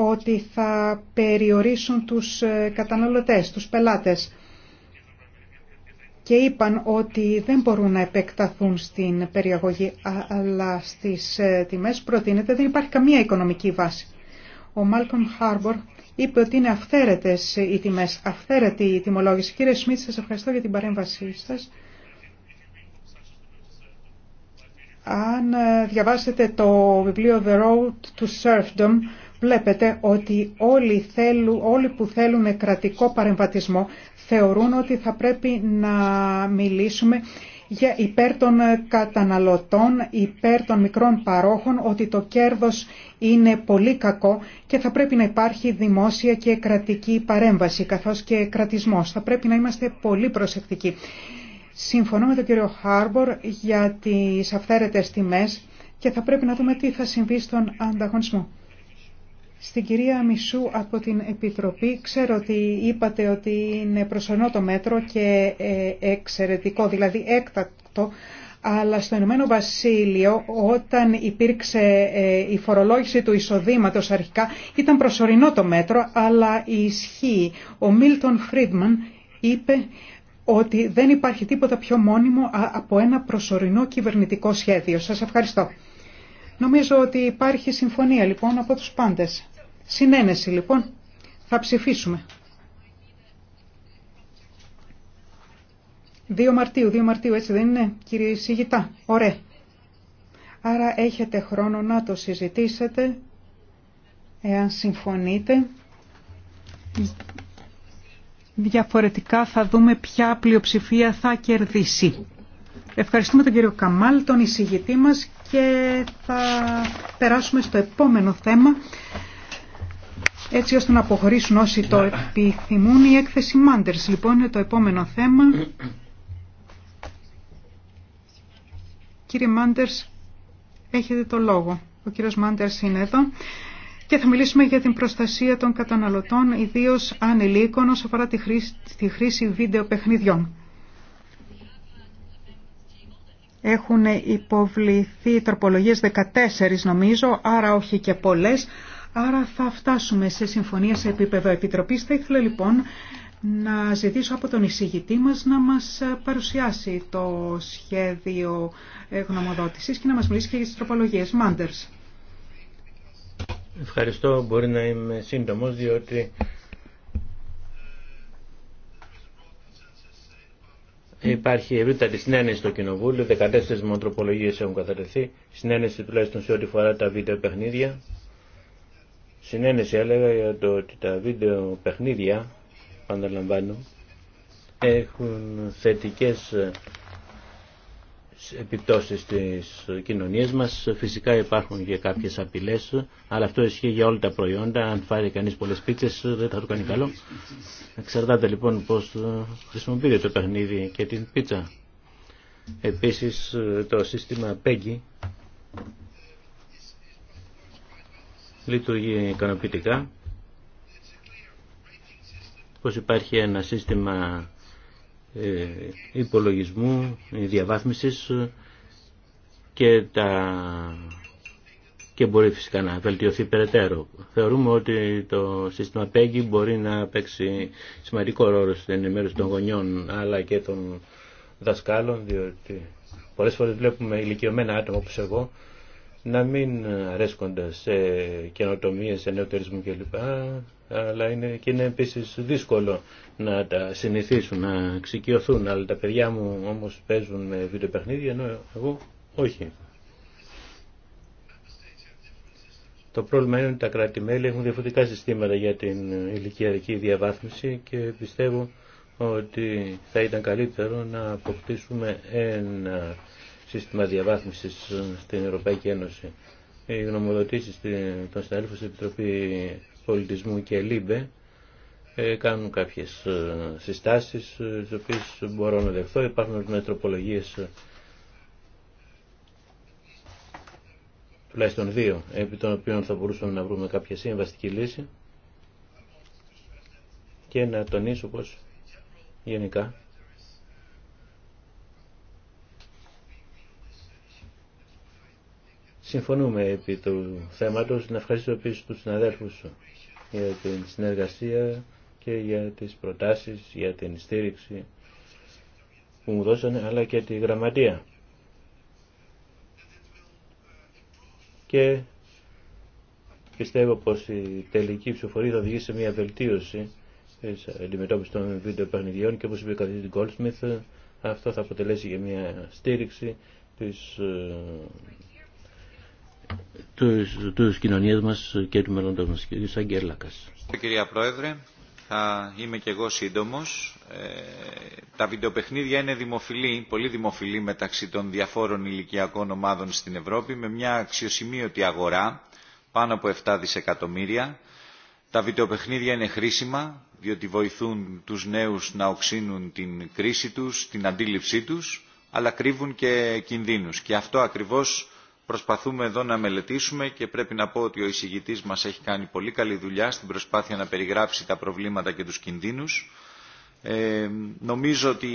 [SPEAKER 3] ότι θα περιορίσουν τους ε, καταναλωτές, τους πελάτες και είπαν ότι δεν μπορούν να επεκταθούν στην περιαγωγή, αλλά στις ε, τιμές προτείνεται δεν υπάρχει καμία οικονομική βάση. Ο Μάλκομ Χάρμπορ είπε ότι είναι αυθαίρετες οι τιμές, αυθαίρετη η τιμολόγηση. Κύριε Σμίτ, σας ευχαριστώ για την παρέμβασή σας. Αν ε, διαβάσετε το βιβλίο The Road to Serfdom, Βλέπετε ότι όλοι, θέλουν, όλοι που θέλουν κρατικό παρεμβατισμό θεωρούν ότι θα πρέπει να μιλήσουμε για υπέρ των καταναλωτών, υπέρ των μικρών παρόχων, ότι το κέρδος είναι πολύ κακό και θα πρέπει να υπάρχει δημόσια και κρατική παρέμβαση, καθώς και κρατισμός. Θα πρέπει να είμαστε πολύ προσεκτικοί. Συμφωνώ με τον κύριο Χάρμπορ για τις αυθαίρετες τιμές και θα πρέπει να δούμε τι θα συμβεί στον ανταγωνισμό. Στην κυρία Μισού από την Επιτροπή, ξέρω ότι είπατε ότι είναι προσωρινό το μέτρο και ε, εξαιρετικό, δηλαδή έκτακτο, αλλά στο Ηνωμένο Βασίλειο όταν υπήρξε ε, η φορολόγηση του εισοδήματος αρχικά ήταν προσωρινό το μέτρο, αλλά ισχύει. Ο Μίλτον Φρίντμαν είπε ότι δεν υπάρχει τίποτα πιο μόνιμο από ένα προσωρινό κυβερνητικό σχέδιο. Σας ευχαριστώ. Νομίζω ότι υπάρχει συμφωνία λοιπόν από τους πάντες. Συνένεση λοιπόν. Θα ψηφίσουμε. 2 Μαρτίου, 2 Μαρτίου, έτσι δεν είναι, κύριε Σιγητά. Ωραία. Άρα έχετε χρόνο να το συζητήσετε, εάν συμφωνείτε. Διαφορετικά θα δούμε ποια πλειοψηφία θα κερδίσει. Ευχαριστούμε τον κύριο Καμάλ, τον εισηγητή μας και θα περάσουμε στο επόμενο θέμα έτσι ώστε να αποχωρήσουν όσοι το επιθυμούν. Η έκθεση Μάντερς λοιπόν είναι το επόμενο θέμα. Κύριε Μάντερς, έχετε το λόγο. Ο κύριος Μάντερς είναι εδώ. Και θα μιλήσουμε για την προστασία των καταναλωτών, ιδίως ανηλίκων, όσο αφορά τη χρήση, βίντεο παιχνιδιών. Έχουν υποβληθεί τροπολογίες 14 νομίζω, άρα όχι και πολλές. Άρα θα φτάσουμε σε συμφωνία σε επίπεδο επιτροπής. Θα ήθελα λοιπόν να ζητήσω από τον εισηγητή μας να μας παρουσιάσει το σχέδιο ε, γνωμοδότησης και να μας μιλήσει και για τις τροπολογίες. Μάντερς.
[SPEAKER 2] Ευχαριστώ. Μπορεί να είμαι σύντομος διότι Υπάρχει ευρύτατη συνένεση στο Κοινοβούλιο, 14 μονοτροπολογίε έχουν κατατεθεί, συνένεση τουλάχιστον σε ό,τι φορά τα βίντεο παιχνίδια συνένεση έλεγα για το ότι τα βίντεο παιχνίδια, επαναλαμβάνω, έχουν θετικές ε, επιπτώσεις στις κοινωνίες μας. Φυσικά υπάρχουν και κάποιες απειλές, αλλά αυτό ισχύει για όλα τα προϊόντα. Αν φάει κανείς πολλές πίτσες δεν θα το κάνει καλό. Εξαρτάται λοιπόν πώς ε, χρησιμοποιείται το παιχνίδι και την πίτσα. Επίσης ε, το σύστημα PEGI λειτουργεί ικανοποιητικά, πως υπάρχει ένα σύστημα ε, υπολογισμού, ε, διαβάθμισης και, τα... και μπορεί φυσικά να βελτιωθεί περαιτέρω. Θεωρούμε ότι το σύστημα PEGI μπορεί να παίξει σημαντικό ρόλο στην ενημέρωση των γονιών αλλά και των δασκάλων διότι πολλές φορές βλέπουμε ηλικιωμένα άτομα όπως εγώ να μην αρέσκονται σε καινοτομίε, σε νεοτερισμού κλπ. Αλλά είναι, και είναι επίσης δύσκολο να τα συνηθίσουν, να εξοικειωθούν. Αλλά τα παιδιά μου όμως παίζουν με βίντεο παιχνίδια, ενώ εγώ όχι. Το πρόβλημα είναι ότι τα κράτη-μέλη έχουν διαφορετικά συστήματα για την ηλικιακή διαβάθμιση και πιστεύω ότι θα ήταν καλύτερο να αποκτήσουμε ένα σύστημα διαβάθμισης στην Ευρωπαϊκή Ένωση. Οι γνωμοδοτήσεις των συναδέλφων στην Επιτροπή Πολιτισμού και ΛΥΜΠΕ ε, κάνουν κάποιες ε, συστάσεις ε, τις οποίες μπορώ να δεχθώ. Υπάρχουν ορισμένες τουλάχιστον δύο επί των οποίων θα μπορούσαμε να βρούμε κάποια συμβαστική λύση και να τονίσω πως γενικά Συμφωνούμε επί του θέματος να ευχαριστήσω επίσης τους συναδέλφους για την συνεργασία και για τις προτάσεις, για την στήριξη που μου δώσανε, αλλά και τη γραμματεία. Και πιστεύω πως η τελική ψηφοφορία θα οδηγήσει σε μια βελτίωση της αντιμετώπιση των βίντεο παιχνιδιών και όπως είπε ο καθηγητής Goldsmith, αυτό θα αποτελέσει για μια στήριξη
[SPEAKER 1] της ε,
[SPEAKER 2] του κοινωνίες μας και του μέλλοντος μα, Κύριε Σαγγέλακας.
[SPEAKER 1] Κύριε Πρόεδρε, θα είμαι και εγώ σύντομο. Ε, τα βιντεοπαιχνίδια είναι δημοφιλή, πολύ δημοφιλή μεταξύ των διαφόρων ηλικιακών ομάδων στην Ευρώπη με μια αξιοσημείωτη αγορά πάνω από 7 δισεκατομμύρια. Τα βιντεοπαιχνίδια είναι χρήσιμα διότι βοηθούν τους νέους να οξύνουν την κρίση τους, την αντίληψή τους αλλά κρύβουν και κινδύνους και αυτό ακριβώς προσπαθούμε εδώ να μελετήσουμε και πρέπει να πω ότι ο εισηγητής μας έχει κάνει πολύ καλή δουλειά στην προσπάθεια να περιγράψει τα προβλήματα και τους κινδύνους. Ε, νομίζω ότι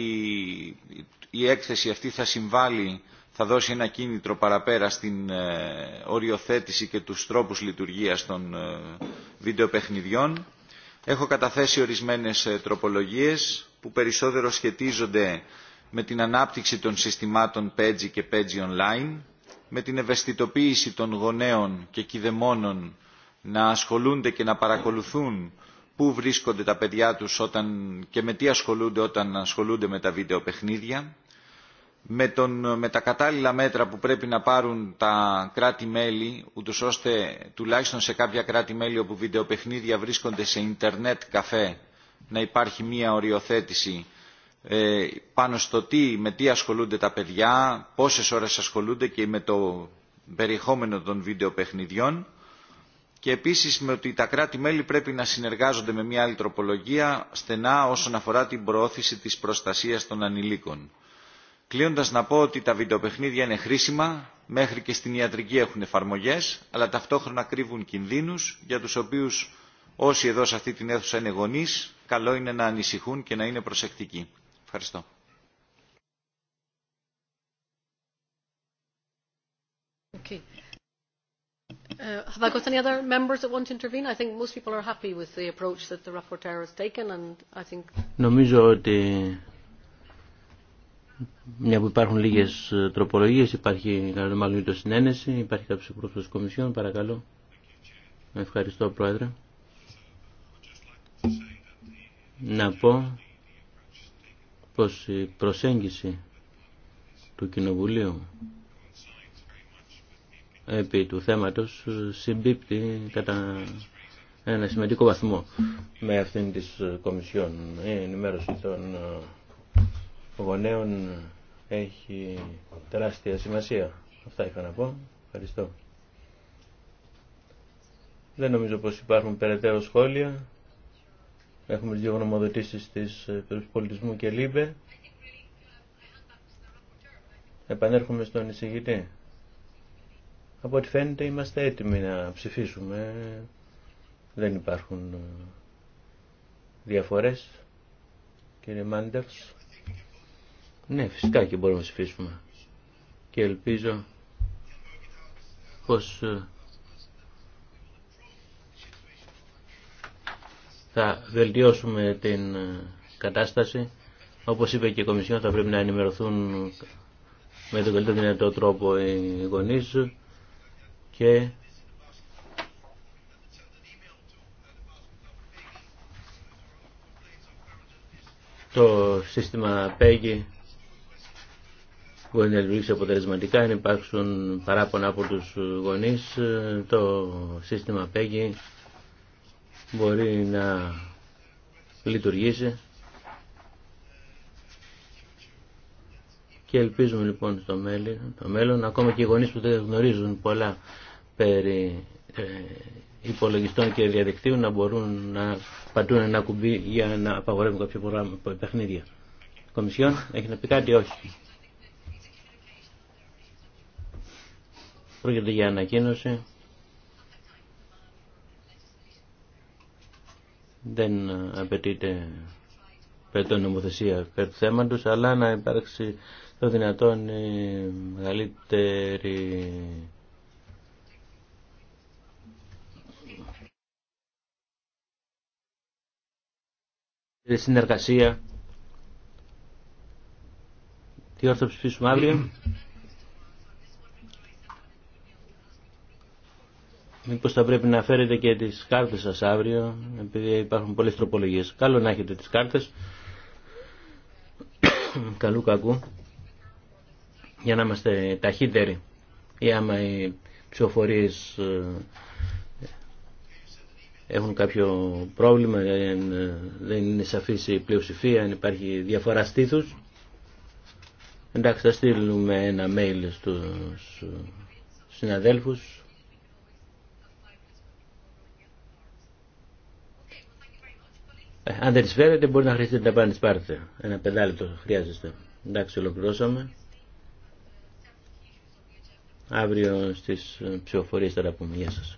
[SPEAKER 1] η έκθεση αυτή θα συμβάλλει, θα δώσει ένα κίνητρο παραπέρα στην ε, οριοθέτηση και τους τρόπους λειτουργίας των ε, Έχω καταθέσει ορισμένες ε, τροπολογίες που περισσότερο σχετίζονται με την ανάπτυξη των συστημάτων PEGI και PEGI Online, με την ευαισθητοποίηση των γονέων και κηδεμόνων να ασχολούνται και να παρακολουθούν πού βρίσκονται τα παιδιά τους όταν, και με τι ασχολούνται όταν ασχολούνται με τα βίντεο παιχνίδια, με, τον, με τα κατάλληλα μέτρα που πρέπει να πάρουν τα κράτη-μέλη, ούτως ώστε τουλάχιστον σε κάποια κράτη-μέλη όπου βιντεοπαιχνίδια βρίσκονται σε ίντερνετ καφέ, να υπάρχει μία οριοθέτηση ε, πάνω στο τι, με τι ασχολούνται τα παιδιά, πόσες ώρες ασχολούνται και με το περιεχόμενο των βίντεο παιχνιδιών και επίσης με ότι τα κράτη-μέλη πρέπει να συνεργάζονται με μια άλλη τροπολογία στενά όσον αφορά την προώθηση της προστασίας των ανηλίκων. Κλείοντας να πω ότι τα βιντεοπαιχνίδια είναι χρήσιμα, μέχρι και στην ιατρική έχουν εφαρμογές, αλλά ταυτόχρονα κρύβουν κινδύνους για τους οποίους όσοι εδώ σε αυτή την αίθουσα είναι γονείς, καλό είναι να ανησυχούν και να είναι προσεκτικοί. Ευχαριστώ. Okay. Uh, have I got any other members that want to intervene? I think most people are happy with the approach that the rapporteur has taken, and I think.
[SPEAKER 2] Νομίζω ότι μια που υπάρχουν λίγες ε, τροπολογίες, υπάρχει κατά μάλλον το συνένεση, υπάρχει κάποιος εκπρόσωπος της Κομισιόν, παρακαλώ. Ευχαριστώ, Πρόεδρε. Να πω πως η προσέγγιση του Κοινοβουλίου επί του θέματος συμπίπτει κατά ένα σημαντικό βαθμό με αυτήν της Κομισιόν. Η ενημέρωση των γονέων έχει τεράστια σημασία. Αυτά είχα να πω. Ευχαριστώ. Δεν νομίζω πως υπάρχουν περαιτέρω σχόλια. Έχουμε δύο γνωμοδοτήσεις της ε, πολιτισμού και ΛΥΜΠΕ. Επανέρχομαι στον εισηγητή. Από ό,τι φαίνεται είμαστε έτοιμοι να ψηφίσουμε. Δεν υπάρχουν ε, διαφορές. Κύριε Μάντερς. Ναι, φυσικά και μπορούμε να ψηφίσουμε. Και ελπίζω πως ε, θα βελτιώσουμε την ε, κατάσταση. Όπως είπε και η Κομισιόν θα πρέπει να ενημερωθούν με τον καλύτερο δυνατό τρόπο οι γονείς και το σύστημα ΠΕΓΙ e μπορεί να λειτουργήσει αποτελεσματικά αν υπάρξουν παράπονα από τους γονείς ε, το σύστημα ΠΕΓΙ μπορεί να λειτουργήσει και ελπίζουμε λοιπόν στο μέλλον, το μέλλον ακόμα και οι γονείς που δεν γνωρίζουν πολλά περί ε, υπολογιστών και διαδικτύου να μπορούν να πατούν ένα κουμπί για να απαγορεύουν κάποια προγράμμα, παιχνίδια. Κομισιόν, έχει να πει κάτι, όχι. Πρόκειται για ανακοίνωση δεν απαιτείται περί νομοθεσία περί του θέματος, αλλά να υπάρξει το δυνατόν μεγαλύτερη συνεργασία. Τι όρθιο ψηφίσουμε αύριο. Μήπω θα πρέπει να φέρετε και τις κάρτες σα αύριο, επειδή υπάρχουν πολλέ τροπολογίε. Καλό να έχετε τις κάρτες. Καλού κακού. Για να είμαστε ταχύτεροι. Ή άμα οι ψηφοφορίες ε, έχουν κάποιο πρόβλημα, ε, ε, δεν είναι σαφής η αμα οι ψηφοφοριε εχουν καποιο προβλημα δεν ειναι σαφης η πλειοψηφια αν υπάρχει διαφορά στήθους. Εντάξει, θα στείλουμε ένα mail στους συναδέλφους αν δεν τις φέρετε μπορεί να χρειαστείτε να πάνε τις πάρετε. Ένα πεντάλεπτο χρειάζεστε. Εντάξει, ολοκληρώσαμε. Αύριο στις ψηφοφορίες θα τα πούμε. Γεια σας.